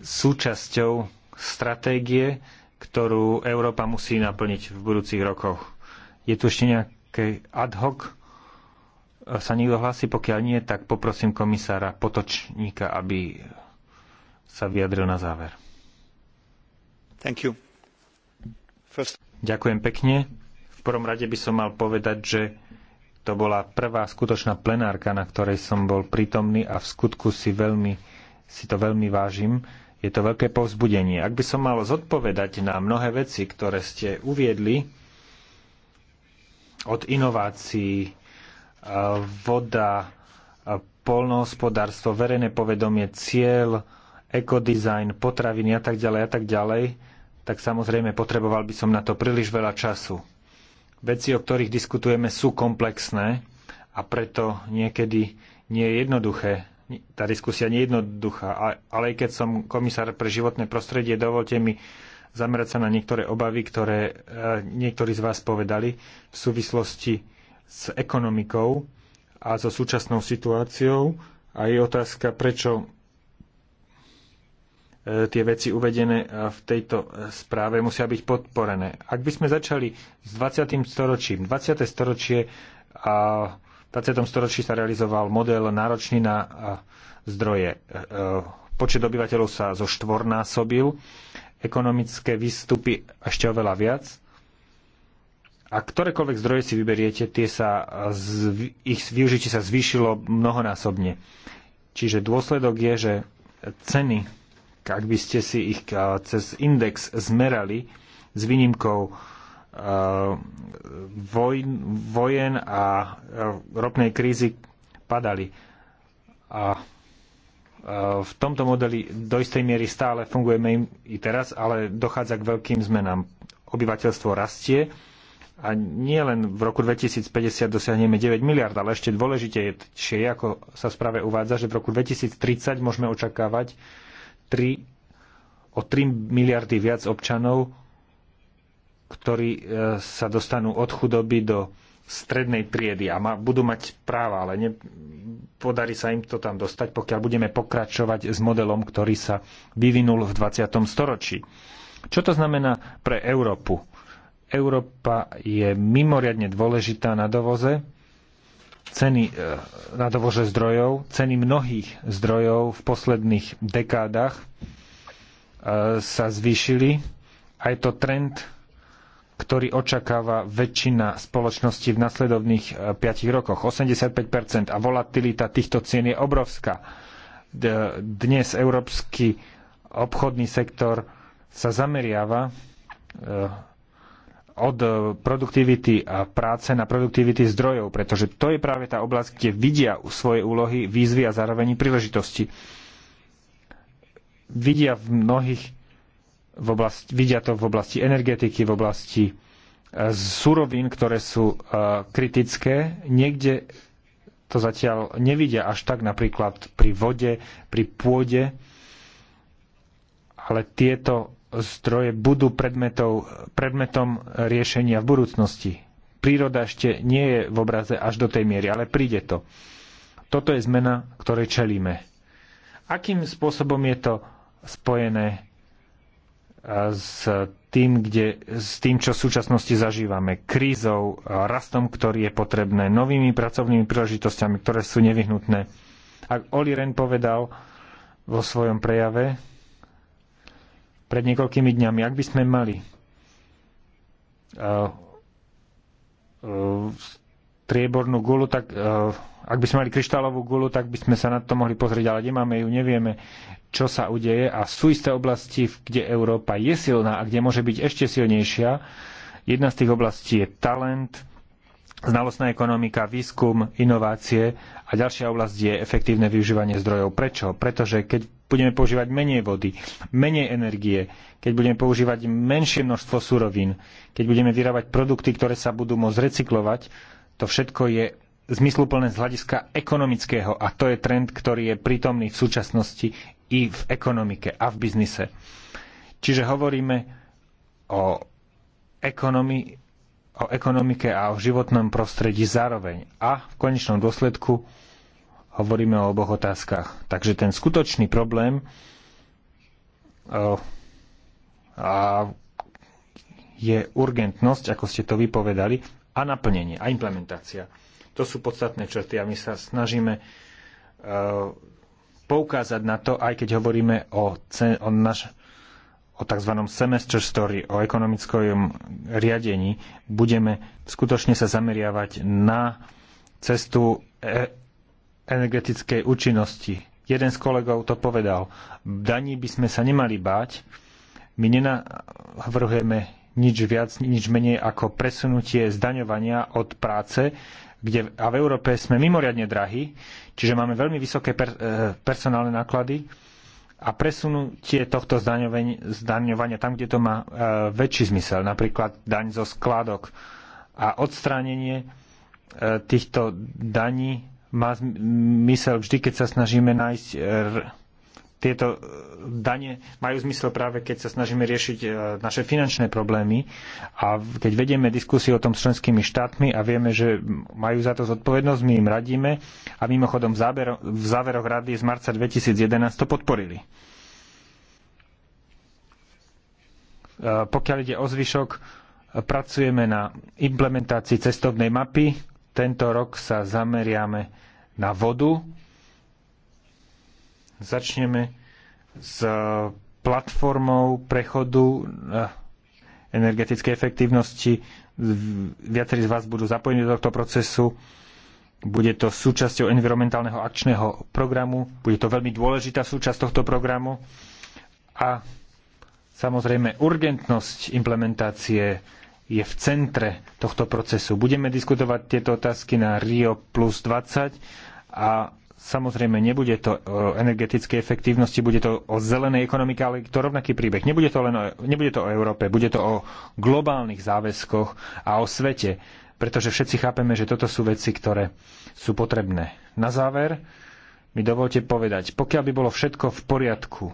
súčasťou stratégie, ktorú Európa musí naplniť v budúcich rokoch. Je tu ešte nejaký ad hoc? Sa niekto hlási? Pokiaľ nie, tak poprosím komisára Potočníka, aby sa vyjadril na záver. Thank you. First... Ďakujem pekne. V prvom rade by som mal povedať, že to bola prvá skutočná plenárka, na ktorej som bol prítomný a v skutku si, veľmi, si to veľmi vážim. Je to veľké povzbudenie. Ak by som mal zodpovedať na mnohé veci, ktoré ste uviedli, od inovácií, e, voda, e, polnohospodárstvo, verejné povedomie, cieľ, ekodizajn, potraviny a tak ďalej a tak ďalej, tak samozrejme potreboval by som na to príliš veľa času Veci, o ktorých diskutujeme, sú komplexné a preto niekedy nie je jednoduché tá diskusia nie je jednoduchá, ale aj keď som komisár pre životné prostredie, dovolte mi zamerať sa na niektoré obavy, ktoré e, niektorí z vás povedali v súvislosti s ekonomikou a so súčasnou situáciou. A je otázka, prečo E, tie veci uvedené e, v tejto e, správe musia byť podporené. Ak by sme začali s 20. storočím, 20. storočie a v 20. storočí sa realizoval model náročný na zdroje. Počet obyvateľov sa zo štvornásobil, ekonomické výstupy ešte oveľa viac. A ktorékoľvek zdroje si vyberiete, tie sa, ich využitie sa zvýšilo mnohonásobne. Čiže dôsledok je, že ceny ak by ste si ich e, cez index zmerali s výnimkou e, vojen a e, ropnej krízy padali. A v tomto modeli do istej miery stále fungujeme im i teraz, ale dochádza k veľkým zmenám. Obyvateľstvo rastie a nie len v roku 2050 dosiahneme 9 miliard, ale ešte dôležitejšie, ako sa v správe uvádza, že v roku 2030 môžeme očakávať 3, o 3 miliardy viac občanov, ktorí e, sa dostanú od chudoby do strednej triedy a ma, budú mať práva, ale ne, podarí sa im to tam dostať, pokiaľ budeme pokračovať s modelom, ktorý sa vyvinul v 20. storočí. Čo to znamená pre Európu? Európa je mimoriadne dôležitá na dovoze, ceny e, na dovože zdrojov, ceny mnohých zdrojov v posledných dekádach e, sa zvýšili a je to trend, ktorý očakáva väčšina spoločnosti v nasledovných 5 e, rokoch. 85% a volatilita týchto cien je obrovská. Dnes európsky obchodný sektor sa zameriava od e, produktivity a práce na produktivity zdrojov, pretože to je práve tá oblasť, kde vidia svoje úlohy, výzvy a zároveň príležitosti. Vidia v mnohých v oblasti, vidia to v oblasti energetiky, v oblasti e, surovín, ktoré sú e, kritické. Niekde to zatiaľ nevidia až tak napríklad pri vode, pri pôde, ale tieto zdroje budú predmetov, predmetom riešenia v budúcnosti. Príroda ešte nie je v obraze až do tej miery, ale príde to. Toto je zmena, ktorej čelíme. Akým spôsobom je to spojené e, s tým, kde, s tým, čo v súčasnosti zažívame, krízou, rastom, ktorý je potrebné, novými pracovnými príležitosťami, ktoré sú nevyhnutné. Ak Oli Ren povedal vo svojom prejave, pred niekoľkými dňami, ak by sme mali uh, uh, gulu, tak uh, ak by sme mali kryštálovú gulu, tak by sme sa na to mohli pozrieť, ale nemáme ju, nevieme, čo sa udeje a sú isté oblasti, kde Európa je silná a kde môže byť ešte silnejšia. Jedna z tých oblastí je talent, znalostná ekonomika, výskum, inovácie a ďalšia oblasť je efektívne využívanie zdrojov. Prečo? Pretože keď budeme používať menej vody, menej energie, keď budeme používať menšie množstvo surovín, keď budeme vyrábať produkty, ktoré sa budú môcť recyklovať, to všetko je zmysluplné z hľadiska ekonomického a to je trend, ktorý je prítomný v súčasnosti i v ekonomike a v biznise. Čiže hovoríme o, ekonomi, o ekonomike a o životnom prostredí zároveň a v konečnom dôsledku hovoríme o oboch otázkach. Takže ten skutočný problém a je urgentnosť, ako ste to vypovedali, a naplnenie a implementácia. To sú podstatné črty a my sa snažíme poukázať na to, aj keď hovoríme o, o, naš, o tzv. semester story, o ekonomickom riadení, budeme skutočne sa zameriavať na cestu e, energetickej účinnosti. Jeden z kolegov to povedal. Daní by sme sa nemali báť. My nenavrhujeme nič viac, nič menej ako presunutie zdaňovania od práce, kde a v Európe sme mimoriadne drahí, čiže máme veľmi vysoké per, e, personálne náklady a presunutie tohto zdaňovania tam, kde to má e, väčší zmysel, napríklad daň zo skládok a odstránenie e, týchto daní má zmysel vždy, keď sa snažíme nájsť e, tieto e, dane majú zmysel práve keď sa snažíme riešiť e, naše finančné problémy a keď vedieme diskusiu o tom s členskými štátmi a vieme, že majú za to zodpovednosť, my im radíme a mimochodom v, v záveroch rady z marca 2011 to podporili. Pokiaľ ide o zvyšok, pracujeme na implementácii cestovnej mapy tento rok sa zameriame na vodu. Začneme s e, platformou prechodu e, energetickej efektívnosti. Viacerí z vás budú zapojení do tohto procesu. Bude to súčasťou environmentálneho akčného programu. Bude to veľmi dôležitá súčasť tohto programu. A samozrejme urgentnosť implementácie je v centre tohto procesu. Budeme diskutovať tieto otázky na Rio plus 20 a samozrejme nebude to o energetickej efektívnosti, bude to o zelenej ekonomike, ale to rovnaký príbeh. Nebude to, len o, nebude to o Európe, bude to o globálnych záväzkoch a o svete, pretože všetci chápeme, že toto sú veci, ktoré sú potrebné. Na záver mi dovolte povedať, pokiaľ by bolo všetko v poriadku,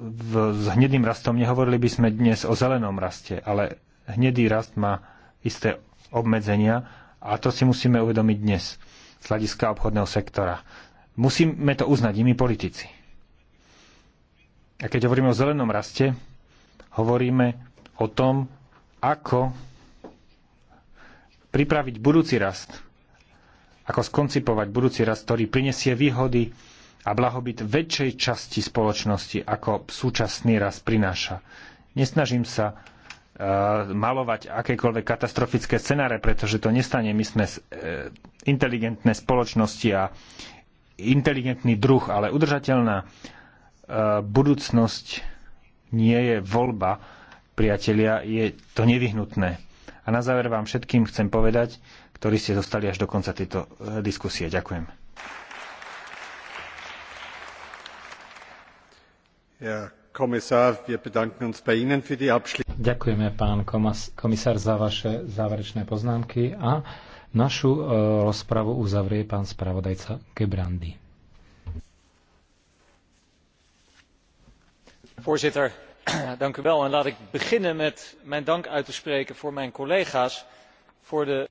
v, s hnedým rastom nehovorili by sme dnes o zelenom raste, ale hnedý rast má isté obmedzenia a to si musíme uvedomiť dnes z hľadiska obchodného sektora. Musíme to uznať i my politici. A keď hovoríme o zelenom raste, hovoríme o tom, ako pripraviť budúci rast, ako skoncipovať budúci rast, ktorý prinesie výhody a blahobyt väčšej časti spoločnosti, ako súčasný raz prináša. Nesnažím sa e, malovať akékoľvek katastrofické scenáre, pretože to nestane. My sme e, inteligentné spoločnosti a inteligentný druh, ale udržateľná e, budúcnosť nie je voľba, priatelia, je to nevyhnutné. A na záver vám všetkým chcem povedať, ktorí ste zostali až do konca tejto diskusie. Ďakujem. Ďakujeme, pán komisár, za vaše záverečné poznámky a našu e, rozpravu uzavrie pán spravodajca gerbrandy Voorzitter, dank u wel. En laat ik beginnen met mijn dank uit te spreken voor mijn collega's voor de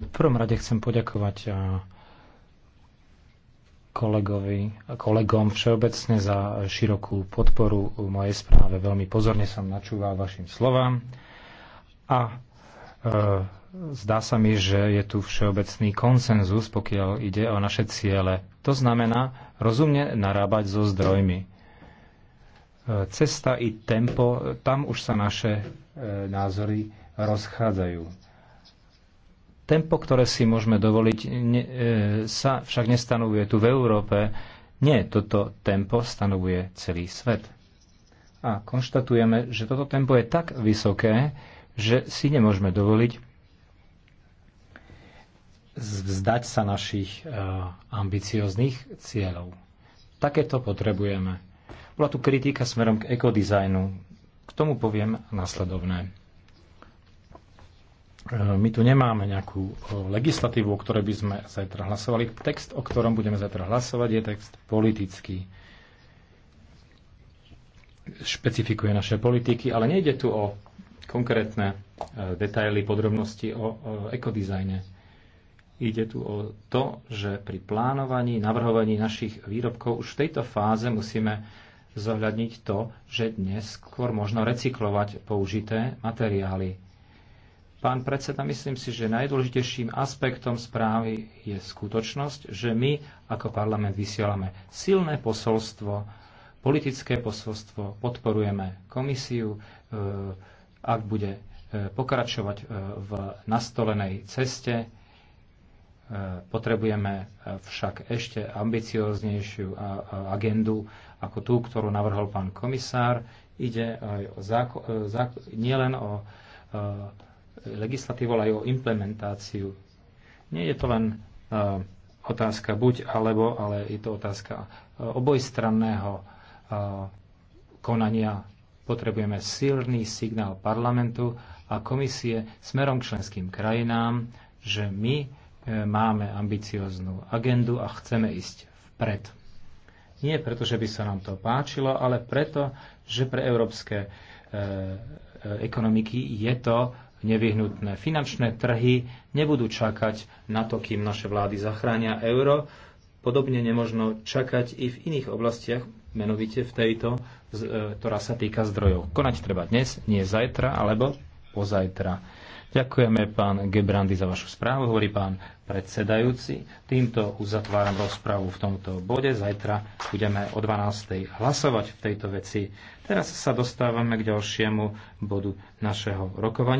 kolegovi, kolegom všeobecne za širokú podporu v mojej správe. Veľmi pozorne som načúval vašim slovám a e, zdá sa mi, že je tu všeobecný konsenzus, pokiaľ ide o naše ciele. To znamená rozumne narábať so zdrojmi. E, cesta i tempo, tam už sa naše e, názory rozchádzajú. Tempo, ktoré si môžeme dovoliť, ne, e, sa však nestanovuje tu v Európe. Nie, toto tempo stanovuje celý svet. A konštatujeme, že toto tempo je tak vysoké, že si nemôžeme dovoliť vzdať sa našich e, ambicióznych cieľov. Takéto potrebujeme. Bola tu kritika smerom k ekodizajnu. K tomu poviem nasledovné Eh, my tu nemáme nejakú eh, legislatívu, o ktorej by sme zajtra hlasovali. Text, o ktorom budeme zajtra hlasovať, je text politický. Špecifikuje naše politiky, ale nejde tu o konkrétne eh, detaily, podrobnosti o, ekodizajne. Ide tu o to, že pri plánovaní, navrhovaní našich výrobkov už v tejto fáze musíme zohľadniť to, že dnes skôr možno recyklovať použité materiály Pán predseda, myslím si, že najdôležitejším aspektom správy je skutočnosť, že my ako parlament vysielame silné posolstvo, politické posolstvo, podporujeme komisiu, e, ak bude e, pokračovať e, v nastolenej ceste. Potrebujeme však ešte ambicioznejšiu agendu ako tú, ktorú navrhol pán komisár. Ide aj o zákon, nielen o ale aj o implementáciu. Nie je to len eh, otázka buď alebo, ale je to otázka eh, obojstranného eh, konania. Potrebujeme silný signál parlamentu a komisie smerom k členským krajinám, že my máme ambicioznú agendu a chceme ísť vpred. Nie preto, že by sa nám to páčilo, ale preto, že pre európske ekonomiky je to nevyhnutné. Finančné trhy nebudú čakať na to, kým naše vlády zachránia euro. Podobne nemožno čakať i v iných oblastiach, menovite v tejto, e, ktorá sa týka zdrojov. Konať treba dnes, nie zajtra, alebo pozajtra. Ďakujeme pán Gebrandy za vašu správu, hovorí pán predsedajúci. Týmto uzatváram rozprávu v tomto bode. Zajtra budeme o 12.00 hlasovať v tejto veci. Teraz sa dostávame k ďalšiemu bodu našeho rokovania.